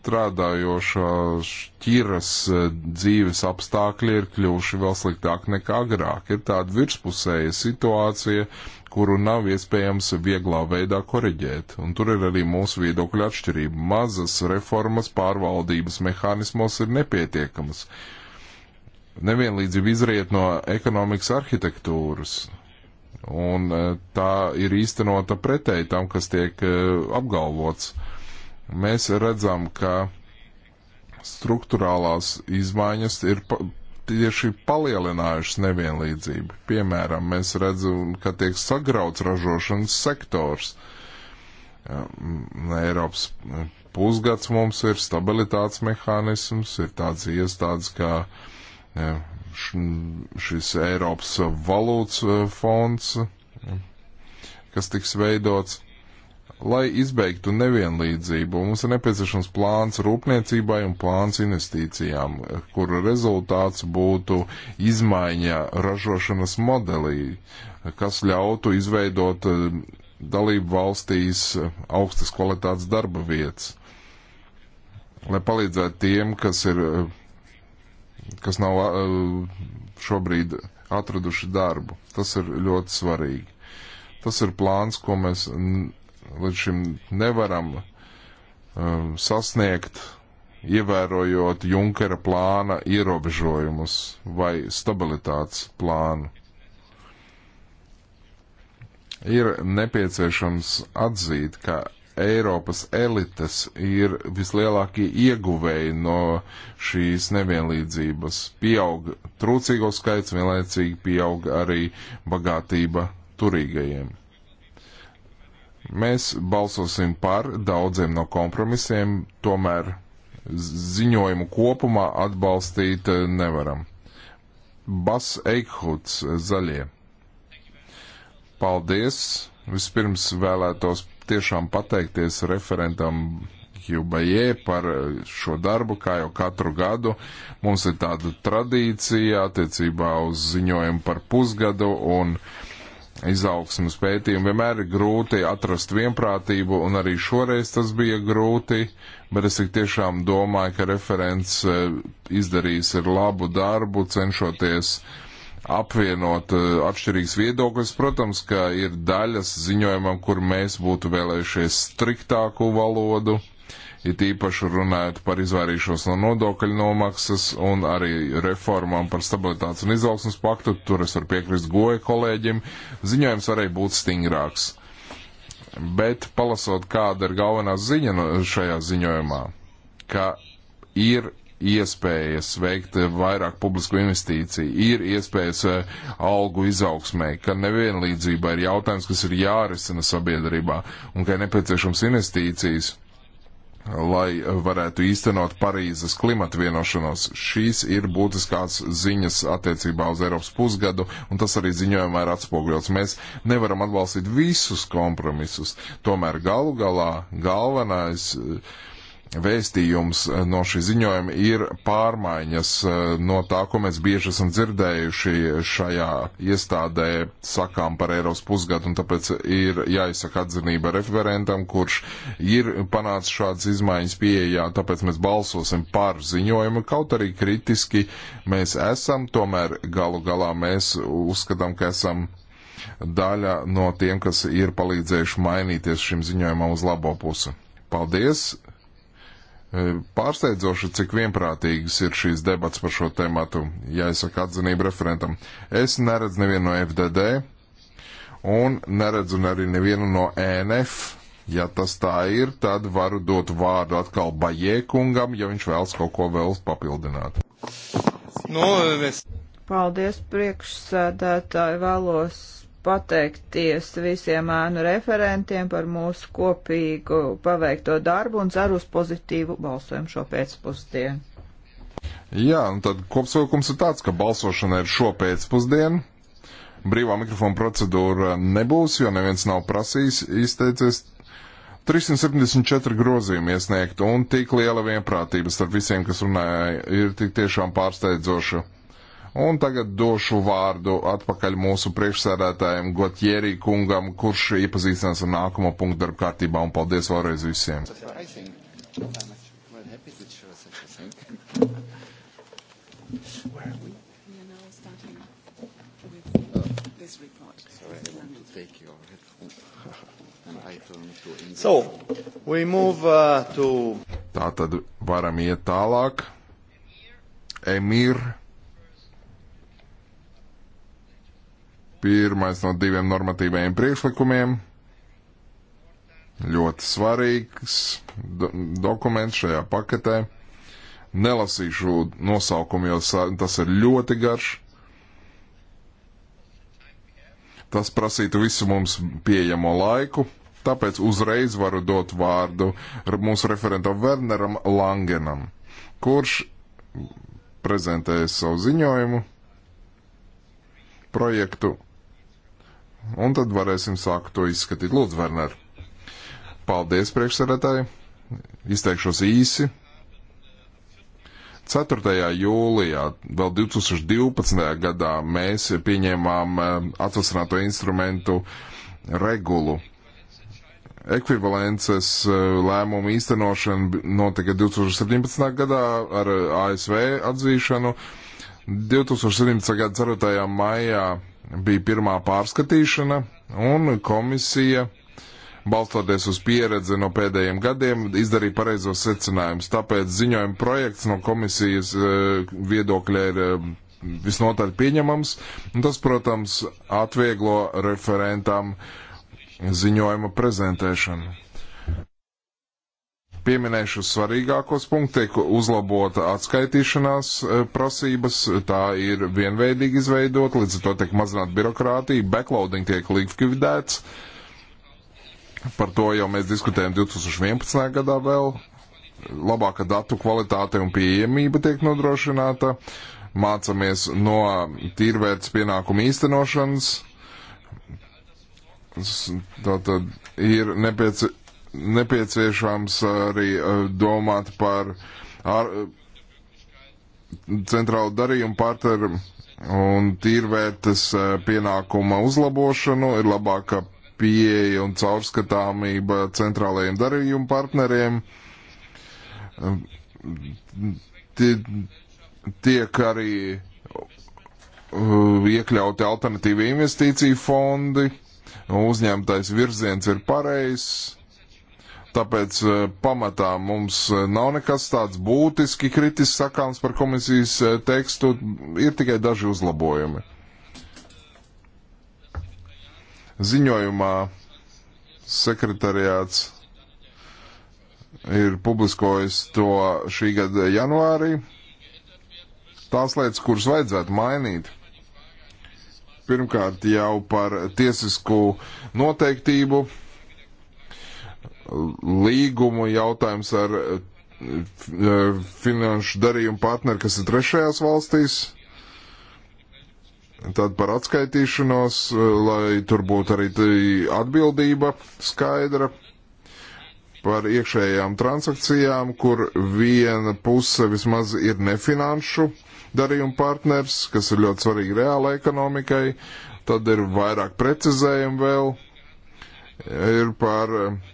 strādājošā šķiras eh, dzīves apstākļi ir kļuvuši vēl sliktāk nekā agrāk. Ir tāda virspusēja situācija, kuru nav iespējams vieglā veidā koreģēt, un tur ir arī mūsu viedokļa atšķirība. Mazas reformas pārvaldības mehānismos ir nepietiekamas. Nevienlīdzība izriet no ekonomikas arhitektūras, un eh, tā ir īstenota pretēji tam, kas tiek eh, apgalvots. Uh, Mēs redzam, ka struktūrālās izmaiņas ir pa tieši palielinājušas nevienlīdzību. Piemēram, mēs redzam, ka tiek sagrauts ražošanas sektors. Eiropas pusgads mums ir stabilitātes mehānisms, ir tāds iestādes kā šis Eiropas valūtas eh, fonds, kas tiks veidots. Lai izbeigtu nevienlīdzību, mums ir nepieciešams plāns rūpniecībai un plāns investīcijām, kur rezultāts būtu izmaiņa ražošanas modelī, kas ļautu izveidot eh, dalību valstīs eh, augstas kvalitātes darba vietas. Lai palīdzētu tiem, kas ir, eh, kas nav šobrīd atraduši darbu. Tas ir ļoti svarīgi. Tas ir plāns, ko mēs līdz šim nevaram um, sasniegt, ievērojot Junkera plāna ierobežojumus vai stabilitātes plānu. Ir nepieciešams atzīt, ka Eiropas elites ir vislielākie ieguvēji no šīs nevienlīdzības. Pieaug trūcīgo skaits, vienlaicīgi pieaug arī bagātība turīgajiem. Mēs balsosim par daudziem no kompromisiem, tomēr ziņojumu kopumā atbalstīt eh, nevaram. Bas Eikhuts, eh, zaļie. Paldies! Vispirms vēlētos tiešām pateikties referentam Hjubajē par eh, šo darbu, kā jau katru gadu. Mums ir tāda tradīcija attiecībā uz ziņojumu par pusgadu, un izaugsmas pētījumu vienmēr ir grūti atrast vienprātību, un arī šoreiz tas bija grūti, bet es tiešām domāju, ka referents e, izdarījis ir labu darbu, cenšoties apvienot e, atšķirīgs viedoklis. Protams, ka ir daļas ziņojumam, kur mēs būtu vēlējušies striktāku valodu it īpaši runājot par izvairīšanos no nodokļu nomaksas un arī reformām par stabilitātes un izaugsmas paktu, tur es varu piekrist goja kolēģim, ziņojums varēja būt stingrāks. Bet palasot, kāda ir galvenā ziņa šajā ziņojumā, ka ir iespējas veikt vairāk publisku investīciju, ir iespējas eh, algu izaugsmē, ka nevienlīdzība ir jautājums, kas ir jārisina sabiedrībā un ka ir nepieciešams investīcijas lai varētu īstenot Parīzes klimata vienošanos. Šīs ir būtiskās ziņas attiecībā uz Eiropas pusgadu, un tas arī ziņojumā ir atspoguļots. Mēs nevaram atbalstīt visus kompromisus, tomēr galu galā galvenais uh, vēstījums eh, no šī ziņojuma ir pārmaiņas eh, no tā, ko mēs bieži esam dzirdējuši šajā iestādē sakām par Eiropas pusgadu, un tāpēc ir jāizsaka atzinība referentam, kurš ir panācis šādas izmaiņas pieejā, tāpēc mēs balsosim par ziņojumu, kaut arī kritiski mēs esam, tomēr galu galā mēs uzskatām, ka esam daļa no tiem, kas ir palīdzējuši mainīties šim ziņojumam uz labo pusi. Paldies! Pārsteidzoši, cik vienprātīgas ir šīs debats par šo tēmatu, ja es saku atzinību referentam. Es neredzu nevienu no FDD un neredzu arī nevienu no ENF. Ja tas tā ir, tad varu dot vārdu atkal Bajēkungam, ja viņš vēlas kaut ko vēl papildināt. No, nu, es... Paldies, priekšsēdētāji, vēlos pateikties visiem ēnu referentiem par mūsu kopīgu paveikto darbu un ceru uz pozitīvu balsojumu šo pēcpusdienu. Jā, un tad kopsavilkums ir tāds, ka balsošana ir šo pēcpusdienu. Brīvā mikrofona procedūra nebūs, jo neviens nav prasījis izteicies. 374 grozījumi iesniegt un tik liela vienprātība starp visiem, kas runāja, ir tik tiešām pārsteidzoša. Un tagad došu vārdu atpakaļ mūsu priekšsēdētājiem Gotjeri kungam, kurš iepazīstinās ar nākamo punktu darba kārtībā, un paldies vēlreiz visiem. So, move, uh, to... Tā tad varam iet tālāk. Emīr pirmais no diviem normatīvajiem priekšlikumiem. Ļoti svarīgs do dokuments šajā paketē. Nelasīšu nosaukumu, jo tas ir ļoti garš. Tas prasītu visu mums pieejamo laiku, tāpēc uzreiz varu dot vārdu mūsu referentam Werneram Langenam, kurš prezentēs savu ziņojumu projektu un tad varēsim sākt to izskatīt. Lūdzu, Werner. Paldies, priekšsarētāji. Izteikšos īsi. 4. jūlijā, vēl 2012. gadā, mēs pieņēmām eh, atvasināto instrumentu regulu. Ekvivalences eh, lēmumu īstenošana notika 2017. gadā ar eh, ASV atzīšanu. Uh, 2017. gada 4. maijā bija pirmā pārskatīšana, un komisija, balstoties uz pieredzi no pēdējiem gadiem, izdarīja pareizos secinājumus. Tāpēc ziņojuma projekts no komisijas e, viedokļa ir e, visnotaļ pieņemams, un tas, protams, atvieglo referentam ziņojuma prezentēšanu. Pieminēšu svarīgākos punktus, tiek uzlabota atskaitīšanās e, prasības, tā ir vienveidīgi izveidota, līdz ar to tiek mazināta birokrātija, backloading tiek likvidēts. Par to jau mēs diskutējam 2011. gadā vēl. Labāka datu kvalitāte un pieejamība tiek nodrošināta. Mācāmies no tīrvērts pienākumu īstenošanas. Tātad ir nepieciešams nepieciešams arī eh, domāt par ar, eh, centrālu darījumu partneru un tīrvērtas eh, pienākuma uzlabošanu, ir labāka pieeja un caurskatāmība centrālajiem darījumu partneriem. T tiek arī iekļauti alternatīvi investīciju fondi, uzņemtais virziens ir pareizs Tāpēc eh, pamatā mums eh, nav nekas tāds būtiski kritisks sakāms par komisijas eh, tekstu, ir tikai daži uzlabojumi. Ziņojumā sekretariāts ir publiskojis to šī gada janvārī. Tās lietas, kuras vajadzētu mainīt, pirmkārt jau par tiesisku noteiktību līgumu jautājums ar eh, finanšu darījumu partneri, kas ir trešajās valstīs. Tad par atskaitīšanos, eh, lai tur būtu arī atbildība skaidra par iekšējām transakcijām, kur viena puse vismaz ir nefinanšu darījuma partners, kas ir ļoti svarīgi reāla ekonomikai. Tad ir vairāk precizējumi vēl, ir par eh,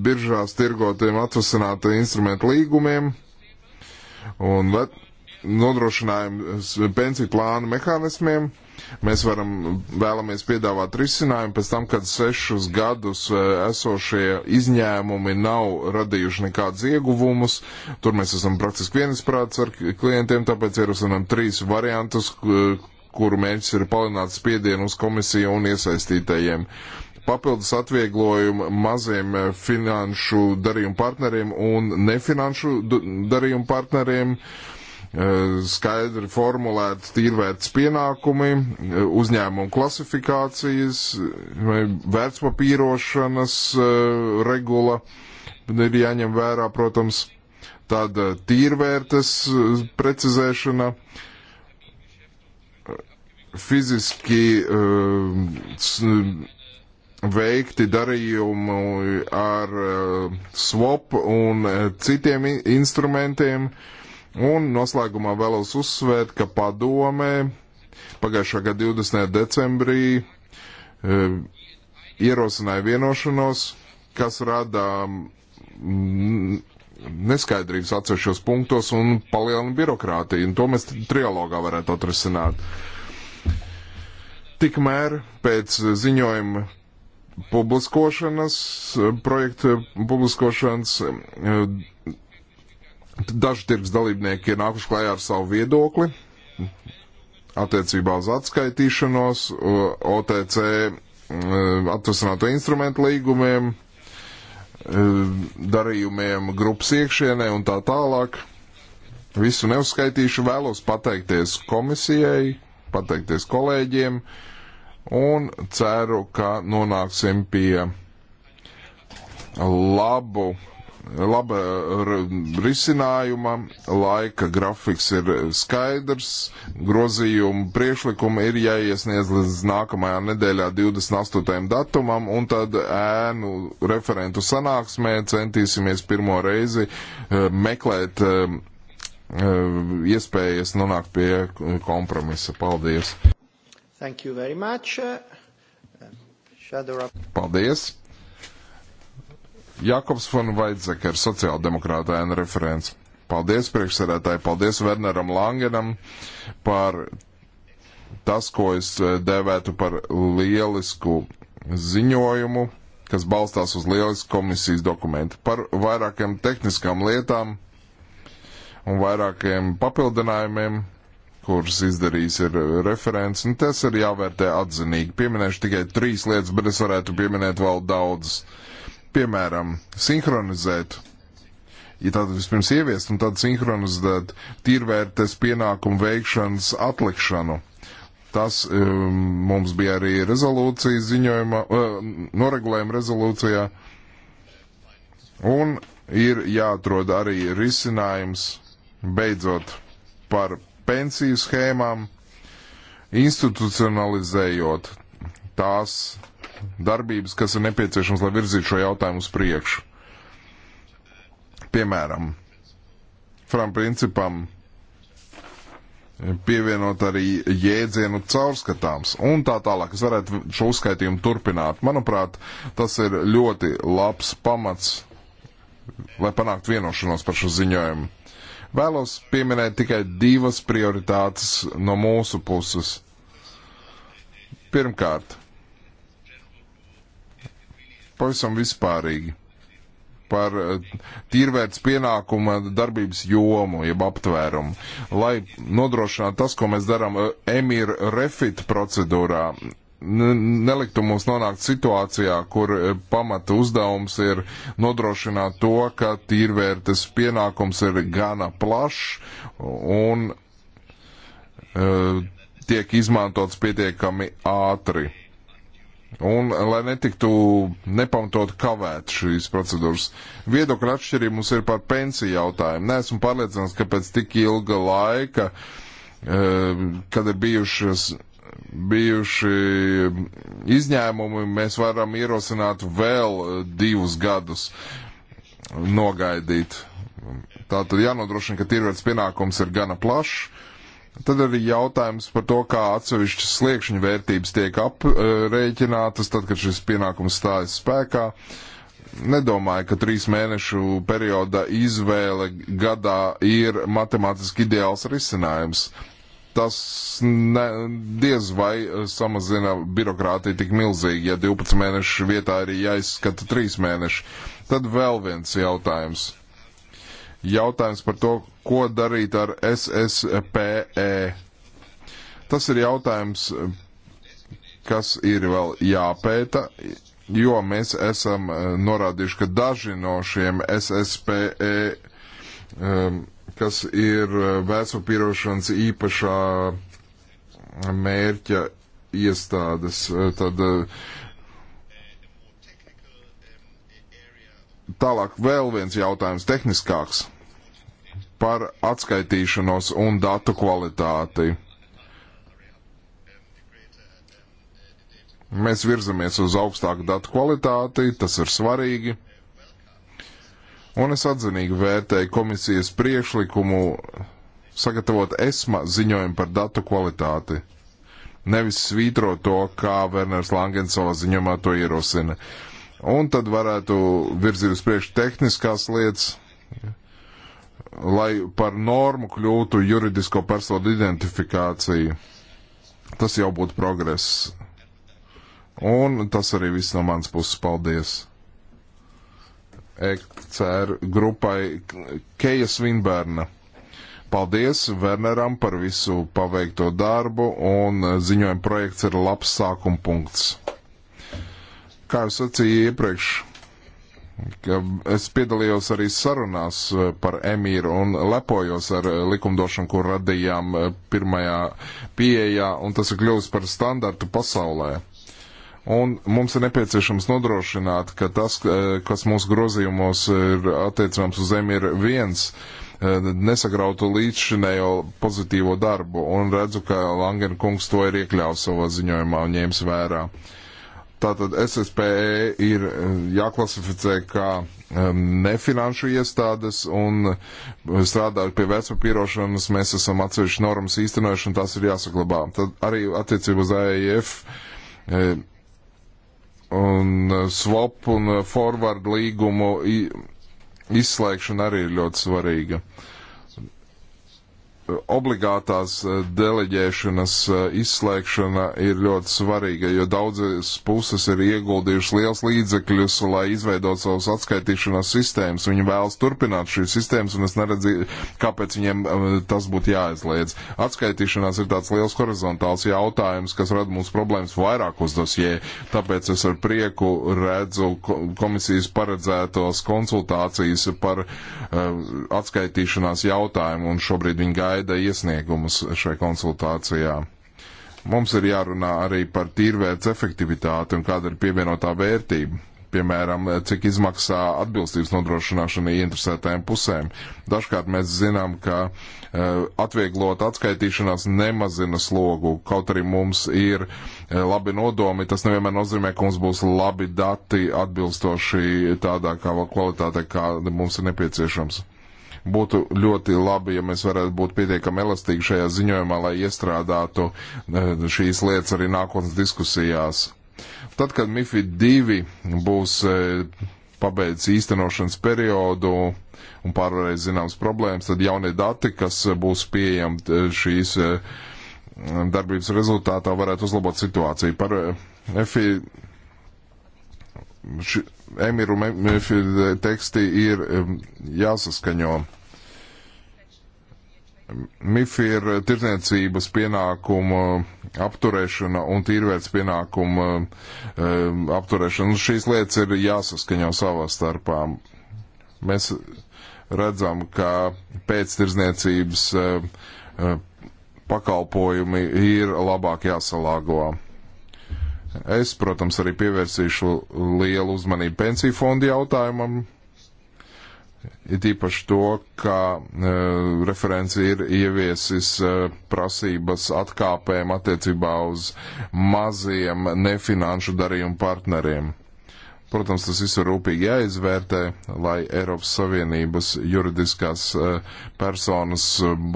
biržās tirgotiem atvasināta instrumentu līgumiem un nodrošinājumu pensiju plānu mehānismiem. Mēs varam vēlamies piedāvāt risinājumu pēc tam, kad sešus gadus e, esošie izņēmumi nav radījuši nekādus ieguvumus. Tur mēs esam praktiski vienisprāts ar klientiem, tāpēc ierosinām trīs variantus, kuru mērķis ir palielināt spiedienu uz komisiju un iesaistītajiem papildus atvieglojumu maziem eh, finanšu darījumu partneriem un nefinanšu darījumu partneriem, eh, skaidri formulēti tīrvērts pienākumi, eh, uzņēmumu klasifikācijas, vērtspapīrošanas regula ir jāņem vērā, protams, tāda tīrvērtes precizēšana fiziski uh, veikti darījumu ar eh, swap un eh, citiem instrumentiem. Un noslēgumā vēlos uzsvērt, ka padome pagājušā gada 20. decembrī eh, ierosināja vienošanos, kas rada mm, neskaidrības atsevišķos punktos un palielina birokrātiju. Un to mēs trialogā varētu atrisināt. Tikmēr pēc ziņojuma publiskošanas, eh, projekta publiskošanas. Eh, Daži tirgus dalībnieki ir nākuši klajā ar savu viedokli attiecībā uz atskaitīšanos, eh, OTC atvasināto instrumentu līgumiem, darījumiem grupas iekšienē un tā tālāk. Visu neuzskaitīšu, vēlos pateikties komisijai, pateikties kolēģiem, uh, un ceru, ka nonāksim pie labu laba risinājuma, laika grafiks ir skaidrs, grozījumu priekšlikumu ir jāiesniedz līdz nākamajā nedēļā 28. datumam, un tad ēnu referentu sanāksmē centīsimies pirmo reizi eh, meklēt eh, eh, iespējas nonākt pie kompromisa. Paldies! Thank you very much. Uh, Shadow... Paldies. Jakobs von Weizsäker, sociāldemokrāta N referents. Paldies priekšsēdētāji, paldies Werneram Langenam par tas, ko es uh, dēvētu par lielisku ziņojumu, kas balstās uz lielisku komisijas dokumentu. Par vairākiem tehniskām lietām un vairākiem papildinājumiem kuras izdarījis ir eh, referents, un tas ir jāvērtē atzinīgi. Pieminēšu tikai trīs lietas, bet es varētu pieminēt vēl daudzas. Piemēram, sinhronizēt. Ja tātad vispirms ieviest un tad sinhronizēt tīrvērtes pienākumu veikšanas atlikšanu. Tas um, mums bija arī rezolūcijas ziņojuma, uh, noregulējuma rezolūcijā. Un ir jāatrod arī risinājums beidzot par pensiju schēmām, institucionalizējot tās darbības, kas ir nepieciešams, lai virzītu šo jautājumu uz priekšu. Piemēram, Fram principam pievienot arī jēdzienu caurskatāms un tā tālāk. Es varētu šo uzskaitījumu turpināt. Manuprāt, tas ir ļoti labs pamats, lai panāktu vienošanos par šo ziņojumu. Vēlos pieminēt tikai divas prioritātes no mūsu puses. Pirmkārt, pavisam vispārīgi par eh, tīrvērts pienākuma darbības jomu, jeb aptvērumu, lai nodrošinātu tas, ko mēs darām eh, emīra refit procedūrā, neliktu mums nonākt situācijā, kur eh, pamata uzdevums ir nodrošināt to, ka tīrvērtes pienākums ir gana plašs un uh, tiek izmantots pietiekami ātri. Un, lai netiktu nepamatot kavēt šīs procedūras, viedokļa atšķirība mums ir par pensiju jautājumu. Nesmu pārliecināts, ka pēc tik ilga laika, uh, kad ir bijušas bijuši izņēmumi, mēs varam ierosināt vēl divus gadus nogaidīt. Tātad jānodrošina, ka tirvērts pienākums ir gana plašs. Tad arī jautājums par to, kā atsevišķas sliekšņu vērtības tiek aprēķinātas, e, tad, kad šis pienākums stājas spēkā. Nedomāju, ka trīs mēnešu perioda izvēle gadā ir matemātiski ideāls risinājums. Uh, tas ne, diez vai eh, samazina birokrātiju tik milzīgi, ja 12 mēnešu vietā arī jāizskata 3 mēneši. Tad vēl viens jautājums. Jautājums par to, ko darīt ar SSPE. Tas ir jautājums, kas ir vēl jāpēta, jo mēs esam eh, norādījuši, ka daži no šiem SSPE um, ehm, kas ir eh, vēsturpīrošanas īpašā mērķa iestādes. Eh, tad, eh, tālāk vēl viens jautājums, tehniskāks par atskaitīšanos un datu kvalitāti. Mēs virzamies uz augstāku datu kvalitāti, tas ir svarīgi. Un es atzinīgi vērtēju komisijas priekšlikumu sagatavot ESMA ziņojumu par datu kvalitāti. Nevis svītro to, kā Werners Langens savā ziņojumā to ierosina. Un tad varētu virzīt uz priekšu tehniskās lietas, lai par normu kļūtu juridisko personu identifikācija. Tas jau būtu progress. Un tas arī viss no mans puses. Paldies! ECR grupai Keja Svinbērna. Paldies Werneram par visu paveikto darbu un ziņojuma projekts ir labs sākuma punkts. Kā jau sacīju iepriekš, es piedalījos arī sarunās par emīru un lepojos ar likumdošanu, kur radījām pirmajā pieejā, un tas ir kļuvis par standartu pasaulē Un mums ir nepieciešams nodrošināt, ka tas, kas mūsu grozījumos ir attiecams uz zemi, ir viens e, nesagrautu līdzšinējo pozitīvo darbu. Un redzu, ka Langen kungs to ir iekļāvis savā ziņojumā un ņēmis vērā. Tātad SSPE ir e, jāklasificē kā um, nefinanšu iestādes un strādājot pie vecpapīrošanas, mēs esam atsevišķi normas īstenojuši un tās ir jāsaglabā. Tad arī attiecībā uz AEF. E, Un uh, swap un uh, forward līgumu izslēgšana arī ir ļoti svarīga. Uh, obligātās eh, deleģēšanas eh, izslēgšana ir ļoti svarīga, jo daudzas puses ir ieguldījušas liels līdzekļus, lai izveidot savus atskaitīšanās sistēmas. Viņi vēlas turpināt šīs sistēmas, un es neredzu, kāpēc viņiem eh, tas būtu jāizliedz. Atskaitīšanās ir tāds liels horizontāls jautājums, kas rada mums problēmas vairākos dosjē, tāpēc es ar prieku redzu komisijas paredzētos konsultācijas par uh, atskaitīšanās jautājumu, un šobrīd viņi gaida gaida iesniegumus šai konsultācijā. Mums ir jārunā arī par tīrvērts efektivitāti un kāda ir pievienotā vērtība. Piemēram, cik izmaksā atbilstības nodrošināšana interesētajām pusēm. Dažkārt mēs zinām, ka uh, atvieglot atskaitīšanās nemazina slogu. Kaut arī mums ir uh, labi nodomi, tas nevienmēr nozīmē, ka mums būs labi dati atbilstoši tādā kā kvalitātei, kāda mums ir nepieciešams. Būtu ļoti labi, ja mēs varētu būt pietiekami elastīgi šajā ziņojumā, lai iestrādātu e, šīs lietas arī nākotnes diskusijās. Tad, kad MIFID 2 būs e, pabeidz īstenošanas periodu un pārvarēs zināmas problēmas, tad jaunie dati, kas būs pieejami e, šīs darbības rezultātā, varētu uzlabot situāciju. Par EFI, ši, Emiru EFI teksti ir jāsaskaņo. MIFIR tirdzniecības pienākumu eh, apturēšana un tīrvērts pienākumu eh, apturēšana. Šīs lietas ir jāsaskaņo savā starpā. Mēs redzam, ka pēc tirdzniecības eh, pakalpojumi ir labāk jāsalāgo. Es, protams, arī pievērsīšu lielu uzmanību pensiju fondu jautājumam It īpaši to, ka e, referents ir ieviesis e, prasības atkāpēm attiecībā uz maziem nefinanšu darījumu partneriem. Protams, tas viss ir rūpīgi jāizvērtē, lai Eiropas Savienības juridiskās e, personas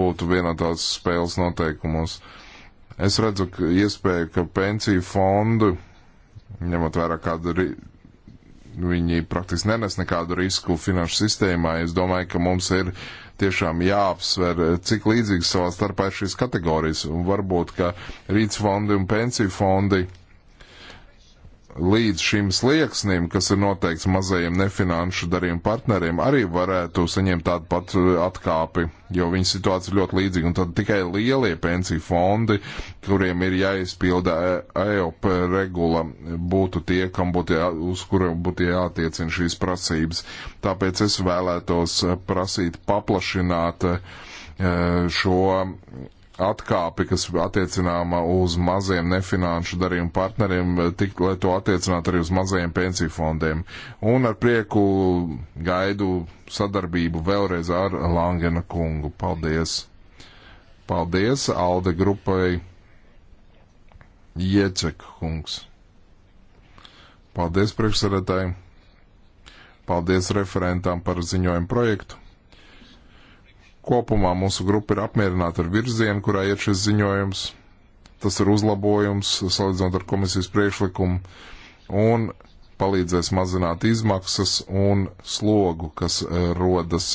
būtu vienotās spēles noteikumos. Es redzu ka iespēju, ka pensiju fondu, ņemot vērā kādu Nu, viņi praktiski nenes nekādu risku finanšu sistēmā. Es domāju, ka mums ir tiešām jāapsver, cik līdzīgas savā starpā ir šīs kategorijas. Un varbūt, ka rīts fondi un pensiju fondi uh, līdz šim slieksnim, kas ir noteikts mazajiem nefinanšu darījumu partneriem, arī varētu saņemt tādu pat e, atkāpi, jo viņa situācija ļoti līdzīga. Un tad tikai lielie pensiju fondi, kuriem ir jāizpilda e, EOP regula, būtu tie, kam būtu jā, uz kuriem būtu jātiecina šīs prasības. Tāpēc es vēlētos e, prasīt paplašināt šo atkāpi, kas attiecināma uz maziem nefinanšu darījumu partneriem, tik, lai to attiecinātu arī uz mazajiem pensiju fondiem. Un ar prieku gaidu sadarbību vēlreiz ar Langena kungu. Paldies! Paldies Alde grupai Jecek kungs. Paldies priekšsarētājiem! Paldies referentām par ziņojumu projektu! Kopumā mūsu grupa ir apmierināta ar virzienu, kurā iet šis ziņojums. Tas ir uzlabojums salīdzinot ar komisijas priekšlikumu un palīdzēs mazināt izmaksas un slogu, kas e, rodas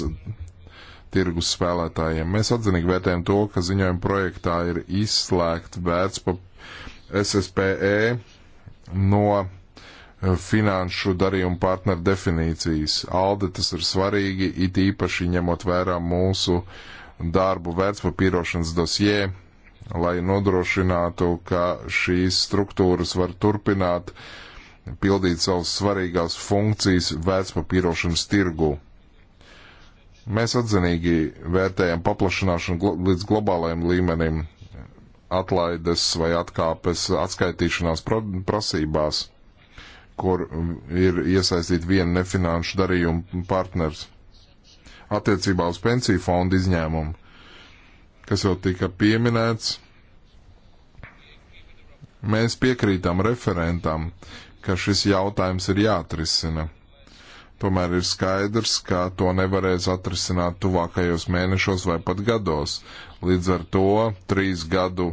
tirgus spēlētājiem. Mēs atzinīgi vērtējam to, ka ziņojuma projektā ir izslēgta vērts pa SSPE no finanšu darījumu partneru definīcijas. Alde tas ir svarīgi, it īpaši ņemot vērā mūsu darbu vērtspapīrošanas dosjē, lai nodrošinātu, ka šīs struktūras var turpināt pildīt savas svarīgās funkcijas vērtspapīrošanas tirgū. Mēs atzinīgi vērtējam paplašināšanu gl līdz globālajiem līmenim, atlaides vai atkāpes atskaitīšanās prasībās kur um, ir iesaistīta viena nefinanšu darījuma partners. Attiecībā uz pensiju fondu izņēmumu, kas jau tika pieminēts, mēs piekrītam referentam, ka šis jautājums ir jāatrisina. Tomēr ir skaidrs, ka to nevarēs atrisināt tuvākajos mēnešos vai pat gados. Līdz ar to trīs gadu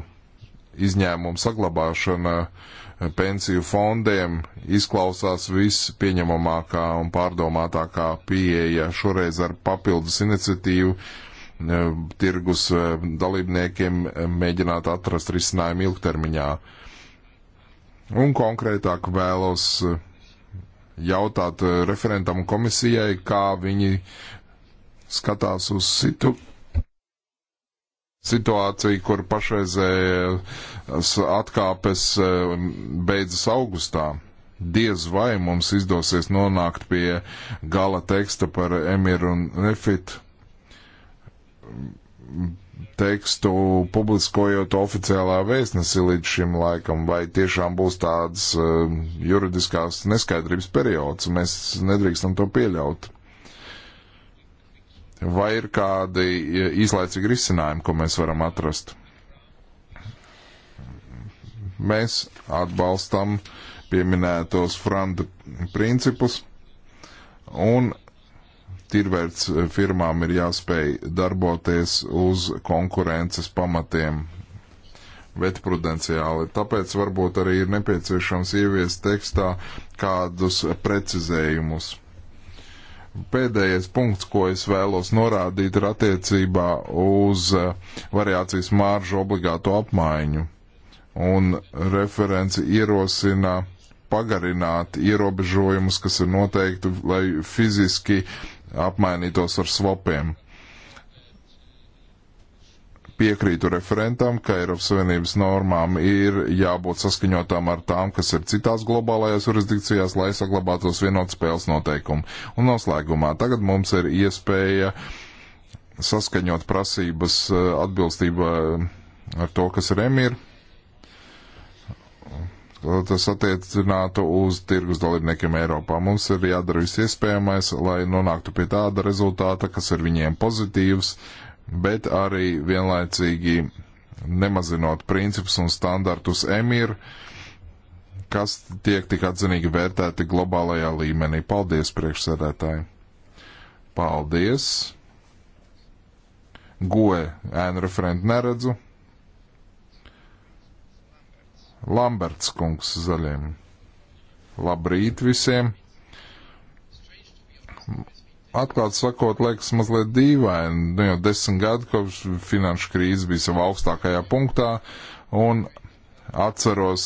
izņēmumu saglabāšana uh, pensiju fondiem izklausās viss pieņemamākā un pārdomātākā pieeja šoreiz ar papildus iniciatīvu e, tirgus e, dalībniekiem e, mēģināt atrast risinājumu ilgtermiņā. Un konkrētāk vēlos jautāt referentam komisijai, kā viņi skatās uz situāciju situācija, kur pašreizējās eh, atkāpes eh, beidzas augustā. Diez vai mums izdosies nonākt pie gala teksta par Emiru un Refit tekstu publiskojot oficiālā vēstnesī līdz šim laikam, vai tiešām būs tāds uh, juridiskās neskaidrības periods. Mēs nedrīkstam to pieļaut. Vai ir kādi īslaicīgi e, risinājumi, ko mēs varam atrast? Mēs atbalstam pieminētos franta principus, un tirvērts firmām ir jāspēj darboties uz konkurences pamatiem vetprudenciāli. Tāpēc varbūt arī ir nepieciešams ieviest tekstā kādus precizējumus Pēdējais punkts, ko es vēlos norādīt, ir attiecībā uz eh, variācijas māržu obligāto apmaiņu. Un referenci ierosina pagarināt ierobežojumus, kas ir noteikti, lai fiziski apmainītos ar svopiem piekrītu referentam, ka Eiropas Savienības normām ir jābūt saskaņotām ar tām, kas ir citās globālajās jurisdikcijās, lai saglabātos vienot spēles noteikumi. Un noslēgumā tagad mums ir iespēja saskaņot prasības eh, atbilstībā eh, ar to, kas ir emīr. Tas attiecinātu uz tirgus dalībniekiem Eiropā. Mums ir jādara viss iespējamais, lai nonāktu pie tāda rezultāta, kas ir viņiem pozitīvs, uh, bet arī vienlaicīgi nemazinot principus un standartus emir, kas tiek tik atzinīgi vērtēti globālajā līmenī. Paldies, priekšsēdētāji! Paldies! Goe ēnu referentu neredzu. Lamberts kungs zaļiem. Labrīt visiem! atklāt sakot, liekas mazliet dīvaini. Nu, jau desmit gadi kopš finanšu krīzes bija savā augstākajā punktā, un atceros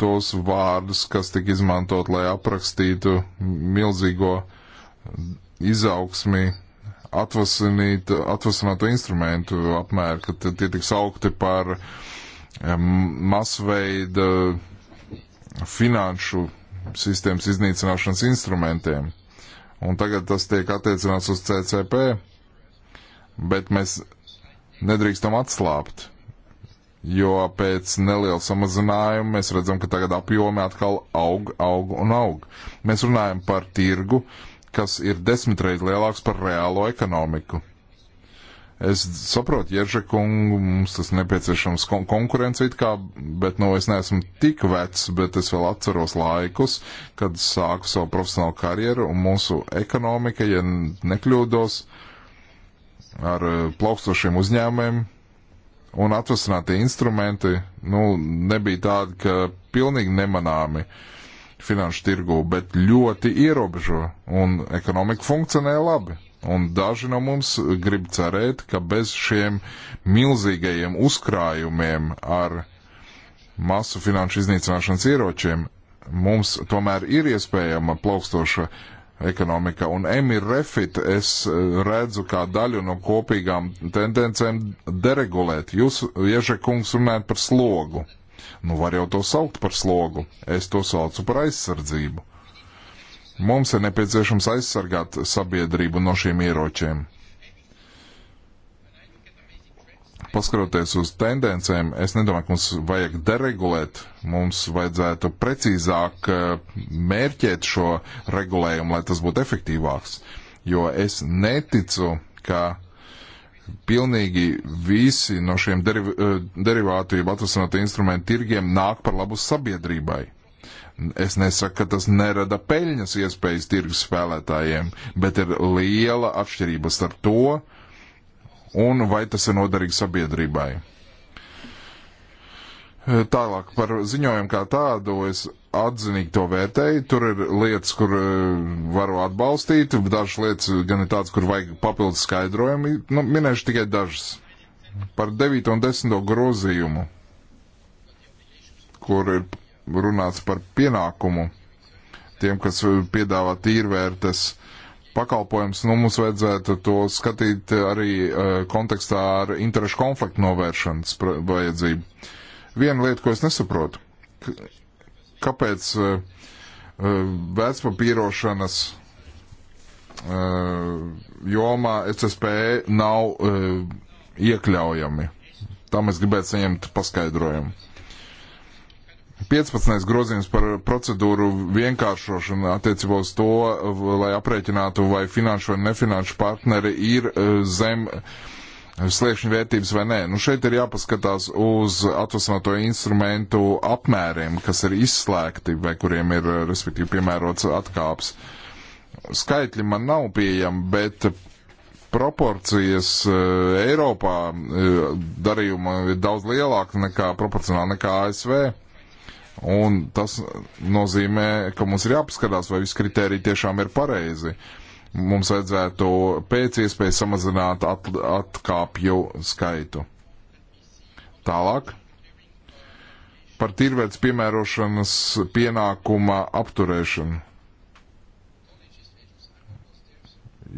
tos vārdus, kas tika izmantot, lai aprakstītu milzīgo izaugsmi atvasināto instrumentu apmēru, ka tie tiks augti par masveida finanšu sistēmas iznīcināšanas instrumentiem un tagad tas tiek attiecināts uz CCP, bet mēs nedrīkstam atslāpt, jo pēc neliela samazinājuma mēs redzam, ka tagad apjomi atkal aug, aug un aug. Mēs runājam par tirgu, kas ir desmitreiz lielāks par reālo ekonomiku. Es saprotu, Jerže kungu, mums tas nepieciešams kon konkurence it kā, bet, nu, es neesmu tik vecs, bet es vēl atceros laikus, kad sāku savu profesionālu karjeru un mūsu ekonomika, ja nekļūdos, ar e, plaukstošiem uzņēmumiem un atvasinātie instrumenti, nu, nebija tādi, ka pilnīgi nemanāmi finanšu tirgu, bet ļoti ierobežo un ekonomika funkcionēja labi Un daži no mums grib cerēt, ka bez šiem milzīgajiem uzkrājumiem ar masu finanšu iznīcināšanas ieročiem mums tomēr ir iespējama plaukstoša ekonomika. Un Emir Refit es eh, redzu kā daļu no kopīgām tendencēm deregulēt. Jūs, Ieže kungs, runājat par slogu. Nu, var jau to saukt par slogu. Es to saucu par aizsardzību Mums ir nepieciešams aizsargāt sabiedrību no šiem ieročiem. Paskaroties uz tendencēm, es nedomāju, ka mums vajag deregulēt, mums vajadzētu precīzāk eh, mērķēt šo regulējumu, lai tas būtu efektīvāks. Jo es neticu, ka pilnīgi visi no šiem deriv eh, derivātu, jeb atvasinātu instrumentu tirgiem nāk par labu sabiedrībai. Es nesaku, ka tas nerada peļņas iespējas tirgus spēlētājiem, bet ir liela atšķirība starp to un vai tas ir noderīgi sabiedrībai. Tālāk par ziņojumu kā tādu es atzinīgi to vērtēju. Tur ir lietas, kur e, varu atbalstīt, dažas lietas gan ir tādas, kur vajag papildus skaidrojumi. Nu, minēšu tikai dažas. Par 9 un 10 grozījumu, kur ir runāts par pienākumu tiem, kas piedāvā tīrvērtas pakalpojums, nu mums vajadzētu to skatīt arī e, kontekstā ar interešu konfliktu novēršanas vajadzību. Viena lieta, ko es nesaprotu, kāpēc e, e, vērtspapīrošanas jomā SSPE nav iekļaujami. Tam es gribētu saņemt paskaidrojumu. 15. grozījums par procedūru vienkāršošanu attiecībā uz to, lai aprēķinātu, vai finanšu vai nefinanšu partneri ir e, zem e, sliekšņa vērtības vai nē. Nu, šeit ir jāpaskatās uz atvasināto instrumentu apmēriem, kas ir izslēgti vai kuriem ir, e, respektīvi, piemērots atkāps. Skaitļi man nav pieejami, bet proporcijas Eiropā darījuma ir daudz lielāka nekā proporcionāli nekā ASV Un tas nozīmē, ka mums ir jāpaskatās, vai visi kriteriji tiešām ir pareizi. Mums vajadzētu pēc iespējas samazināt at, atkāpju skaitu. Tālāk par tirvērts piemērošanas pienākuma apturēšanu.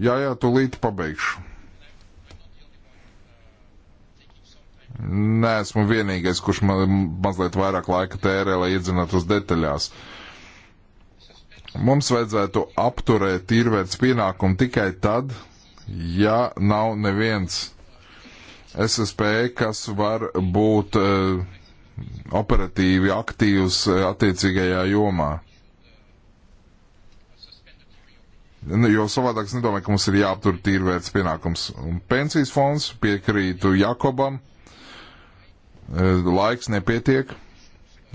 Jā, jā, tūlīt pabeigšu. Nē, esmu vienīgais, kurš man mazliet vairāk laika tērē, lai iedzinātos detaļās. Mums vajadzētu apturēt īrvērts pienākumu tikai tad, ja nav neviens SSP, kas var būt uh, operatīvi aktīvs uh, attiecīgajā jomā. Nu, jo savādāk es nedomāju, ka mums ir jāaptur tīrvērts pienākums. Un pensijas fonds piekrītu Jakobam. Uh, E, laiks nepietiek,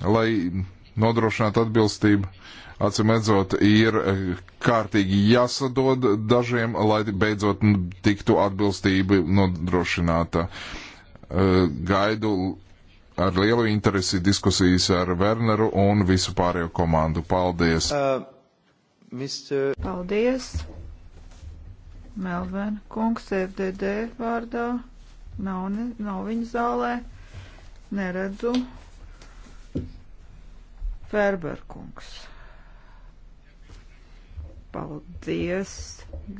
lai nodrošinātu atbilstību. Acīm redzot, ir e, kārtīgi jāsadod dažiem, lai beidzot tiktu atbilstība nodrošināta. E, gaidu ar lielu interesi diskusijas ar Werneru un visu pārējo komandu. Paldies! Uh, Mr... Paldies! Melven kungs FDD vārdā nav, ne, nav viņa zālē neredzu. Ferberkungs. Paldies.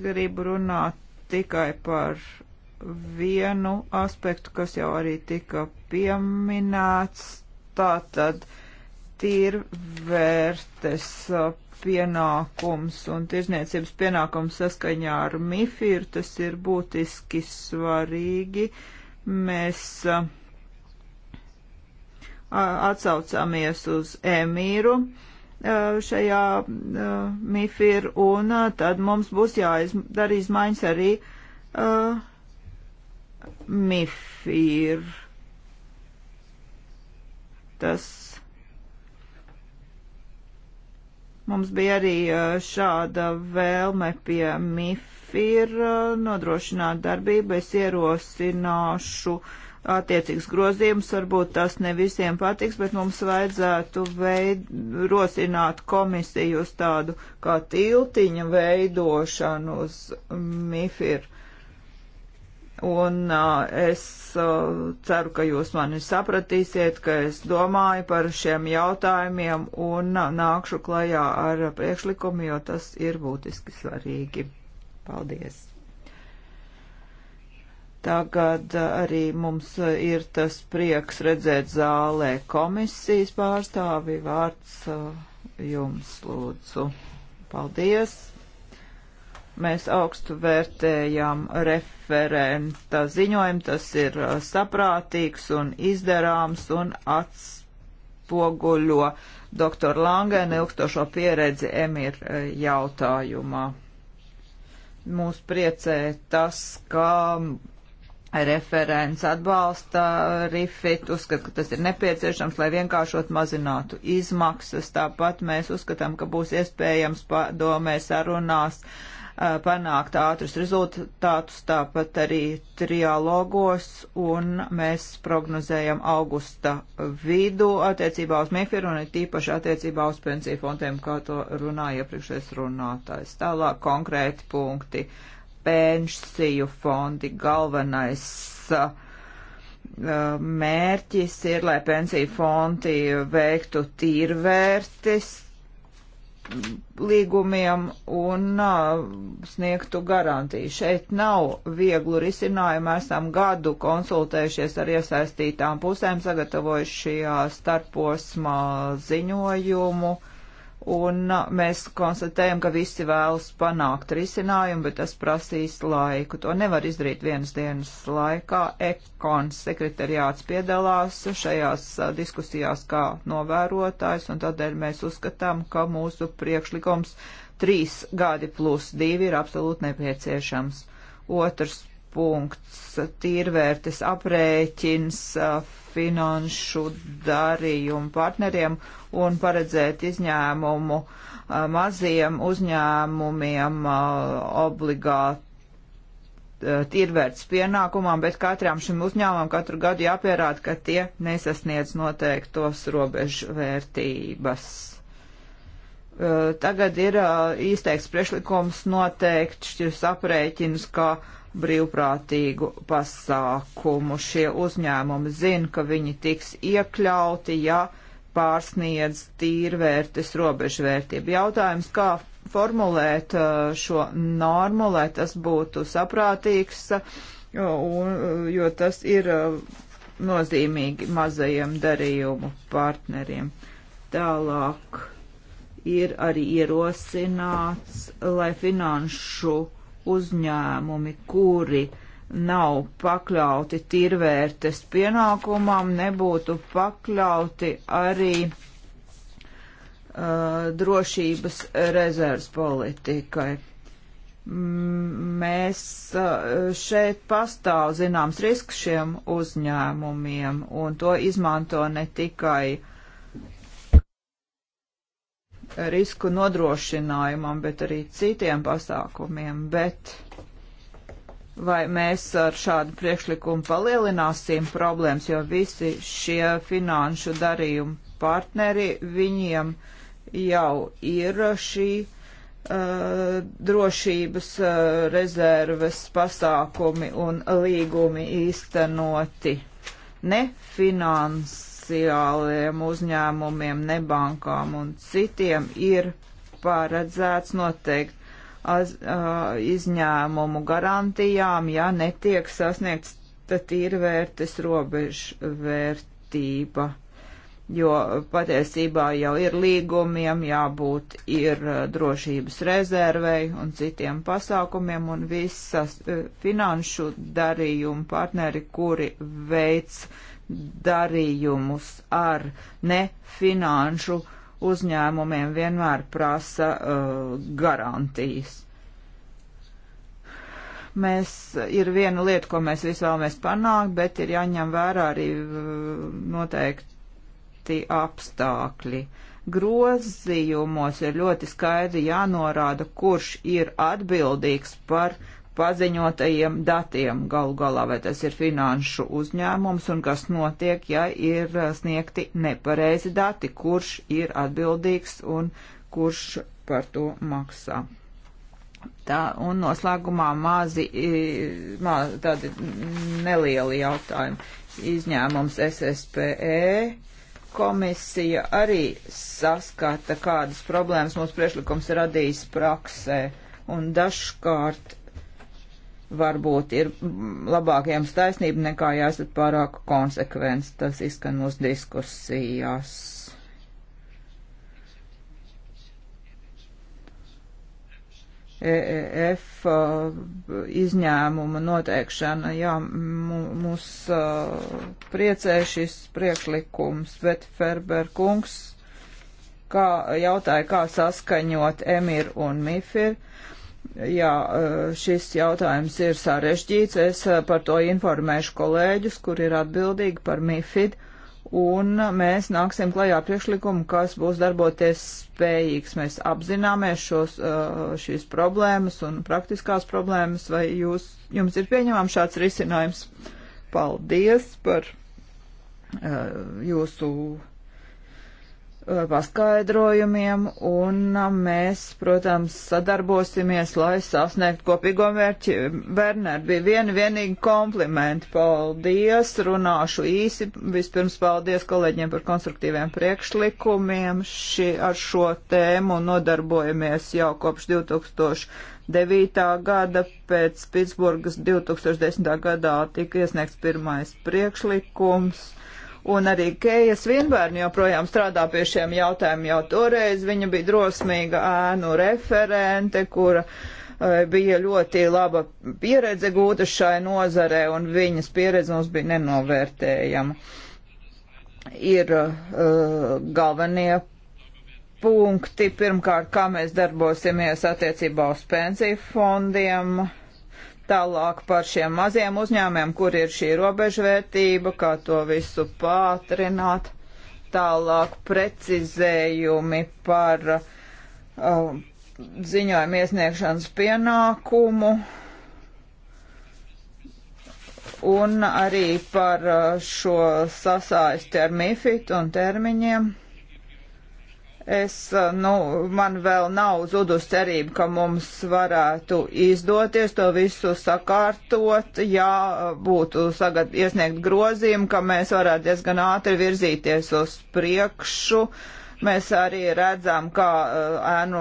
Gribu runāt tikai par vienu aspektu, kas jau arī tika pieminēts. Tātad tirvērtes pienākums un tirzniecības pienākums saskaņā ar MIFIR, tas ir būtiski svarīgi. Mēs uh, atsaucamies uz emīru šajā MIFIR, un tad mums būs jāizdara izmaiņas arī MIFIR. Tas Mums bija arī šāda vēlme pie MIFIR nodrošināt darbību. Es ierosināšu uh, attiecīgs grozījums. Varbūt tas ne visiem patiks, bet mums vajadzētu veid, rosināt komisiju uz tādu kā tiltiņa veidošanu uz MIFIR. Un uh, es uh, ceru, ka jūs mani sapratīsiet, ka es domāju par šiem jautājumiem un nākšu klajā ar priekšlikumu, jo tas ir būtiski svarīgi. Paldies! Tagad uh, arī mums uh, ir tas prieks redzēt zālē komisijas pārstāvi. Vārds uh, jums lūdzu. Paldies! Mēs augstu vērtējam referenta ziņojumu. Tas ir saprātīgs un izdarāms un atspoguļo doktoru Langēnu ilgstošo pieredzi emir jautājumā. Mūs priecē tas, ka Referents atbalsta Rifit, uzskata, ka tas ir nepieciešams, lai vienkāršot mazinātu izmaksas. Tāpat mēs uzskatām, ka būs iespējams padomē sarunās panākt ātrus rezultātus, tāpat arī trialogos, un mēs prognozējam augusta vidu attiecībā uz Mifiru un tīpaši attiecībā uz pensiju fondiem, kā to runāja iepriekšējais runātājs. Tālāk konkrēti punkti. Uh, pensiju fondi. Galvenais uh, mērķis ir, lai pensiju fondi veiktu tīrvērtis līgumiem un uh, sniegtu garantiju. Šeit nav vieglu risinājumu. Esam gadu konsultējušies ar iesaistītām pusēm, sagatavojuši starposmā ziņojumu. Uh, un mēs konstatējam, ka visi vēlas panākt risinājumu, bet tas prasīs laiku. To nevar izdarīt vienas dienas laikā. Ekons sekretariāts piedalās šajās diskusijās kā novērotājs, un tādēļ mēs uzskatām, ka mūsu priekšlikums trīs gadi plus divi ir absolūti nepieciešams. Otrs punkts tīrvērtes aprēķins finanšu darījumu partneriem un paredzēt izņēmumu maziem uzņēmumiem obligāti tirvērts pienākumam, bet katram šim uzņēmumam katru gadu jāpierāda, ka tie nesasniedz noteiktos robežu vērtības. Tagad ir īsteikts priešlikums noteikt šis aprēķins, ka uh, brīvprātīgu pasākumu. Šie uzņēmumi zina, ka viņi tiks iekļauti, ja pārsniedz tīrvērtes robežvērtību. Jautājums, kā formulēt uh, šo normu, lai tas būtu saprātīgs, jo, uh, uh, jo tas ir nozīmīgi mazajiem darījumu partneriem. Tālāk ir arī ierosināts, lai finanšu uh, uzņēmumi, kuri nav pakļauti tirvērtes pienākumam, nebūtu pakļauti arī uh, drošības rezerves politikai. Mēs uh, šeit pastāv zināms risks šiem uzņēmumiem, un to izmanto ne tikai uh, risku nodrošinājumam, bet arī citiem pasākumiem, bet vai mēs ar šādu priekšlikumu palielināsim problēmas, jo visi šie finanšu darījumu partneri, viņiem jau ir šī uh, drošības uh, rezerves pasākumi un līgumi īstenoti. Ne finans komerciāliem uzņēmumiem, nebankām un citiem ir paredzēts noteikti az, uh, izņēmumu garantijām, ja netiek sasniegts tīrvērtes robežvērtība. Jo patiesībā jau ir līgumiem jābūt, ir drošības rezervei un citiem pasākumiem, un visas finanšu darījumu partneri, kuri veids uh, darījumus ar nefinanšu uzņēmumiem vienmēr prasa uh, garantijas. Mēs ir viena lieta, ko mēs visi vēlamies panākt, bet ir jāņem vērā arī uh, noteikti apstākļi. Grozījumos ir ļoti skaidri jānorāda, kurš ir atbildīgs par uh, paziņotajiem datiem galu galā, vai tas ir finanšu uzņēmums un kas notiek, ja ir sniegti nepareizi dati, kurš ir atbildīgs un kurš par to maksā. Tā, un noslēgumā mazi, mā, tādi nelieli jautājumi. Izņēmums SSPE komisija arī saskata, kādas problēmas mūsu priešlikums radīs praksē, un dažkārt varbūt ir labāk jums taisnība nekā jāsat pārāk konsekvents. Tas izskan mūsu diskusijās. EEF uh, izņēmuma noteikšana, jā, mūs uh, priecē šis priekšlikums, bet Ferber kungs kā, jautāja, kā saskaņot Emir un Mifir Jā, eh, šis jautājums ir sarežģīts. Es eh, par to informēšu kolēģus, kur ir atbildīgi par MIFID, un mēs nāksim klajā priekšlikumu, kas būs darboties spējīgs. Mēs apzināmies šos, eh, šīs problēmas un praktiskās problēmas, vai jūs, jums ir pieņemam šāds risinājums. Paldies par jūsu Uh, paskaidrojumiem, un uh, mēs, protams, sadarbosimies, lai sasniegtu kopīgo mērķi. Bernard, bija viena vienīga komplimenta. Paldies, runāšu īsi. Vispirms paldies kolēģiem par konstruktīviem priekšlikumiem. Ši, ar šo tēmu nodarbojamies jau kopš 2000. 9. gada pēc Pitsburgas 2010. gadā tika iesniegts pirmais priekšlikums Un arī Kejas vienbērni joprojām strādā pie šiem jautājumiem. Jau toreiz viņa bija drosmīga ēnu referente, kura eh, bija ļoti laba pieredze gūta šai nozarē, un viņas pieredze mums bija nenovērtējama. Ir uh, galvenie punkti, pirmkārt, kā mēs darbosimies attiecībā uz pensiju fondiem. Uh, Tālāk par šiem maziem uzņēmiem, kur ir šī robežvērtība, kā to visu pātrināt. Tālāk precizējumi par uh, ziņojumu iesniegšanas pienākumu un arī par uh, šo sasaisti ar MIFIT un termiņiem. Es, nu, man vēl nav zudus cerība, ka mums varētu izdoties to visu sakārtot, ja būtu sagad iesniegt grozījumu, ka mēs varētu diezgan ātri virzīties uz priekšu. Mēs arī redzam, ka ēnu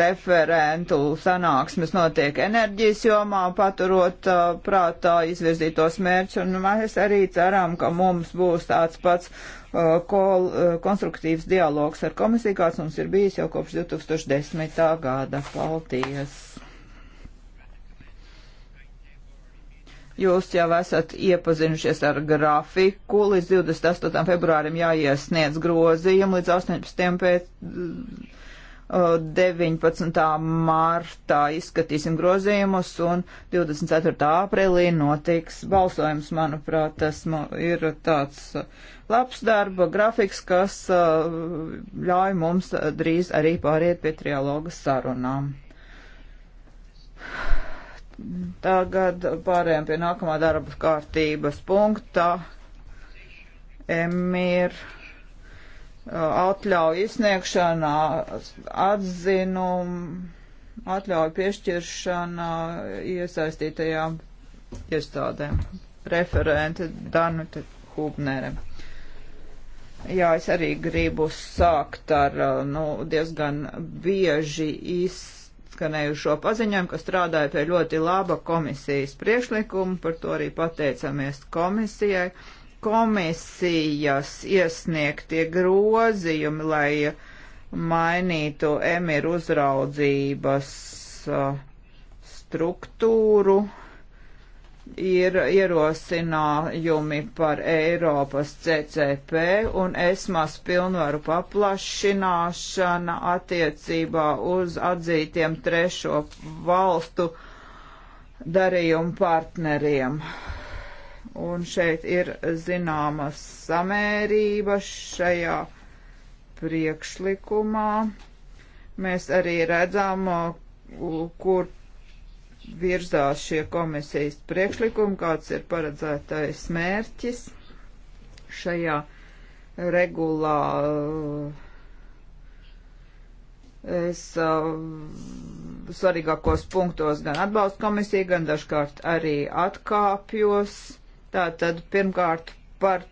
referentu sanāksmes notiek enerģijas jomā, paturot prātā izvirzītos mērķus, un mēs arī ceram, ka mums būs tāds pats Uh, kol, uh, konstruktīvs dialogs ar komisiju, kāds mums ir bijis jau kopš 2010. gada. Paldies! Jūs jau esat iepazinušies ar grafiku. Līdz 28. februārim jāiesniedz grozījumi, līdz 18. pēc 19. martā izskatīsim grozījumus un 24. aprīlī notiks balsojums. Manuprāt, tas ir tāds uh, labs darba grafiks, kas uh, ļauj mums uh, drīz arī pāriet pie trialoga sarunām. Tagad pārējām pie nākamā darba kārtības punkta. Emīr atļauju izsniegšanā, atzinumu, atļauju piešķiršanā iesaistītajām iestādēm. Referente Danute Hubnere. Jā, es arī gribu sākt ar uh, nu, diezgan bieži izskanējušo paziņojumu, ka strādāja pie ļoti laba komisijas priekšlikuma, par to arī pateicamies komisijai. Uh, komisijas iesniegtie grozījumi, lai mainītu emīru uzraudzības uh, struktūru, ir ierosinājumi par Eiropas CCP un esmas pilnvaru paplašināšana attiecībā uz atzītiem trešo valstu darījumu partneriem. Un šeit ir zināma samērība šajā priekšlikumā. Mēs arī redzam, kur virzās šie komisijas priekšlikumi, kāds ir paredzētais mērķis šajā regulā. Es svarīgākos punktos gan atbalstu komisiju, gan dažkārt arī atkāpjos Tātad pirmkārt par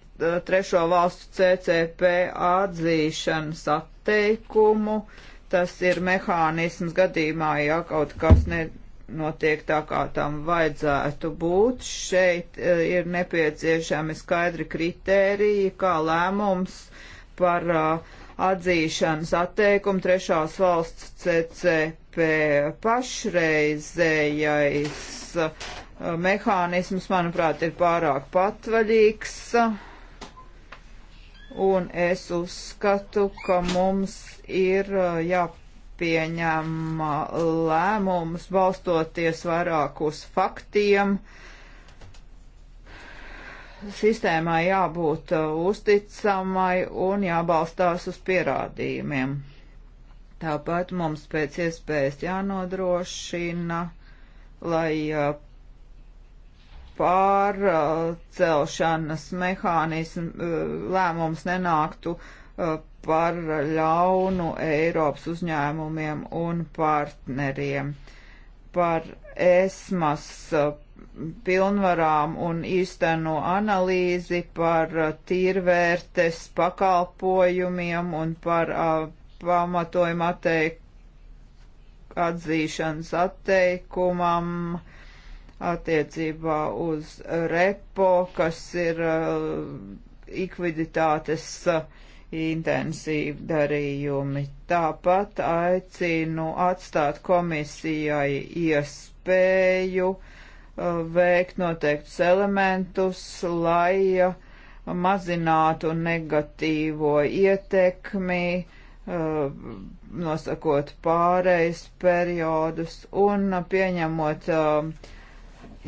trešo valstu CCP atzīšanas atteikumu. Tas ir mehānisms gadījumā, ja kaut kas nenotiek tā, kā tam vajadzētu būt. Šeit ir nepieciešami skaidri kritēriji, kā lēmums par atzīšanas atteikumu trešās valsts CCP pašreizējais mehānisms, manuprāt, ir pārāk patvaļīgs. Un es uzskatu, ka mums ir jāpieņem lēmums balstoties vairāk uz faktiem. Sistēmai jābūt uzticamai un jābalstās uz pierādījumiem. Tāpat mums pēc iespējas jānodrošina, lai pārcelšanas mehānismu eh, lēmums nenāktu eh, par ļaunu Eiropas uzņēmumiem un partneriem. Par esmas eh, pilnvarām un īsteno analīzi par tīrvērtes pakalpojumiem un par uh, pamatojumu atteik, atzīšanas atteikumam uh, attiecībā uz repo, kas ir likviditātes uh, uh, intensīvi darījumi. Tāpat aicinu atstāt komisijai iespēju uh, veikt noteiktus elementus, lai mazinātu negatīvo ietekmi, nosakot pārejas periodus un pieņemot uh,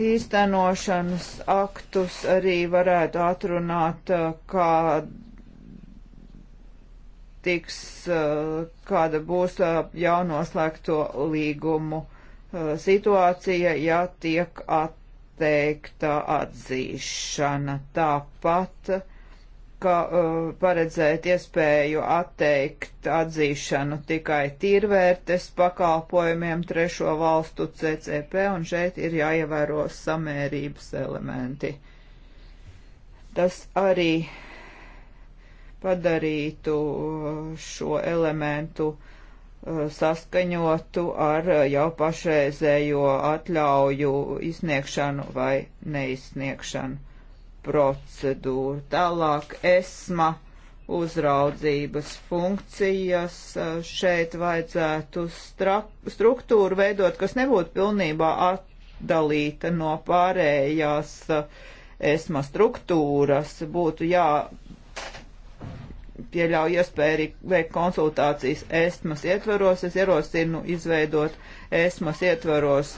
īstenošanas aktus arī varētu atrunāt, uh, kā tiks, uh, kāda būs uh, jaunoslēgto līgumu situācija, ja tiek atteikta atzīšana. Tāpat ka uh, paredzēt iespēju atteikt atzīšanu tikai tīrvērtes pakalpojumiem trešo valstu CCP, un šeit ir jāievēro samērības elementi. Tas arī padarītu uh, šo elementu uh, saskaņotu ar uh, jau pašreizējo atļauju izsniegšanu vai neizsniegšanu procedūru. Tālāk esma uzraudzības funkcijas šeit vajadzētu struktūru veidot, kas nebūtu pilnībā atdalīta no pārējās eh, esma struktūras, būtu jā pieļauj iespēju arī veikt konsultācijas ESMAS ietvaros. Es ierosinu izveidot ESMAS ietvaros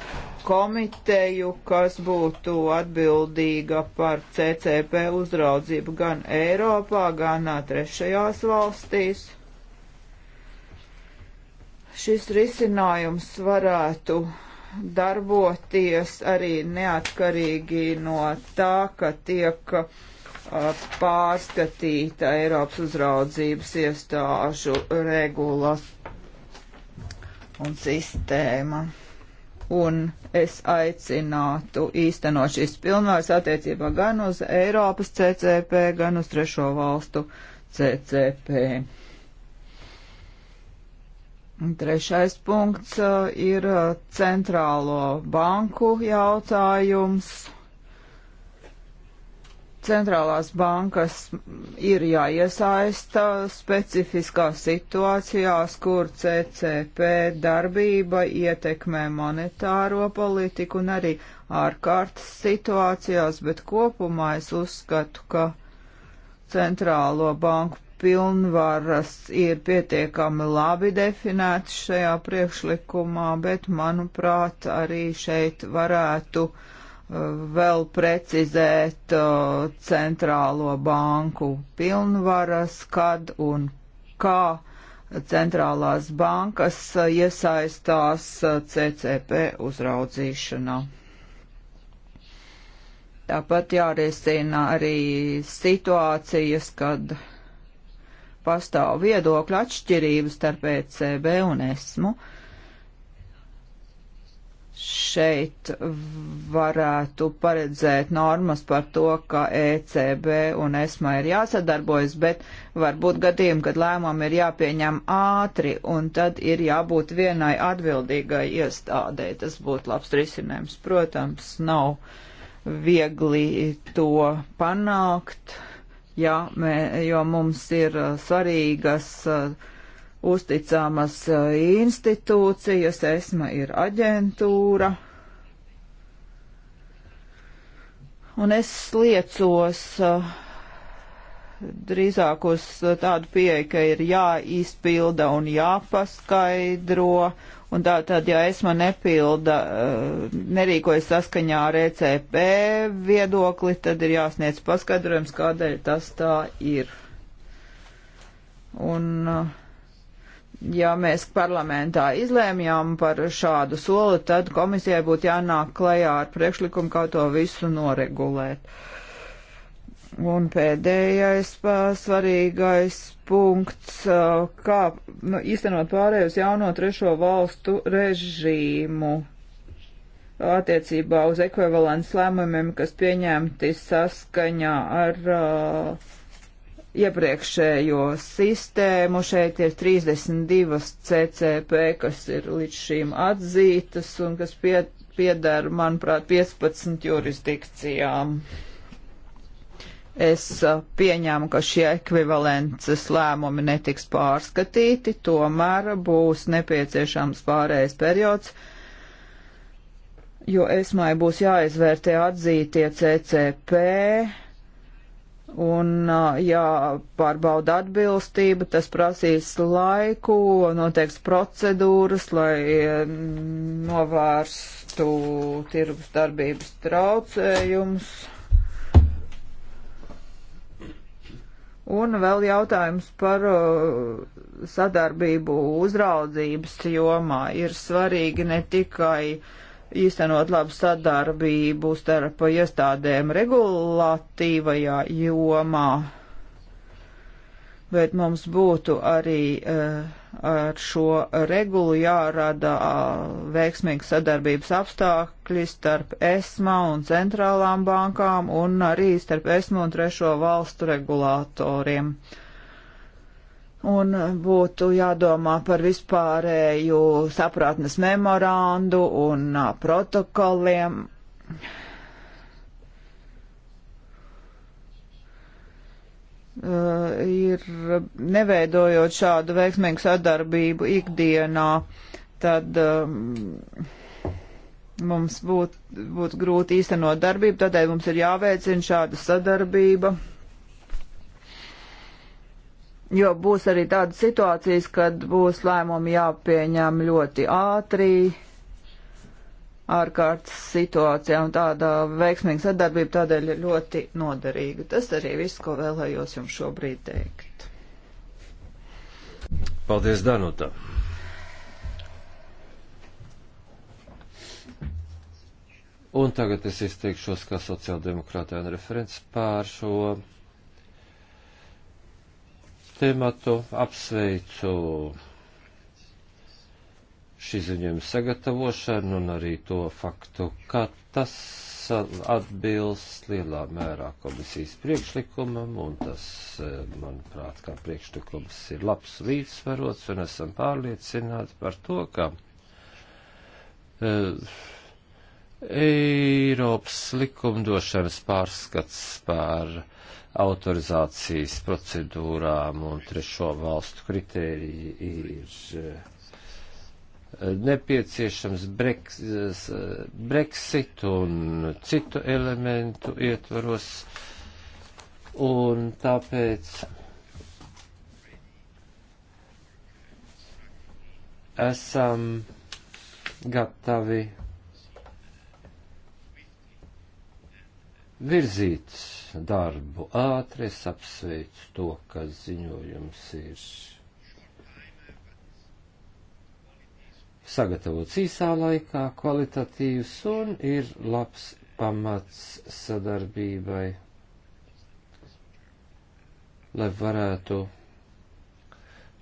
komiteju, kas būtu atbildīga par CCP uzraudzību gan Eiropā, gan trešajās valstīs. Šis risinājums varētu darboties arī neatkarīgi no tā, ka tiek uh, pārskatīta Eiropas uzraudzības iestāžu regulas un sistēma. Un es aicinātu īstenot šīs pilnvaras attiecībā gan uz Eiropas CCP, gan uz trešo valstu CCP. Un trešais punkts uh, ir uh, centrālo banku jautājums centrālās bankas ir jāiesaista specifiskās situācijās, kur CCP darbība ietekmē monetāro politiku un arī ārkārtas situācijās, bet kopumā es uzskatu, ka centrālo banku pilnvaras ir pietiekami labi definētas šajā priekšlikumā, bet manuprāt arī šeit varētu uh, vēl precizēt centrālo banku pilnvaras, kad un kā centrālās bankas iesaistās CCP uzraudzīšanā. Tāpat jārisina arī situācijas, kad pastāv viedokļu atšķirības starp ECB un ESMU. Uh, šeit varētu paredzēt normas par to, ka ECB un ESMA ir jāsadarbojas, bet var būt gadījumi, kad lēmumi ir jāpieņem ātri, un tad ir jābūt vienai atbildīgai iestādē. Tas būtu labs risinājums. Protams, nav viegli to panākt, jā, mē, jo mums ir svarīgas uh, uzticamas eh, institūcijas, ESMA ir aģentūra. Un es liecos eh, drīzāk uz tādu pieeju, ka ir jāizpilda un jāpaskaidro, un tā tad, ja ESMA nepilda, eh, nerīkojas saskaņā ar ECP viedokli, tad ir jāsniedz paskaidrojums, kādēļ tas tā ir. Un uh, ja mēs parlamentā izlēmjām par šādu soli, tad komisijai būtu jānāk klajā ar priekšlikumu, kā to visu noregulēt. Un pēdējais svarīgais punkts, uh, kā nu, īstenot pārējus jauno trešo valstu režīmu attiecībā uz ekvivalents lēmumiem, kas pieņemti saskaņā ar uh, iepriekšējo sistēmu. Šeit ir 32 CCP, kas ir līdz šīm atzītas un kas pie, piedara, manuprāt, 15 jurisdikcijām. Es pieņēmu, ka šie ekvivalences lēmumi netiks pārskatīti, tomēr būs nepieciešams pārējais periods, jo esmai būs jāizvērtē atzītie CCP un jāpārbauda atbilstība, tas prasīs laiku, noteiks procedūras, lai novērstu tirgus darbības traucējumus. Un vēl jautājums par sadarbību uzraudzības jomā ir svarīgi ne tikai uh, īstenot labu sadarbību starp iestādēm regulatīvajā jomā, bet mums būtu arī eh, ar šo regulu jārada eh, veiksmīgas sadarbības apstākļi starp ESMA un centrālām bankām un arī starp ESMA un trešo valstu regulātoriem. Uh, Un būtu jādomā par vispārēju saprātnes memorandu un protokoliem. Uh, ir neveidojot šādu veiksmīgu sadarbību ikdienā, tad um, mums būtu būt grūti īstenot darbību, tādēļ mums ir jāveicina šāda sadarbība jo būs arī tādas situācijas, kad būs lēmumi jāpieņem ļoti ātri, ārkārtas situācijā, un tāda veiksmīga sadarbība tādēļ ir ļoti noderīga. Tas arī viss, ko vēlējos jums šobrīd teikt. Paldies, Danuta! Un tagad es izteikšos kā sociāldemokrātē un referents pār šo tematu. Apsveicu šī ziņojuma sagatavošanu un arī to faktu, ka tas atbilst lielā mērā komisijas priekšlikumam, un tas, eh, manuprāt, kā priekšlikums ir labs līdzsvarots, un esam pārliecināti par to, ka uh, Eiropas likumdošanas pārskats par uh, autorizācijas procedūrām un trešo valstu kritēriji ir eh, nepieciešams Brexit un citu elementu ietvaros, un tāpēc esam gatavi virzīt darbu ātri. Es apsveicu to, ka ziņojums ir sagatavots īsā laikā, kvalitatīvs un ir labs pamats sadarbībai, lai varētu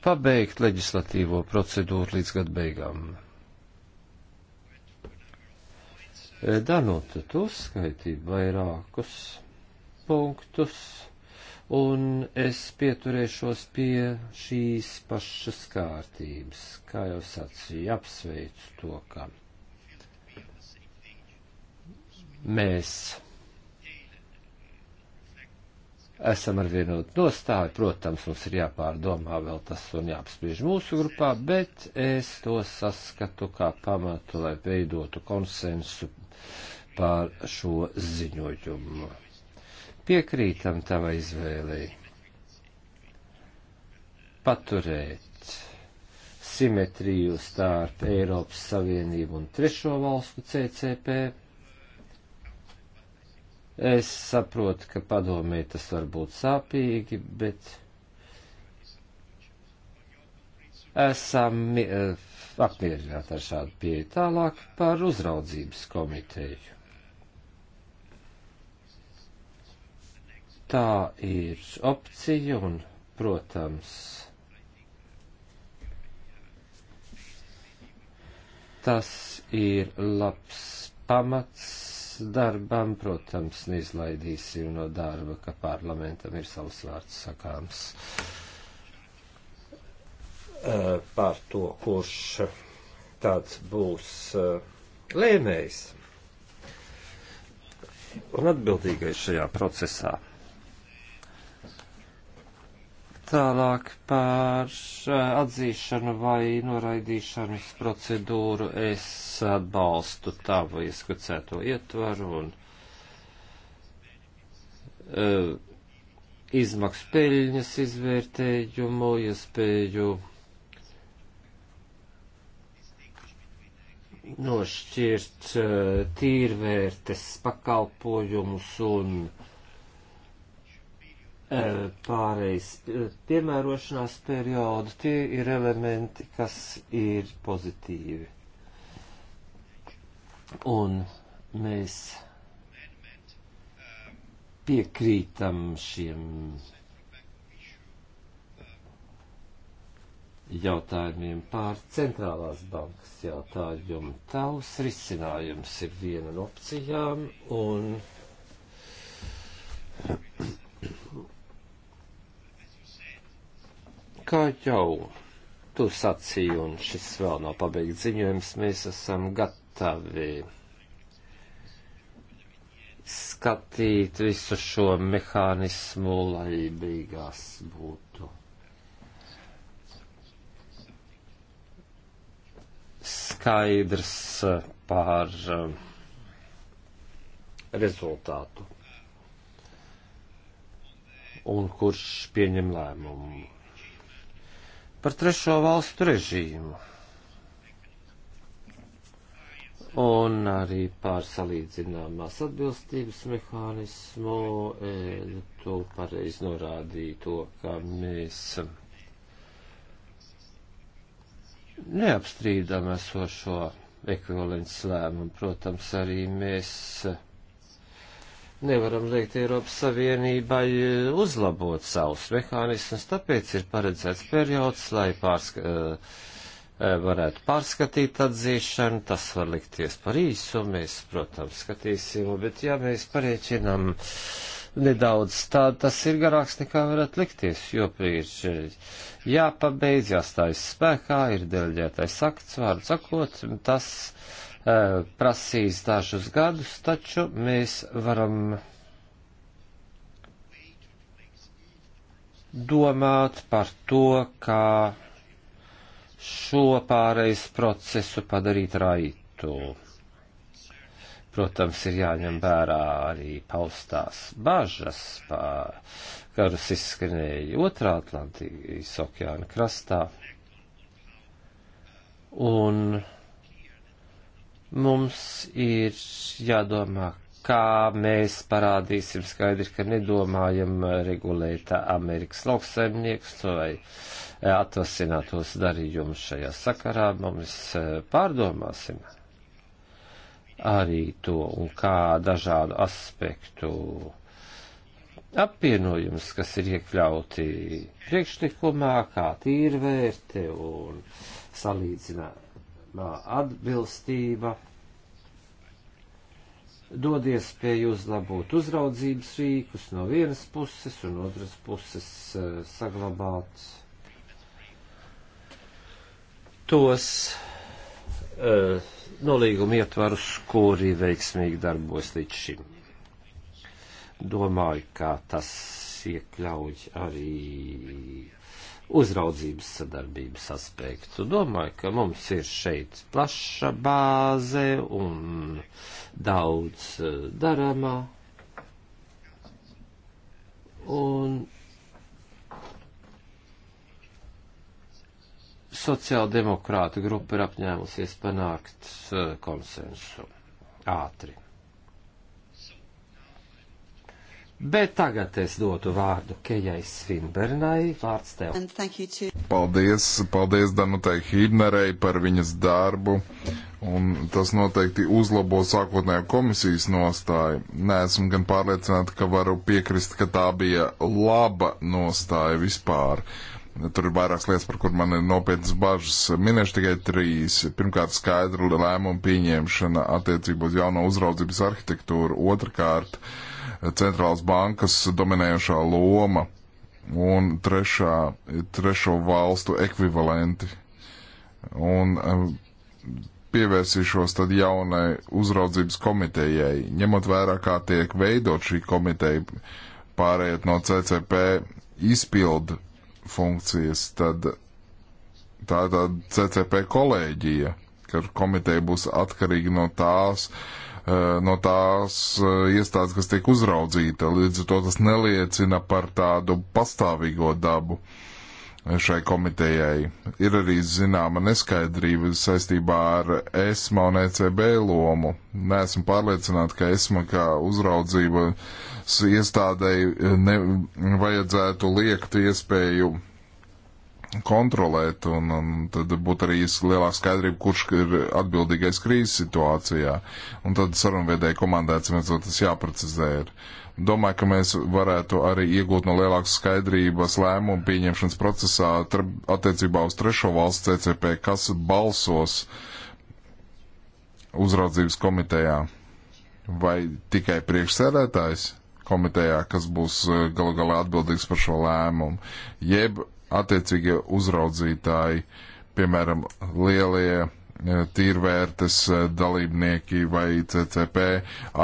pabeigt leģislatīvo procedūru līdz gada beigām. Danuta, tu skaitīji vairākus punktus, un es pieturēšos pie šīs pašas kārtības, kā jau sacīju, apsveicu to, ka mēs esam ar vienotu nostāju. Protams, mums ir jāpārdomā vēl tas un jāapspriež mūsu grupā, bet es to saskatu kā pamatu, lai veidotu konsensu pār šo ziņojumu. Piekrītam tavai izvēlei paturēt simetriju starp Eiropas Savienību un Trešo valstu CCP. Es saprotu, ka padomē tas var būt sāpīgi, bet esam eh, apmierināti ar šādu pieeju. Tālāk par uzraudzības komiteju. Tā ir opcija un, protams, tas ir labs pamats darbam, protams, neizlaidīsim no darba, ka parlamentam ir savs vārds sakāms. Uh, Eh, par to, kurš tad būs eh, lēmējs un atbildīgais šajā procesā. Tālāk par eh, atzīšanu vai noraidīšanas procedūru es atbalstu tavu ieskicēto ietvaru un uh, izmaksu peļņas izvērtējumu, iespēju. Ja nošķirt eh, tīrvērtes pakalpojumus un eh, pārejas eh, piemērošanās periodu, tie ir elementi, kas ir pozitīvi. Un mēs piekrītam šiem jautājumiem pār centrālās bankas jautājumu. Tavs risinājums ir viena no opcijām, un kā jau tu sacīji, un šis vēl nav pabeigts ziņojums, mēs esam gatavi skatīt visu šo mehānismu, lai beigās būtu skaidrs eh, par eh, rezultātu un kurš pieņem lēmumu. Par trešo valstu režīmu un arī par salīdzināmās atbilstības mehānismu, e, tu pareiz norādīji to, ka mēs neapstrīdam esošo ekvivalents lēmumu. Protams, arī mēs nevaram liekt Eiropas Savienībai uzlabot savus mehānismus, tāpēc ir paredzēts periods, lai pārska eh, varētu pārskatīt atzīšanu, tas var likties par īsu, mēs, protams, skatīsim, bet ja mēs pareiķinām nedaudz tāda tas ir garāks nekā varētu likties, jo priekš eh, jāpabeidz, jāstājas spēkā, ir deleģētais akts, vārdu sakot, tas uh, prasīs dažus gadus, taču mēs varam domāt par to, kā šo pārejas procesu padarīt raitu. Protams, ir jāņem vērā arī paustās bažas, pār, kuras izskanēja otrā Atlantijas okeāna krastā. Un mums ir jādomā, kā mēs parādīsim skaidri, ka nedomājam regulēt Amerikas lauksaimnieks vai atvasinātos darījumus šajā sakarā. Mums eh, pārdomāsim arī to un kā dažādu aspektu apvienojums, kas ir iekļauti priekšlikumā, kā tīrvērte un salīdzināmā atbilstība, dod iespēju uzlabot uzraudzības rīkus no vienas puses un otras puses eh, saglabāt tos uh, nolīguma ietvarus, kuri veiksmīgi darbojas līdz šim. Domāju, ka tas iekļauj arī uzraudzības sadarbības aspektu. Domāju, ka mums ir šeit plaša bāze un daudz eh, darāmā. Un sociāldemokrāta grupa ir apņēmusies panākt uh, konsensu ātri. Bet tagad es dotu vārdu Kejai Svinbernai, vārds tev. Paldies, paldies Danutei Hībnerei par viņas darbu, un tas noteikti uzlabo sākotnējo komisijas nostāju. Nē, esmu gan pārliecināta, ka varu piekrist, ka tā bija laba nostāja vispār. Uh, Tur ir vairākas lietas, par kur man ir nopietnas bažas. Minēšu tikai trīs. Pirmkārt, skaidra lēmuma pieņemšana attiecībā uz jauno uzraudzības arhitektūru. Otrakārt, centrālās bankas dominējošā loma. Un trešā, trešo valstu ekvivalenti. Un um, pievērsīšos tad jaunai uzraudzības komitejai, ņemot vērā, kā tiek veidot šī komiteja, pārējot no CCP izpildu funkcijas, tad tā ir tāda CCP kolēģija, ka komiteja būs atkarīga no tās, eh, no tās eh, iestādes, kas tiek uzraudzīta. Līdz ar to tas neliecina par tādu pastāvīgo dabu eh, šai komitejai. Ir arī zināma neskaidrība saistībā ar ESMA un ECB lomu. Neesmu pārliecināti, ka ESMA kā uzraudzība uh, iestādēji eh, nevajadzētu liekt iespēju kontrolēt, un, un tad būtu arī lielāka skaidrība, kurš ir atbildīgais krīzes situācijā. Un tad sarunvedēji komandai, cimēs, tas jāprecizē. Ir. Domāju, ka mēs varētu arī iegūt no lielākas skaidrības lēmumu pieņemšanas procesā attiecībā uz trešo valsts CCP, kas balsos uzraudzības komitejā. Vai tikai priekšsēdētājs? komitejā, kas būs eh, galu galā atbildīgs par šo lēmumu, jeb attiecīgie uzraudzītāji, piemēram, lielie eh, tīrvērtes eh, dalībnieki vai CCP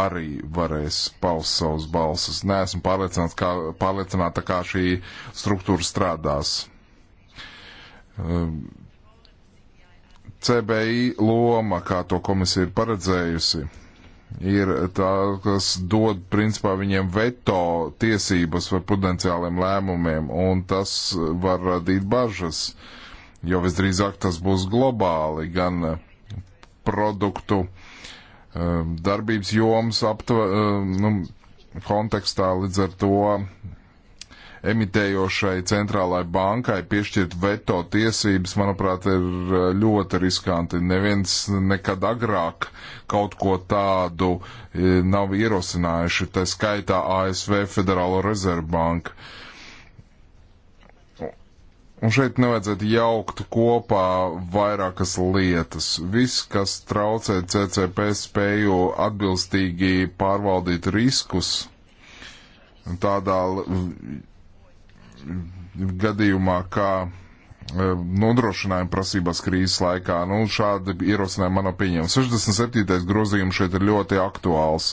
arī varēs paust savus balsus. Neesmu pārliecināts, kā, pārliecināta, kā šī struktūra strādās. CBI loma, kā to komisija ir paredzējusi ir tā, kas dod principā viņiem veto tiesības par prudenciāliem lēmumiem, un tas var radīt bažas, jo visdrīzāk tas būs globāli, gan eh, produktu eh, darbības joms aptver, eh, nu, kontekstā līdz ar to emitējošai centrālai bankai piešķirt veto tiesības, manuprāt, ir e, ļoti riskanti. Neviens nekad agrāk kaut ko tādu e, nav ierosinājuši, tā skaitā ASV Federālo rezervbanka. Un šeit nevajadzētu jaukt kopā vairākas lietas. Viss, kas traucē CCP spēju atbilstīgi pārvaldīt riskus, tādā gadījumā, kā e, nodrošinājuma prasības krīzes laikā. Nu, šādi ierosinājumi man pieņem. 67. grozījums šeit ir ļoti aktuāls,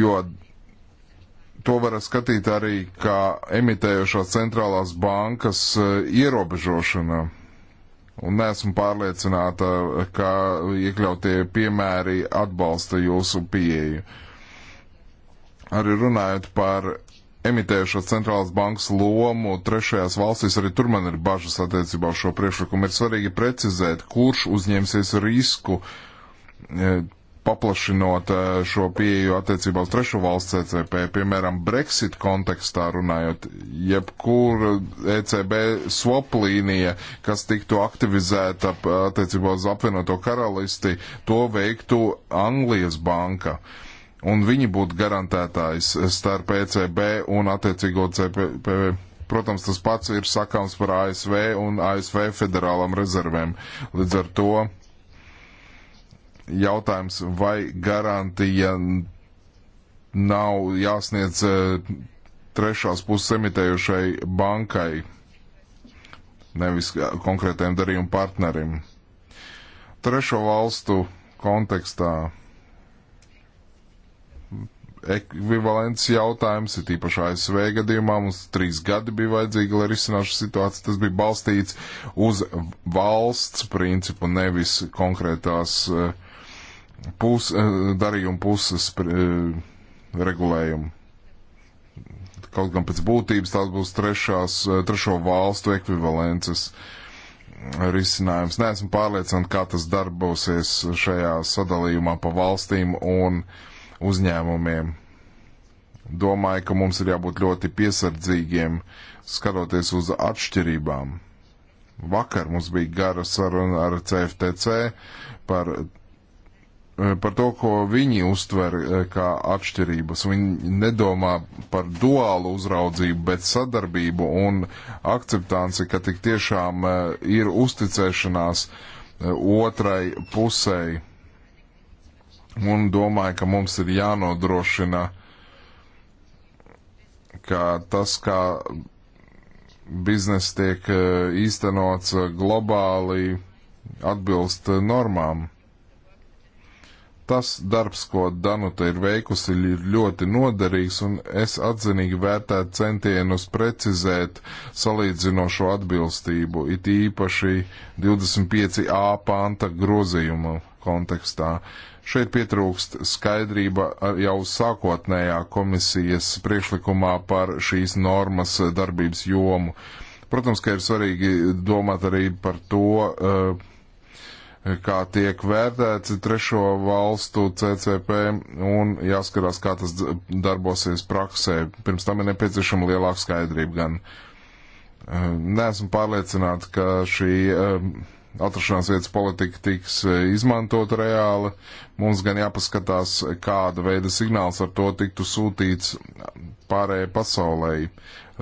jo to var skatīt arī kā emitējošās centrālās bankas e, ierobežošana. Un neesmu pārliecināta, ka iekļautie piemēri atbalsta jūsu pieeju. Arī runājot par emitējušo centrālās bankas lomu trešajās valstīs, arī tur man ir bažas attiecībā uz šo priekšlikumu. Ir svarīgi precizēt, kurš uzņemsies risku e, paplašinot e, šo pieeju attiecībā uz trešo valsts ECB, piemēram, Brexit kontekstā runājot, jebkura ECB swap līnija, kas tiktu aktivizēta e, attiecībā uz apvienoto karalisti, to veiktu Anglijas banka. Uh, un viņi būtu garantētājs starp ECB un attiecīgo CPV. Protams, tas pats ir sakāms par ASV un ASV federālām rezervēm. Līdz ar to jautājums, vai garantija nav jāsniedz e, trešās puses emitējušai bankai, nevis konkrētajam darījuma partnerim. Trešo valstu kontekstā ekvivalents jautājums, ir tīpaši ASV gadījumā, mums trīs gadi bija vajadzīgi, lai risinātu šo situāciju. Tas bija balstīts uz valsts principu, nevis konkrētās eh, pus, eh, darījuma puses eh, regulējumu. Kaut gan pēc būtības tās būs trešās, trešo valstu ekvivalences risinājums. Neesmu pārliecināts, kā tas darbosies šajā sadalījumā pa valstīm un uh, uzņēmumiem. Domāju, ka mums ir jābūt ļoti piesardzīgiem, skatoties uz atšķirībām. Vakar mums bija gara saruna ar CFTC par, eh, par to, ko viņi uztver eh, kā atšķirības. Viņi nedomā par duālu uzraudzību, bet sadarbību un akceptanci, ka tik tiešām eh, ir uzticēšanās otrai pusēji un domāju, ka mums ir jānodrošina, ka tas, kā biznesa tiek e, īstenots e, globāli, atbilst normām. Tas darbs, ko Danuta ir veikusi, ir ļoti noderīgs, un es atzinīgi vērtētu centienus precizēt salīdzinošo atbilstību, it īpaši 25a panta grozījumu kontekstā. Uh, Šeit pietrūkst skaidrība jau sākotnējā komisijas priekšlikumā par šīs normas darbības jomu. Protams, ka ir svarīgi domāt arī par to, eh, kā tiek vērtēts trešo valstu CCP un jāskatās, kā tas darbosies praksē. Pirms tam ir nepieciešama lielāka skaidrība gan. Eh, Nesmu pārliecināts, ka šī eh, atrašanās vietas politika tiks eh, izmantot reāli. Mums gan jāpaskatās, kāda veida signāls ar to tiktu sūtīts pārējai pasaulē.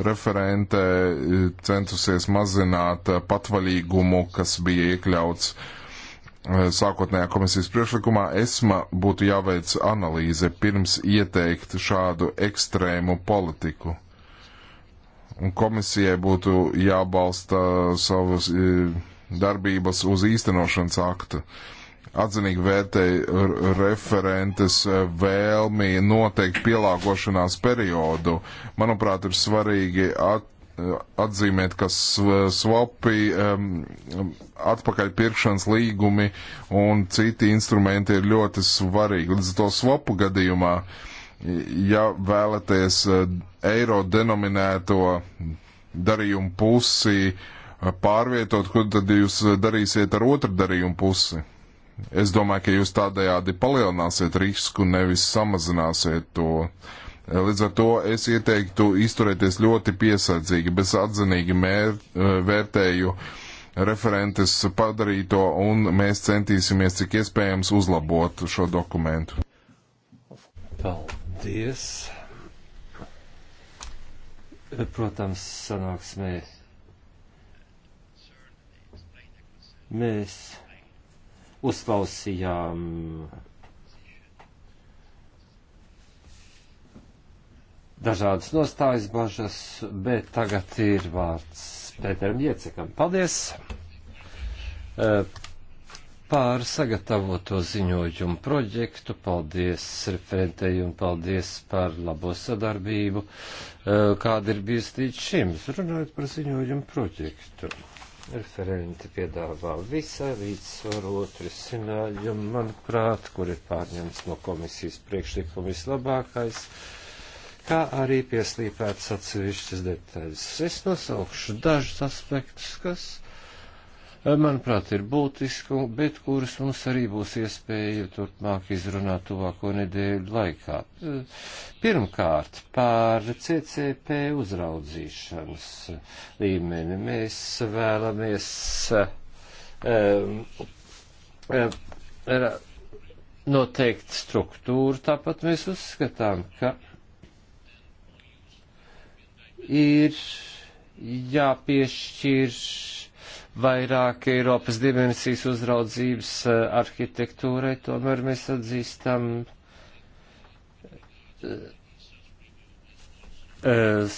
Referente eh, centusies mazināt eh, patvaļīgumu, kas bija iekļauts sākotnējā komisijas priekšlikumā. ESMA būtu jāveic analīze pirms ieteikt šādu ekstrēmu politiku un komisijai būtu jābalsta savas darbības uz īstenošanas aktu. Atzinīgi vērtēja referentes eh, vēlmi noteikt pielāgošanās periodu. Manuprāt, ir svarīgi at, eh, atzīmēt, ka swapi, um, atpakaļ pirkšanas līgumi un citi instrumenti ir ļoti svarīgi. Līdz to swapu gadījumā, ja vēlaties eh, eiro denominēto darījumu pusi uh, pārvietot, ko tad jūs darīsiet ar otru darījumu pusi. Es domāju, ka jūs tādējādi palielināsiet risku, nevis samazināsiet to. Līdz ar to es ieteiktu izturēties ļoti piesardzīgi, bez atzinīgi mēr, vērtēju referentes padarīto, un mēs centīsimies cik iespējams uzlabot šo dokumentu. Paldies! Protams, sanāksmē Mēs uzklausījām dažādas nostājas bažas, bet tagad ir vārds Pēteram Iecekam. Paldies e, par sagatavoto ziņojumu projektu. Paldies referentei un paldies par labo sadarbību, e, kāda ir bijusi līdz šim. Runājot par ziņojumu projektu. Referenti piedāvā visai līdzsvarotu risinājumu, manuprāt, kur ir pārņemts no komisijas priekšlikuma vislabākais, kā arī pieslīpēts atsevišķas detaļas. Es nosaukšu dažus aspektus, kas manuprāt, ir būtiski, bet kurus mums arī būs iespēja turpmāk izrunāt tuvāko nedēļu laikā. Pirmkārt, pār CCP uzraudzīšanas līmeni mēs vēlamies um, um, noteikt struktūru, tāpat mēs uzskatām, ka ir jāpiešķirš vairāk Eiropas dimensijas uzraudzības eh, arhitektūrai, tomēr mēs atzīstam eh,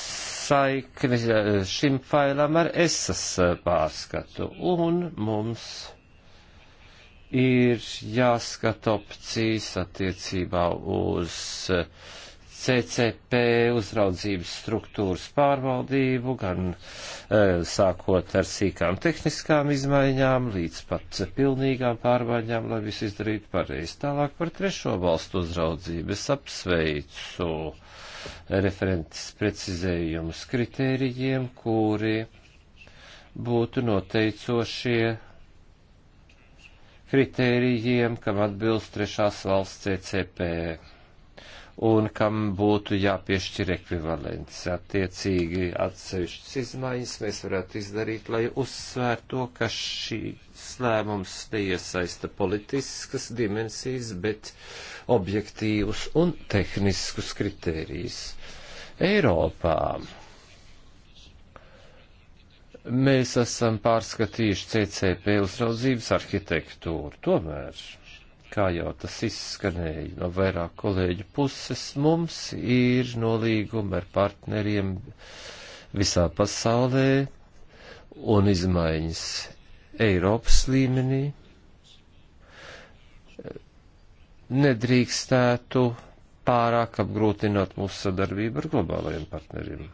saikni eh, šim failam ar esas pārskatu, un mums ir jāskata opcijas attiecībā uz uh, CCP uzraudzības struktūras pārvaldību, gan e, sākot ar sīkām tehniskām izmaiņām līdz pat pilnīgām pārmaiņām, lai visu izdarītu pareizi. Tālāk par trešo valstu uzraudzību es apsveicu referentes precizējumus kritērijiem, kuri būtu noteicošie kritērijiem, kam atbilst trešās valsts CCP un kam būtu jāpiešķir ekvivalents. Attiecīgi atsevišķas izmaiņas mēs varētu izdarīt, lai uzsvērtu to, ka šīs lēmums neiesaista politiskas dimensijas, bet objektīvus un tehniskus kritērijus. Eiropā mēs esam pārskatījuši CCP uzraudzības arhitektūru. Tomēr kā jau tas izskanēja no vairāk kolēģu puses, mums ir nolīgumi ar partneriem visā pasaulē un izmaiņas Eiropas līmenī. Nedrīkstētu pārāk apgrūtināt mūsu sadarbību ar globālajiem partneriem.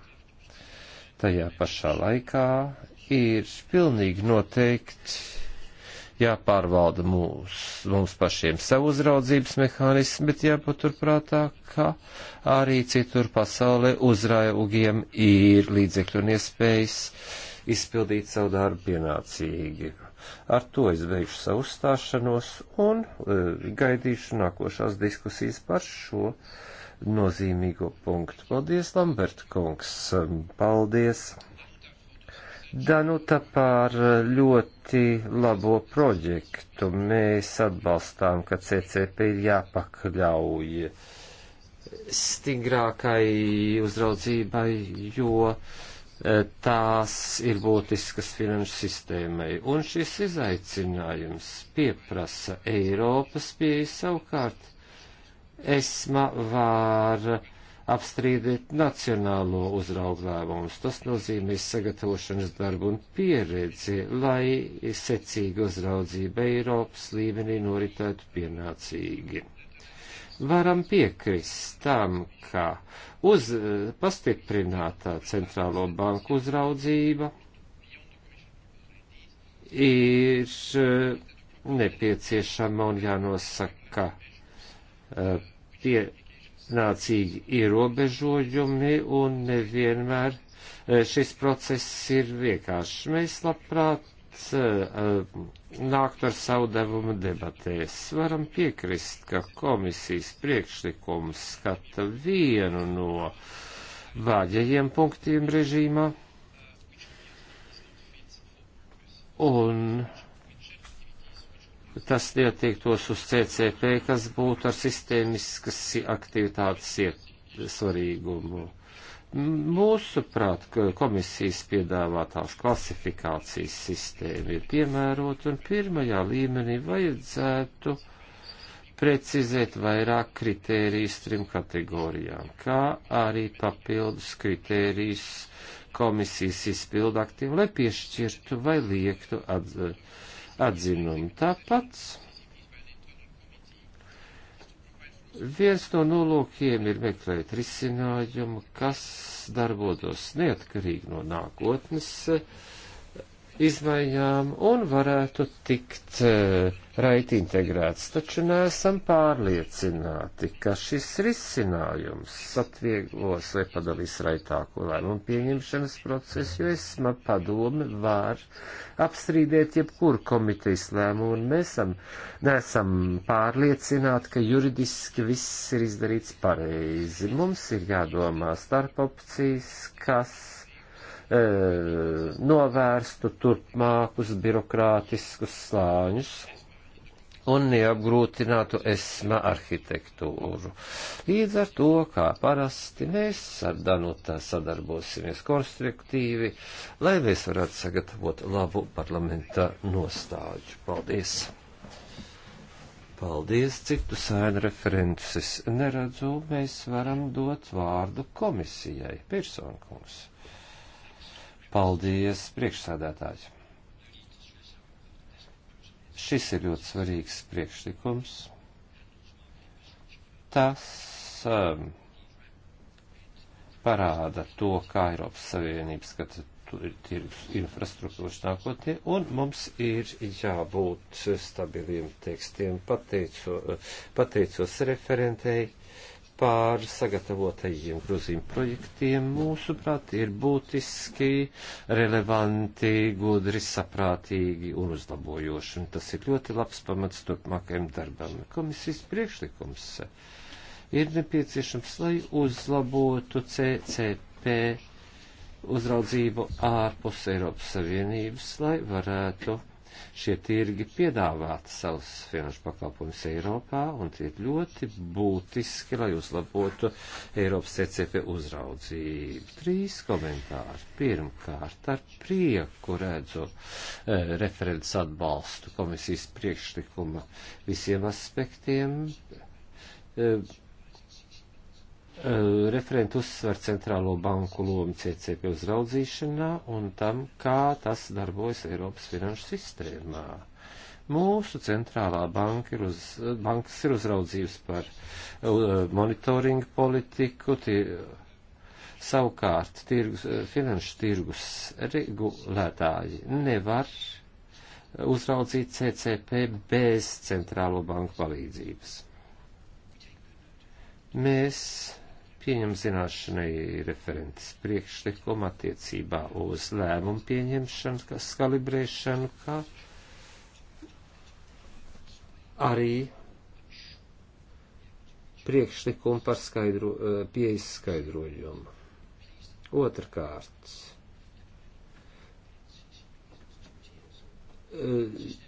Tajā pašā laikā ir pilnīgi noteikti jāpārvalda mūs, mums pašiem savu uzraudzības mehānismu, bet jāpaturprātā, ka arī citur pasaulē uzraugiem ir līdzekļu un iespējas izpildīt savu darbu pienācīgi. Ar to es beigšu savu uzstāšanos un e, gaidīšu nākošās diskusijas par šo nozīmīgo punktu. Paldies, Lambert kungs! Paldies! Danuta par ļoti labo projektu. Mēs atbalstām, ka CCP ir jāpakļauj stingrākai uzraudzībai, jo e, tās ir būtiskas finanšu sistēmai. Un šis izaicinājums pieprasa Eiropas pieeja savukārt. Esma var apstrīdēt nacionālo uzraugu lēmumus. Tas nozīmē sagatavošanas darbu un pieredzi, lai secīga uzraudzība Eiropas līmenī noritētu pienācīgi. Varam piekrist tam, ka uz pastiprinātā centrālo banku uzraudzība ir eh, nepieciešama un jānosaka eh, pie pienācīgi ierobežojumi un nevienmēr eh, šis process ir vienkāršs. Mēs labprāt eh, eh, nākt ar savu devumu debatēs. Varam piekrist, ka komisijas priekšlikums skata vienu no vāģajiem punktiem režīmā. Un tas attiektos uz CCP, kas būtu ar sistēmiskas aktivitātes iet svarīgumu. Mūsuprāt, komisijas piedāvātās klasifikācijas sistēma ir piemērota un pirmajā līmenī vajadzētu precizēt vairāk kritērijus trim kategorijām, kā arī papildus kritērijus komisijas izpildaktīm, lai piešķirtu vai liektu atzīt atzinumu. Tāpat viens no nolūkiem ir meklēt risinājumu, kas darbotos neatkarīgi no nākotnes. Uh, izmaiņām un varētu tikt eh, raiti integrēts, taču neesam pārliecināti, ka šis risinājums atvieglos vai padalīs raitāku lēmumu pieņemšanas procesu, jo esma padomi var apstrīdēt jebkuru komitejas lēmumu, un mēs esam, neesam pārliecināti, ka juridiski viss ir izdarīts pareizi. Mums ir jādomā starp opcijas, kas E, novērstu turpmākus birokrātiskus slāņus un neapgrūtinātu esma arhitektūru. Līdz ar to, kā parasti, mēs ar Danutā sadarbosimies konstruktīvi, lai mēs varētu sagatavot labu parlamenta nostāju. Paldies! Paldies, citu sēnu referentus es neredzu, mēs varam dot vārdu komisijai, personkums. Paldies, priekšsādātāji! Šis ir ļoti svarīgs priekšlikums. Tas um, parāda to, kā Eiropas Savienības skata tirgus infrastruktūras nākotnē, un mums ir jābūt stabiliem tekstiem. Pateico, pateicos referentei par sagatavotajiem grozījuma projektiem, mūsuprāt, ir būtiski, relevanti, gudri, saprātīgi un uzlabojoši. Un tas ir ļoti labs pamats turpmākajam darbam. Komisijas priekšlikums ir nepieciešams, lai uzlabotu CCP uzraudzību ārpus Eiropas Savienības, lai varētu šie tirgi piedāvāt savus finanšu pakalpojumus Eiropā, un tie ir ļoti būtiski, lai uzlabotu Eiropas CCP uzraudzību. Trīs komentāri. Pirmkārt, ar prieku redzu e, referents atbalstu komisijas priekšlikuma visiem aspektiem. E, Eh, referenti uzsver centrālo banku lomu CCP uzraudzīšanā un tam, kā tas darbojas Eiropas finanšu sistēmā. Mūsu centrālā banka ir, uz, bankas ir uzraudzījusi par uh, eh, monitoringu politiku, tie, savukārt tirgus, eh, finanšu tirgus regulētāji nevar uzraudzīt CCP bez centrālo banku palīdzības. Mēs pieņem zināšanai referents priekšlikumu attiecībā uz lēmumu pieņemšanu, kas kalibrēšanu, kā arī priekšlikumu par skaidro, eh, pieejas skaidrojumu. Otrkārt, eh,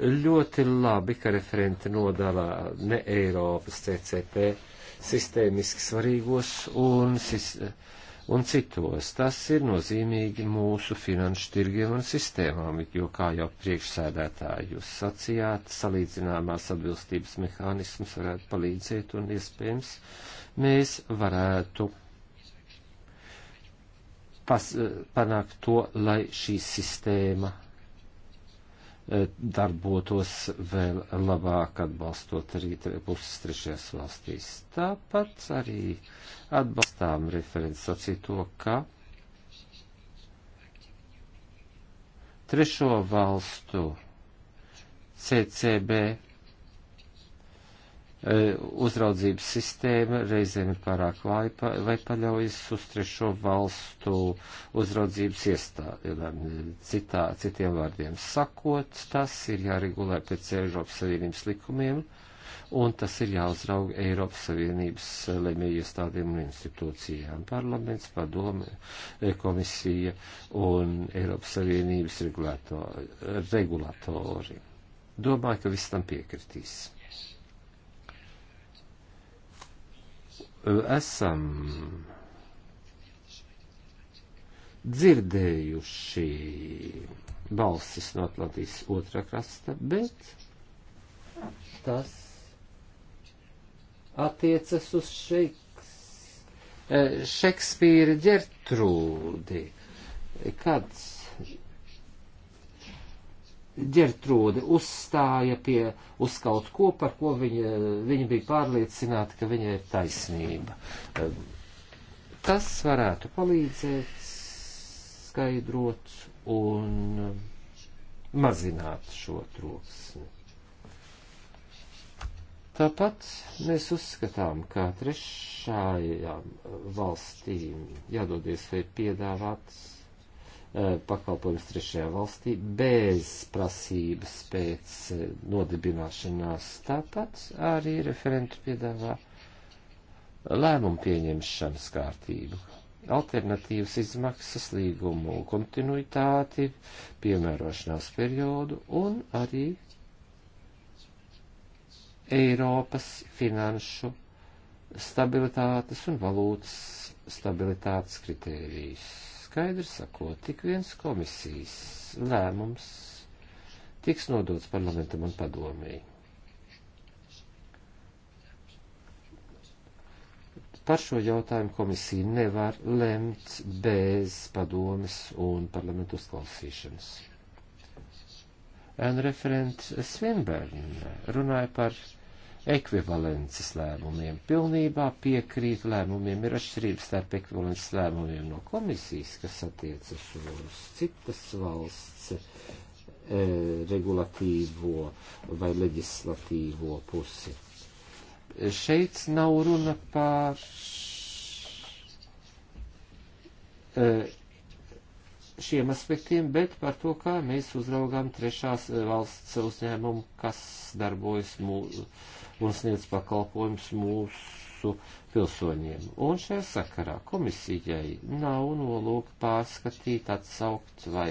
Ļoti labi, ka referenti nodalā ne Eiropas CCP sistēmiski svarīgos un, un citos. Tas ir nozīmīgi mūsu finanšu tirgiem un sistēmām, jo, kā jau priekšsēdētāji jūs sacījāt, salīdzināmās atbilstības mehānismus varētu palīdzēt un iespējams mēs varētu pas, eh, panākt to, lai šī sistēma Eh, darbotos vēl labāk atbalstot arī puses trešajās valstīs. Tāpat arī atbalstām referents sacīto, ka trešo valstu CCB E, uzraudzības sistēma reizēm ir pārāk vaipa vai paļaujas uz trešo valstu uzraudzības iestādēm. Citā, citiem vārdiem sakot, tas ir jāregulē pēc Eiropas Savienības likumiem, un tas ir jāuzrauga Eiropas Savienības lemēju iestādēm un institūcijām. Parlaments, padome, e, komisija un Eiropas Savienības regulatori. Domāju, ka viss tam piekritīs. esam dzirdējuši balsis no Atlantijas otrā krasta, bet tas attiecas uz šeiks, eh, Šekspīra ģertrūdi. Kāds Ģertrūde uzstāja pie, uz kaut ko, par ko viņa, viņa bija pārliecināta, ka viņai ir taisnība. Tas varētu palīdzēt skaidrot un mazināt šo troksni. Tāpat mēs uzskatām, ka trešajām valstīm jādodies vai piedāvāts Eh, pakalpojums trešajā valstī bez prasības pēc eh, nodibināšanās. Tāpat arī referentu piedāvā lēmumu pieņemšanas kārtību, alternatīvas izmaksas līgumu kontinuitāti, piemērošanās periodu un arī Eiropas finanšu stabilitātes un valūtas stabilitātes kritērijus skaidri sakot, tik viens komisijas lēmums tiks nodots parlamentam un padomēji. Par šo jautājumu komisija nevar lemt bez padomes un parlamentu uzklausīšanas. Un referents Svinbērn runāja par ekvivalences lēmumiem. Pilnībā piekrītu lēmumiem, ir atšķirības starp ekvivalences lēmumiem no komisijas, kas attiecas uz citas valsts e, regulatīvo vai leģislatīvo pusi. Šeit nav runa par eh, šiem aspektiem, bet par to, kā mēs uzraugām trešās eh, valsts uzņēmumu, kas darbojas mūsu un sniedz pakalpojums mūsu pilsoņiem. Un šajā sakarā komisijai nav nolūka pārskatīt, atsaukt vai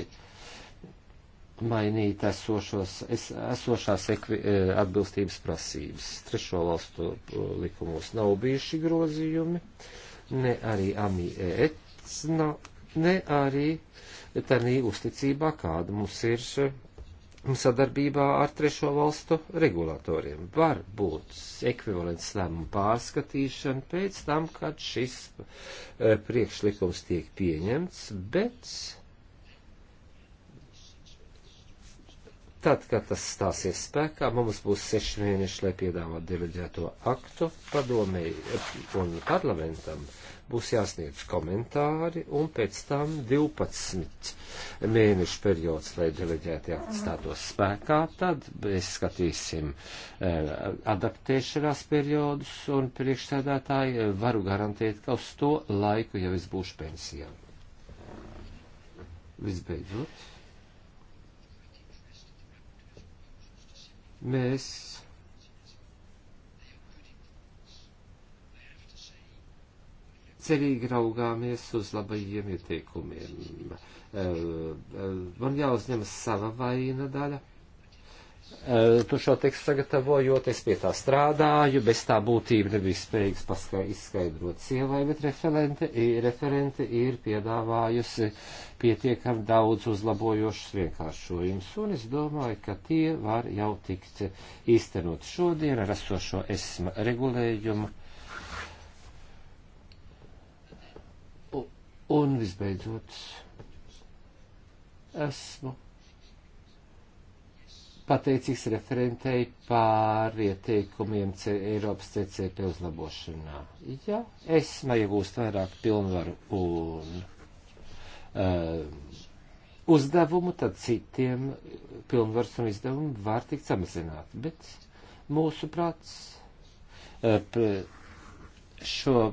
mainīt esošos, es, esošās ekvi, e, atbilstības prasības. Trešo valstu e, likumos nav bijuši grozījumi, ne arī AMI EEC, ne arī tanī uzticībā, kāda mums ir sadarbībā ar trešo valstu regulatoriem. Var būt ekvivalents lēmumu pārskatīšana pēc tam, kad šis eh, priekšlikums tiek pieņemts, bet tad, kad tas stāsies spēkā, mums būs seši mēneši, lai piedāvātu deleģēto aktu padomēji eh, un parlamentam. Uh, būs jāsniedz komentāri, un pēc tam 12 mēnešu periods, lai deleģēti akti stātos spēkā, tad mēs skatīsim eh, adaptēšanās periodus, un priekšsēdētāji eh, varu garantēt, ka uz to laiku jau es būšu pensijā. Visbeidzot, mēs cerīgi raugāmies uz labajiem ieteikumiem. Eh, eh, man jāuzņemas sava vaina daļa. Eh, tu šo tekstu sagatavojot, es pie tā strādāju, bez tā būtība nebija spējīgs izskaidrot sievai, bet referente, referente ir piedāvājusi pietiekami daudz uzlabojošus vienkāršojumus, un es domāju, ka tie var jau tikt īstenot šodien ar esošo esma regulējumu Un visbeidzot, esmu pateicīgs referentei par ieteikumiem Eiropas CCP uzlabošanā. Ja esmu iegūst vairāk pilnvaru un uh, uzdevumu, tad citiem pilnvars un izdevumi var tikt samazināt. Bet mūsu prāts uh, šo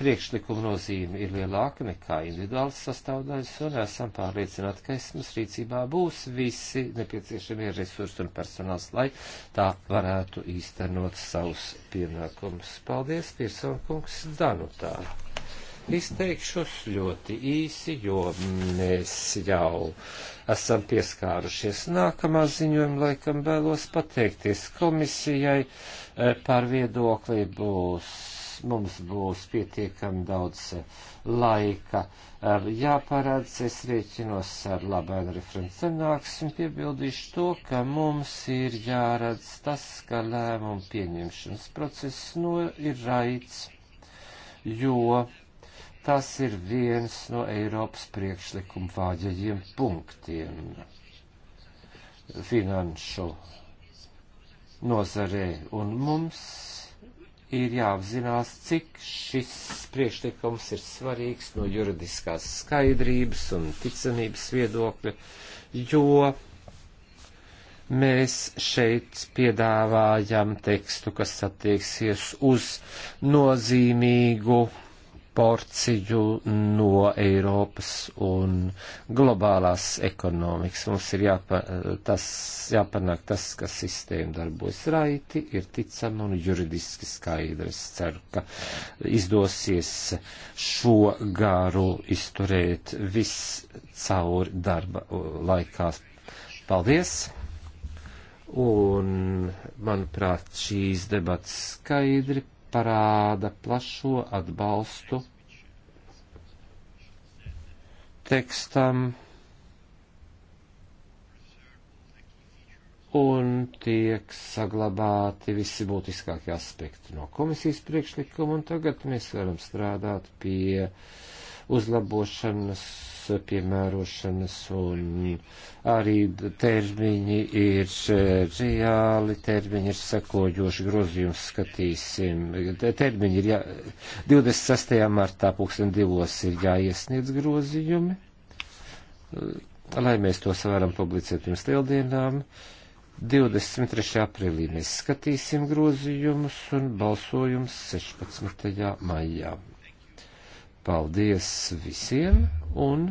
priekšlikuma nozīme ir lielāka nekā individuāls sastāvdaļas, un esam pārliecināti, ka esmas rīcībā būs visi nepieciešamie resursi un personāls, lai tā varētu īstenot savus pienākumus. Paldies, Pirsonkungs Danutā! Izteikšos ļoti īsi, jo mēs jau esam pieskārušies nākamā ziņojuma, laikam vēlos pateikties komisijai eh, par viedokli būs mums būs pietiekami daudz eh, laika jāparādz. Es rēķinos ar labēnu referents sanāksmi, piebildīšu to, ka mums ir jāredz tas, ka lēmumu pieņemšanas process no nu, ir raids, jo tas ir viens no Eiropas priekšlikuma vāģajiem punktiem finanšu nozarē, un mums ir jāapzinās, cik šis priekšlikums ir svarīgs no juridiskās skaidrības un ticamības viedokļa, jo mēs šeit piedāvājam tekstu, kas attieksies uz nozīmīgu porciju no Eiropas un globālās ekonomikas. Mums ir jāpa, tas, jāpanāk tas, ka sistēma darbojas raiti, ir ticama un juridiski skaidra. Es ceru, ka izdosies šo garu izturēt viss cauri darba laikās. Paldies! Un, manuprāt, šīs debats skaidri parāda plašo atbalstu tekstam un tiek saglabāti visi būtiskākie aspekti no komisijas priekšlikuma, un tagad mēs varam strādāt pie uzlabošanas piemērošanas un arī termiņi ir e, reāli, termiņi ir sekojoši, grozījums skatīsim. Termiņi ir jā, 26. martā pulksten divos ir jāiesniedz grozījumi, e, lai mēs tos varam publicēt pirms lieldienām. 23. aprīlī mēs skatīsim grozījumus un balsojums 16. maijā. Paldies visiem un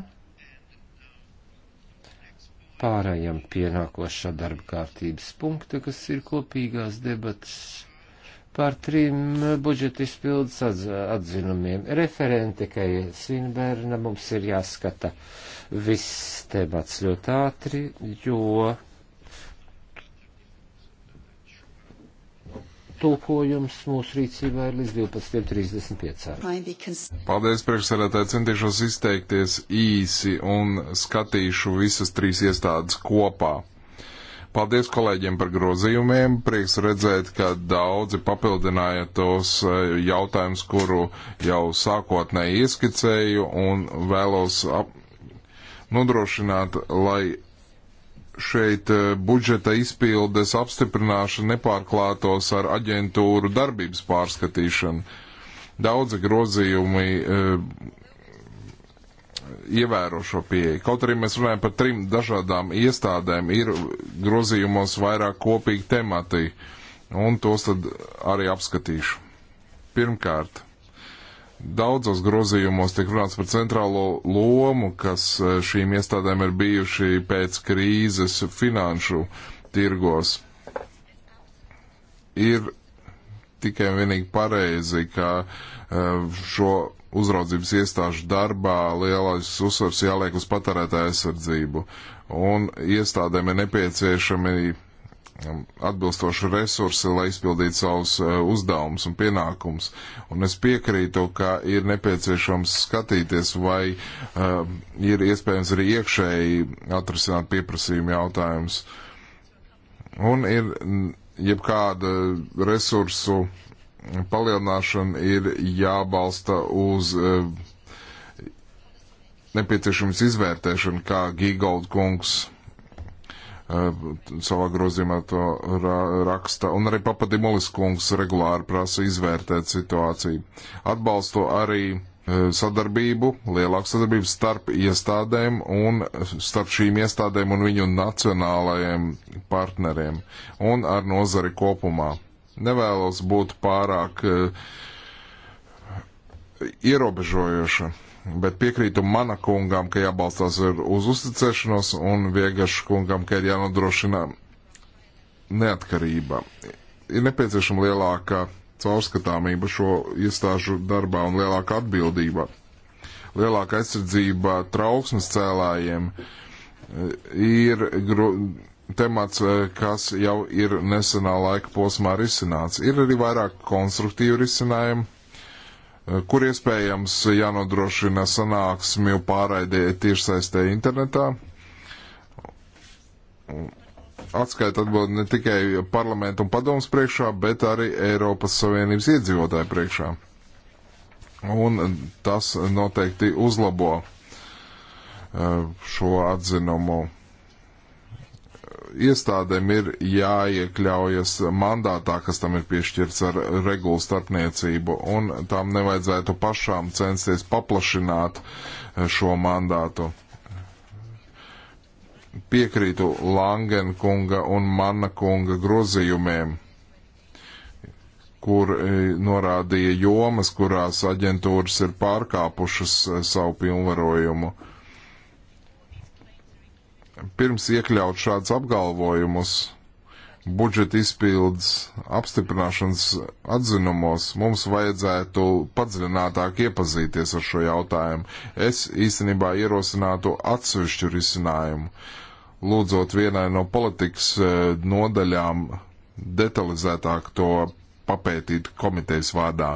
pārējām pie nākošā darba kārtības punkta, kas ir kopīgās debatas par trim budžeta izpildes atz atzinumiem. Referente, ka Svinbērna mums ir jāskata viss temats ļoti ātri, jo tulkojums mūsu rīcībā ir līdz 12.35. Paldies, priekšsēdētāji, centīšos izteikties īsi un skatīšu visas trīs iestādes kopā. Paldies kolēģiem par grozījumiem. Prieks redzēt, ka daudzi papildināja tos eh, jautājumus, kuru jau sākotnēji ieskicēju un vēlos nodrošināt, lai šeit eh, budžeta izpildes apstiprināšana nepārklātos ar aģentūru darbības pārskatīšanu. Daudzi grozījumi eh, ievēro šo pieeju. Kaut arī mēs runājam par trim dažādām iestādēm, ir grozījumos vairāk kopīgi temati, un tos tad arī apskatīšu. Pirmkārt, Daudzos grozījumos tiek runāts par centrālo lomu, kas e, šīm iestādēm ir bijuši pēc krīzes finanšu tirgos. Ir tikai un vienīgi pareizi, ka e, šo uzraudzības iestāžu darbā lielais uzsvars jāliek uz patērētāju aizsardzību. Un iestādēm ir nepieciešami Um, atbilstoši resursi, lai izpildītu savus uh, uzdevumus un pienākumus. Un es piekrītu, ka ir nepieciešams skatīties, vai uh, ir iespējams arī iekšēji atrisināt pieprasījumu jautājumus. Un ir mm, jebkāda resursu palielināšana ir jābalsta uz uh, nepieciešams izvērtēšana, kā Gigold kungs Eh, savā grozījumā to ra raksta, un arī papadimulis kungs regulāri prasa izvērtēt situāciju. Atbalstu arī eh, sadarbību, lielāku sadarbību starp iestādēm un eh, starp šīm iestādēm un viņu nacionālajiem partneriem un ar nozari kopumā. Nevēlos būt pārāk uh, ierobežojoša bet piekrītu mana kungam, ka jābalstās uz uzticēšanos un vienkārši kungam, ka ir jānodrošina neatkarība. Ir nepieciešama lielāka caurskatāmība šo iestāžu darbā un lielāka atbildība. Lielāka aizsardzība trauksmes cēlājiem e, ir temats, e, kas jau ir nesenā laika posmā risināts. Ir arī vairāk konstruktīvu risinājumu kur iespējams jānodrošina sanāksmju pārraidē tiešsaistē internetā. Atskaita atbild ne tikai parlamentu un padomus priekšā, bet arī Eiropas Savienības iedzīvotāju priekšā. Un tas noteikti uzlabo eh, šo atzinumu iestādēm ir jāiekļaujas mandātā, kas tam ir piešķirts ar regulu starpniecību, un tām nevajadzētu pašām censties paplašināt eh, šo mandātu. Piekrītu Langenkunga un Manna kunga grozījumiem kur eh, norādīja jomas, kurās aģentūras ir pārkāpušas eh, savu pilnvarojumu. Uh, pirms iekļaut šādus apgalvojumus budžeta izpildes apstiprināšanas atzinumos, mums vajadzētu padziļinātāk iepazīties ar šo jautājumu. Es īstenībā ierosinātu atsevišķu risinājumu, lūdzot vienai no politikas e, nodaļām detalizētāk to papētīt komitejas vārdā.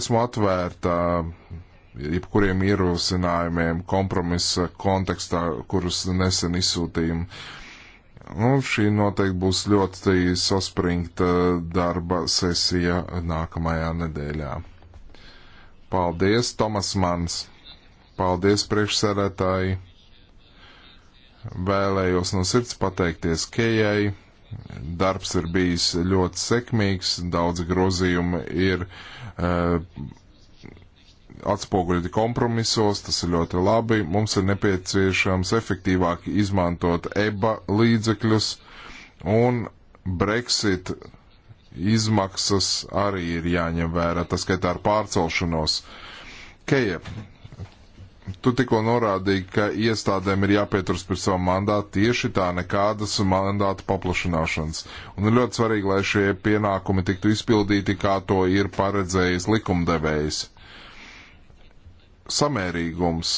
Esmu atvērta uh, jebkuriem ierosinājumiem kompromisa kontekstā, kurus nesen izsūtījām. Nu, šī noteikti būs ļoti saspringta darba sesija nākamajā nedēļā. Paldies, Tomas Mans! Paldies, priekšsēdētāji! Vēlējos no sirds pateikties Kejai. Darbs ir bijis ļoti sekmīgs, daudz grozījumi ir. Uh, atspoguļoti kompromisos, tas ir ļoti labi. Mums ir nepieciešams efektīvāk izmantot EBA līdzekļus, un Brexit izmaksas arī ir jāņem vērā, tas skaitā ar pārcelšanos. Keja, tu tikko norādīji, ka iestādēm ir jāpieturas pie sava mandāta tieši tā nekādas mandāta paplašināšanas. Un ir ļoti svarīgi, lai šie pienākumi tiktu izpildīti, kā to ir paredzējis likumdevējs samērīgums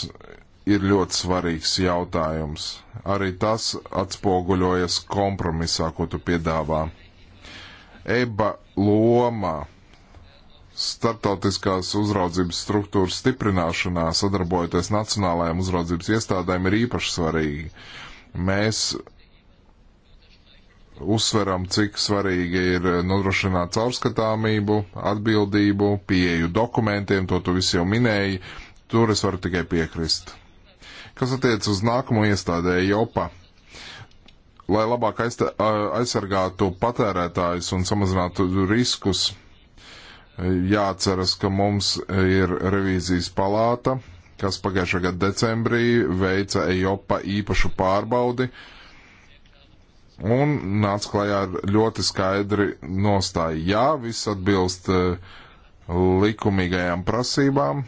ir ļoti svarīgs jautājums. Arī tas atspoguļojas kompromisā, ko tu piedāvā. EBA loma startautiskās uzraudzības struktūras stiprināšanā, sadarbojoties nacionālajām uzraudzības iestādēm, ir īpaši svarīgi. Mēs uzsveram, cik svarīgi ir nodrošināt caurskatāmību, atbildību, pieeju dokumentiem, to tu visi jau minēji, uh, Tur es varu tikai piekrist. Kas attiec uz nākamo iestādēju JOPA? Lai labāk aizsargātu patērētājus un samazinātu riskus, jāatceras, ka mums ir revīzijas palāta, kas pagājušā gada decembrī veica EIOPA īpašu pārbaudi un nāca klajā ar ļoti skaidri nostāju. Jā, viss atbilst e, likumīgajām prasībām,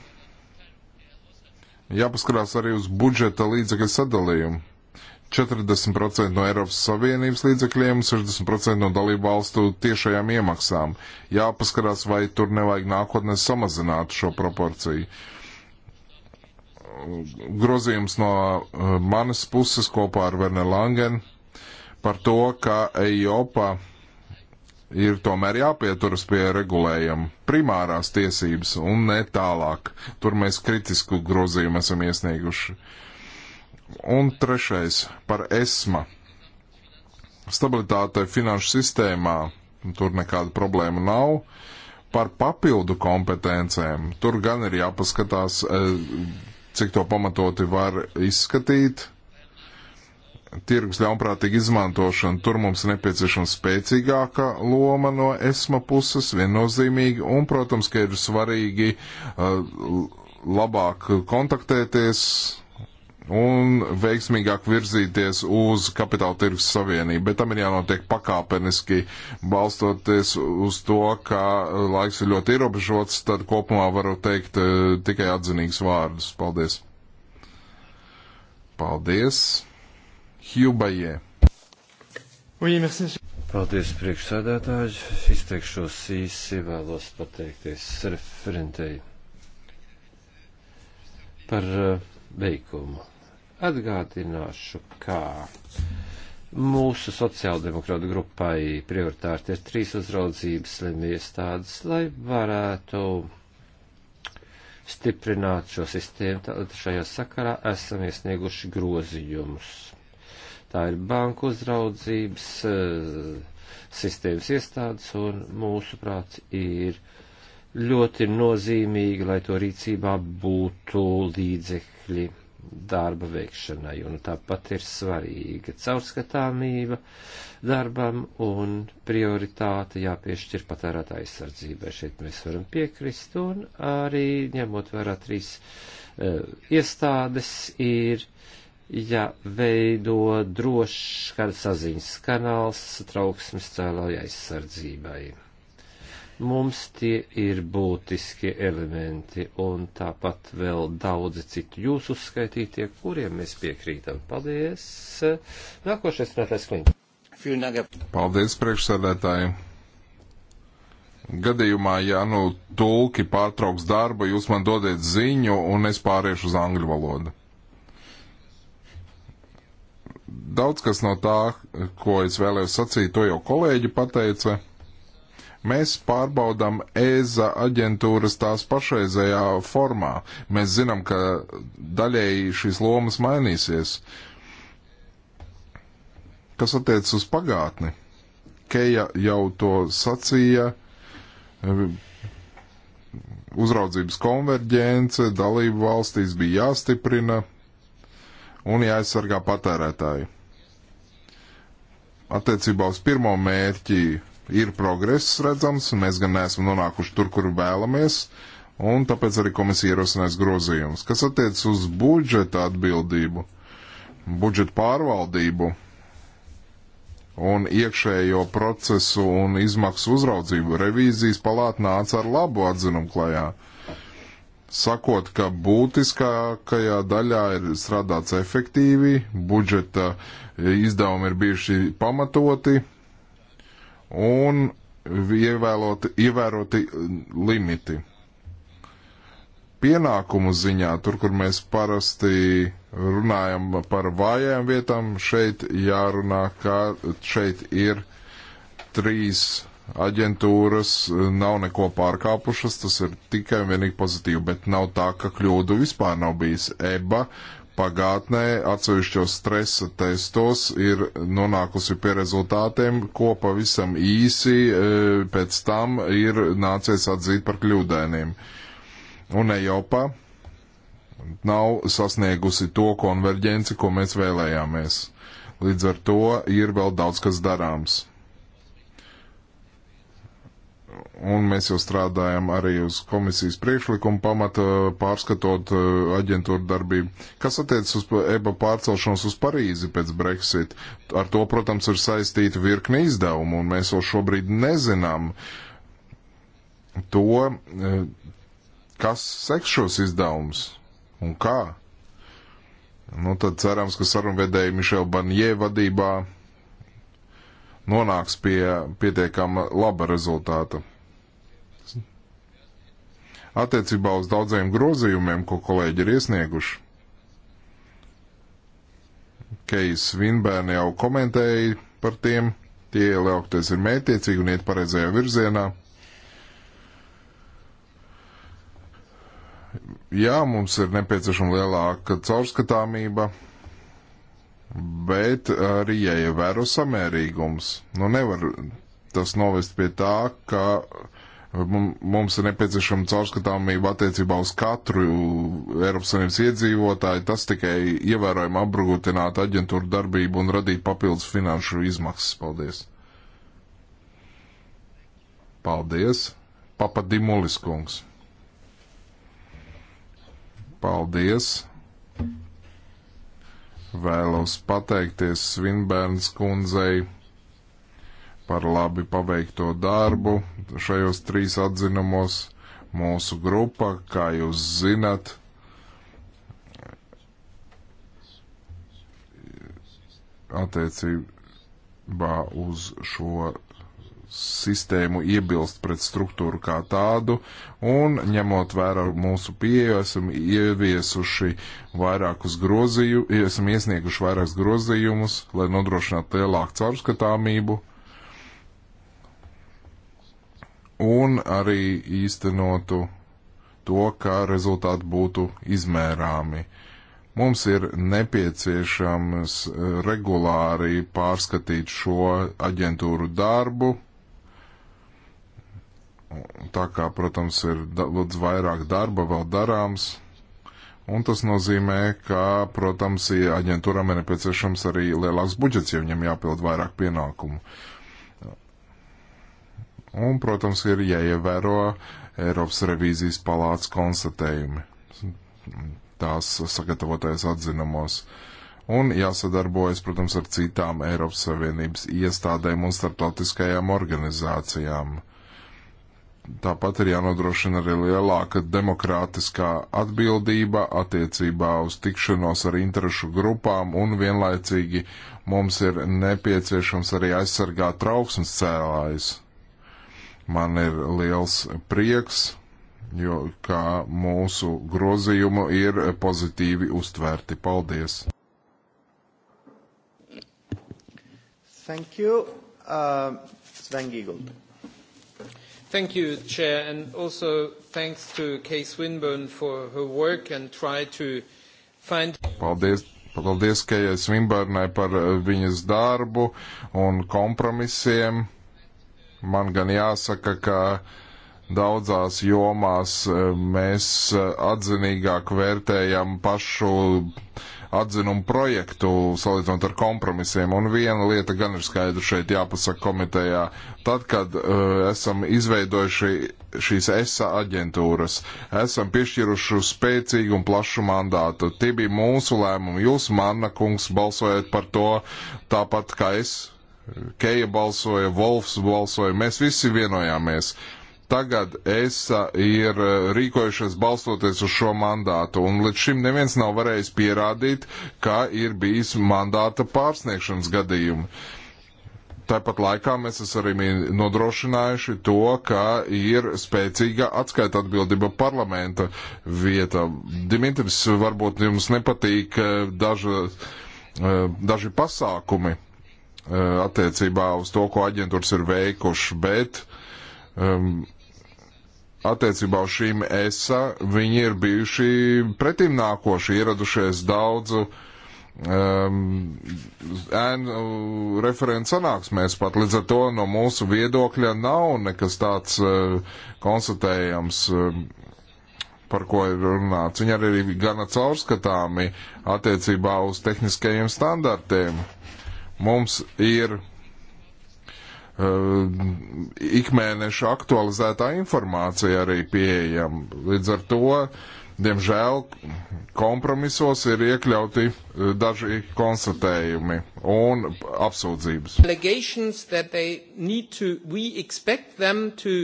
Jāpaskarās arī uz budžeta līdzekļu sadalījumu. 40% no Eiropas Savienības līdzekļiem, 60% no dalību valstu tiešajām iemaksām. Jāpaskarās, vai tur nevajag nākotnē samazināt šo proporciju. Grozījums no eh, manas puses kopā ar Verne Langenu par to, ka EIOPA ir tomēr jāpieturas pie regulējuma primārās tiesības un ne tālāk. Tur mēs kritisku grozījumu esam iesnieguši. Un trešais par esma. Stabilitāte finanšu sistēmā, tur nekāda problēma nav. Par papildu kompetencēm, tur gan ir jāpaskatās, eh, cik to pamatoti var izskatīt, tirgus ļaunprātīgu izmantošanu. Tur mums ir nepieciešama spēcīgāka loma no esma puses, viennozīmīgi, un, protams, ka ir svarīgi uh, labāk kontaktēties un veiksmīgāk virzīties uz kapitāla tirgus savienību, bet tam ir jānotiek pakāpeniski, balstoties uz to, ka uh, laiks ir ļoti ierobežots, tad kopumā varu teikt uh, tikai atzinīgus vārdus. Paldies! Paldies! Hjubajē. Paldies, priekšsēdētāji. Izteikšos īsi, vēlos pateikties referentei par eh, veikumu. Atgādināšu, kā mūsu sociāldemokrāta grupai prioritāti ir trīs uzraudzības lemiestādes, lai varētu stiprināt šo sistēmu. Tātad šajā sakarā esam iesnieguši grozījumus tā ir banku uzraudzības eh, sistēmas iestādes, un mūsuprāt ir ļoti nozīmīgi, lai to rīcībā būtu līdzekļi darba veikšanai, un tāpat ir svarīga caurskatāmība darbam un prioritāte jāpiešķir patērētā aizsardzībai. Šeit mēs varam piekrist, un arī ņemot vērā trīs e, iestādes ir jāveido ja drošs kā saziņas kanāls trauksmes cēlāja aizsardzībai. Mums tie ir būtiskie elementi un tāpat vēl daudzi citi jūsu uzskaitītie, kuriem mēs piekrītam. Paldies! Nākošais runātājs Klints. Paldies priekšsēdētāji! Gadījumā, ja nu tulki pārtrauks darbu, jūs man dodiet ziņu un es pāriešu uz angļu valodu. Daudz kas no tā, ko es vēlējos sacīt, to jau kolēģi pateica. Mēs pārbaudām EZA aģentūras tās pašreizējā formā. Mēs zinām, ka daļēji šīs lomas mainīsies. Kas attiec uz pagātni? Keja jau to sacīja uzraudzības konverģence dalību valstīs bija jāstiprina, un jāaizsargā patērētāji. Attiecībā uz pirmo mērķi ir progress redzams, un mēs gan neesam nonākuši tur, kur vēlamies, un tāpēc arī komisija ierosinās grozījumus. Kas attiecas uz budžeta atbildību, budžeta pārvaldību un iekšējo procesu un izmaksu uzraudzību, revīzijas palāta nāca ar labu atzinumu klajā sakot, ka būtiskākajā daļā ir strādāts efektīvi, budžeta izdevumi ir bijuši pamatoti un ievēloti, ievēroti limiti. Pienākumu ziņā, tur, kur mēs parasti runājam par vājām vietām, šeit jārunā, ka šeit ir trīs aģentūras eh, nav neko pārkāpušas, tas ir tikai un vienīgi pozitīvi, bet nav tā, ka kļūdu vispār nav bijis. EBA pagātnē atsevišķos stresa testos ir nonākusi pie rezultātiem, ko pavisam īsi eh, pēc tam ir nācies atzīt par kļūdainiem. Un Eiropa nav sasniegusi to konverģenci, ko mēs vēlējāmies. Līdz ar to ir vēl daudz kas darāms un mēs jau strādājam arī uz komisijas priekšlikumu pamata pārskatot eh, aģentūru darbību. Kas attiecas uz EBA pārcelšanos uz Parīzi pēc Brexit? Ar to, protams, ir saistīta virkni izdevumu, un mēs jau šobrīd nezinām to, eh, kas seks šos izdevumus un kā. Nu, tad cerams, ka sarunvedēji Mišela Banjē vadībā nonāks pie pietiekama laba rezultāta. Attiecībā uz daudziem grozījumiem, ko kolēģi ir iesnieguši, Keijs Vinbērni jau komentēja par tiem, tie lielākoties ir mētiecīgi un iet pareizajā virzienā. Jā, mums ir nepieciešama lielāka caurskatāmība, bet arī jāievēro ja samērīgums. Nu, nevar tas novest pie tā, ka mums ir nepieciešama caurskatāmība attiecībā uz katru Eiropas Savienības iedzīvotāju. Tas tikai ievērojami apgrūtinātu aģentūru darbību un radītu papildus finanšu izmaksas. Paldies! Paldies! Papadimulis kungs! Paldies! Vēlos pateikties Svinbērns kundzei par labi paveikto darbu šajos trīs atzinumos. Mūsu grupa, kā jūs zinat, attiecībā uz šo sistēmu iebilst pret struktūru kā tādu, un ņemot vērā mūsu pieeju, esam ieviesuši vairākus grozījumus, esam iesnieguši vairākus grozījumus, lai nodrošinātu lielāku caurskatāmību un arī īstenotu to, kā rezultāti būtu izmērāmi. Mums ir nepieciešams eh, regulāri pārskatīt šo aģentūru darbu, Tā kā, protams, ir daudz vairāk darba vēl darāms, un tas nozīmē, ka, protams, aģentūram ir nepieciešams arī lielāks budžets, ja viņam jāpild vairāk pienākumu. Un, protams, ir jāievēro Eiropas revīzijas palāts konstatējumi tās sagatavotais atzinumos. Un jāsadarbojas, protams, ar citām Eiropas Savienības iestādēm un starptautiskajām organizācijām Tāpat ir jānodrošina arī lielāka demokrātiskā atbildība attiecībā uz tikšanos ar interešu grupām un vienlaicīgi mums ir nepieciešams arī aizsargāt trauksmes cēlājus. Man ir liels prieks, jo kā mūsu grozījumu ir pozitīvi uztvērti. Paldies! Thank you. Uh, Sven Giegold. Thank you, Chair, and also thanks to Kay Swinburne for her work and try to find... Paldies, paldies Kay Swinburne par uh, viņas darbu un kompromisiem. Man gan jāsaka, ka daudzās jomās uh, mēs uh, atzinīgāk vērtējam pašu uh, atzinumu projektu, salīdzinot ar kompromisiem. Un viena lieta gan ir skaidra šeit jāpasaka komitejā. Tad, kad uh, esam izveidojuši šīs ESA aģentūras, esam piešķiruši spēcīgu un plašu mandātu. Tie bija mūsu lēmumi. Jūs, Manna kungs, balsojat par to tāpat kā es. Keija balsoja, Volfs balsoja, mēs visi vienojāmies. Uh, tagad ESA ir eh, rīkojušies balstoties uz šo mandātu, un līdz šim neviens nav varējis pierādīt, ka ir bijis mandāta pārsniegšanas gadījumi. Tāpat laikā mēs esam arī nodrošinājuši to, ka ir spēcīga atskaita atbildība parlamenta vieta. Dimitris, varbūt jums nepatīk eh, daža, eh, daži pasākumi attiecībā uz to, ko aģentūras ir veikuši, bet um, attiecībā uz šīm ESA viņi ir bijuši pretim nākoši, ieradušies daudzu um, ēnu referents sanāksmēs pat. Līdz ar to no mūsu viedokļa nav nekas tāds uh, konstatējams. Uh, par ko ir runāts. Viņi arī ir gana caurskatāmi attiecībā uz tehniskajiem standartiem. Mums ir Eh, ikmēneša aktualizētā informācija arī pieejama. Līdz ar to, diemžēl, kompromisos ir iekļauti eh, daži konstatējumi un apsūdzības. To,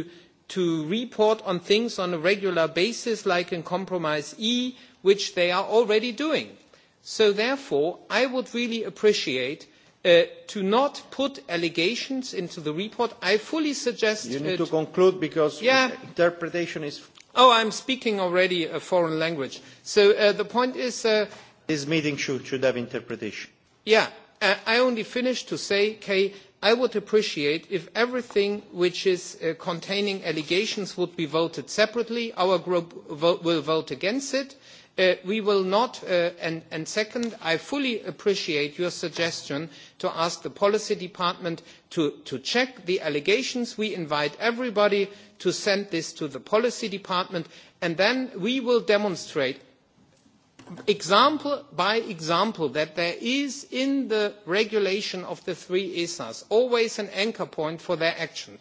to report on things on a regular basis, like in Compromise E, which they are already doing. So, therefore, I would really appreciate Uh, to not put allegations into the report. I fully suggest you need uh, to conclude because yeah, interpretation is. Oh, I'm speaking already a foreign language. So uh, the point is. Uh, this meeting should, should have interpretation. Yeah, uh, I only finished to say, Kay, I would appreciate if everything which is uh, containing allegations would be voted separately. Our group vo- will vote against it Uh, we will not, uh, and, and second, I fully appreciate your suggestion to ask the policy department to, to check the allegations. We invite everybody to send this to the policy department, and then we will demonstrate example by example that there is in the regulation of the three esas always an anchor point for their action.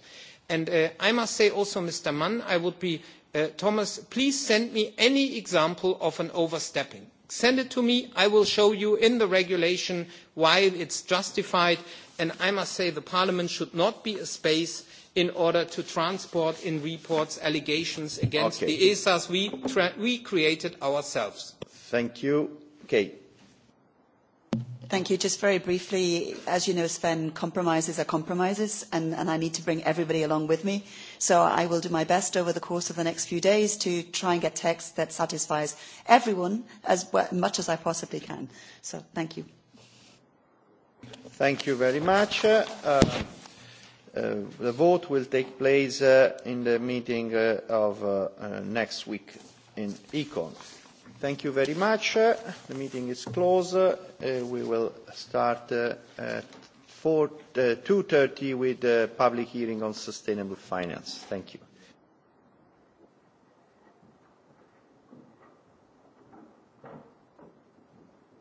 And uh, I must say also, Mr. Mann, I would be Uh, Thomas, please send me any example of an overstepping. Send it to me. I will show you in the regulation why it's justified. And I must say the Parliament should not be a space in order to transport in reports allegations against okay. the ESAs we, tra- we created ourselves. Thank you. Okay. Thank you. Just very briefly, as you know, Sven, compromises are compromises, and, and I need to bring everybody along with me. Uh, So I will do my best over the course of the next few days to try and get text that satisfies everyone as much as I possibly can. So thank you. Thank you very much. Uh, uh, the vote will take place uh, in the meeting uh, of uh, uh, next week in Econ. Thank you very much. Uh, the meeting is closed. Uh, we will start uh, at four, uh, 2.30 with a public hearing on sustainable finance. Thank you.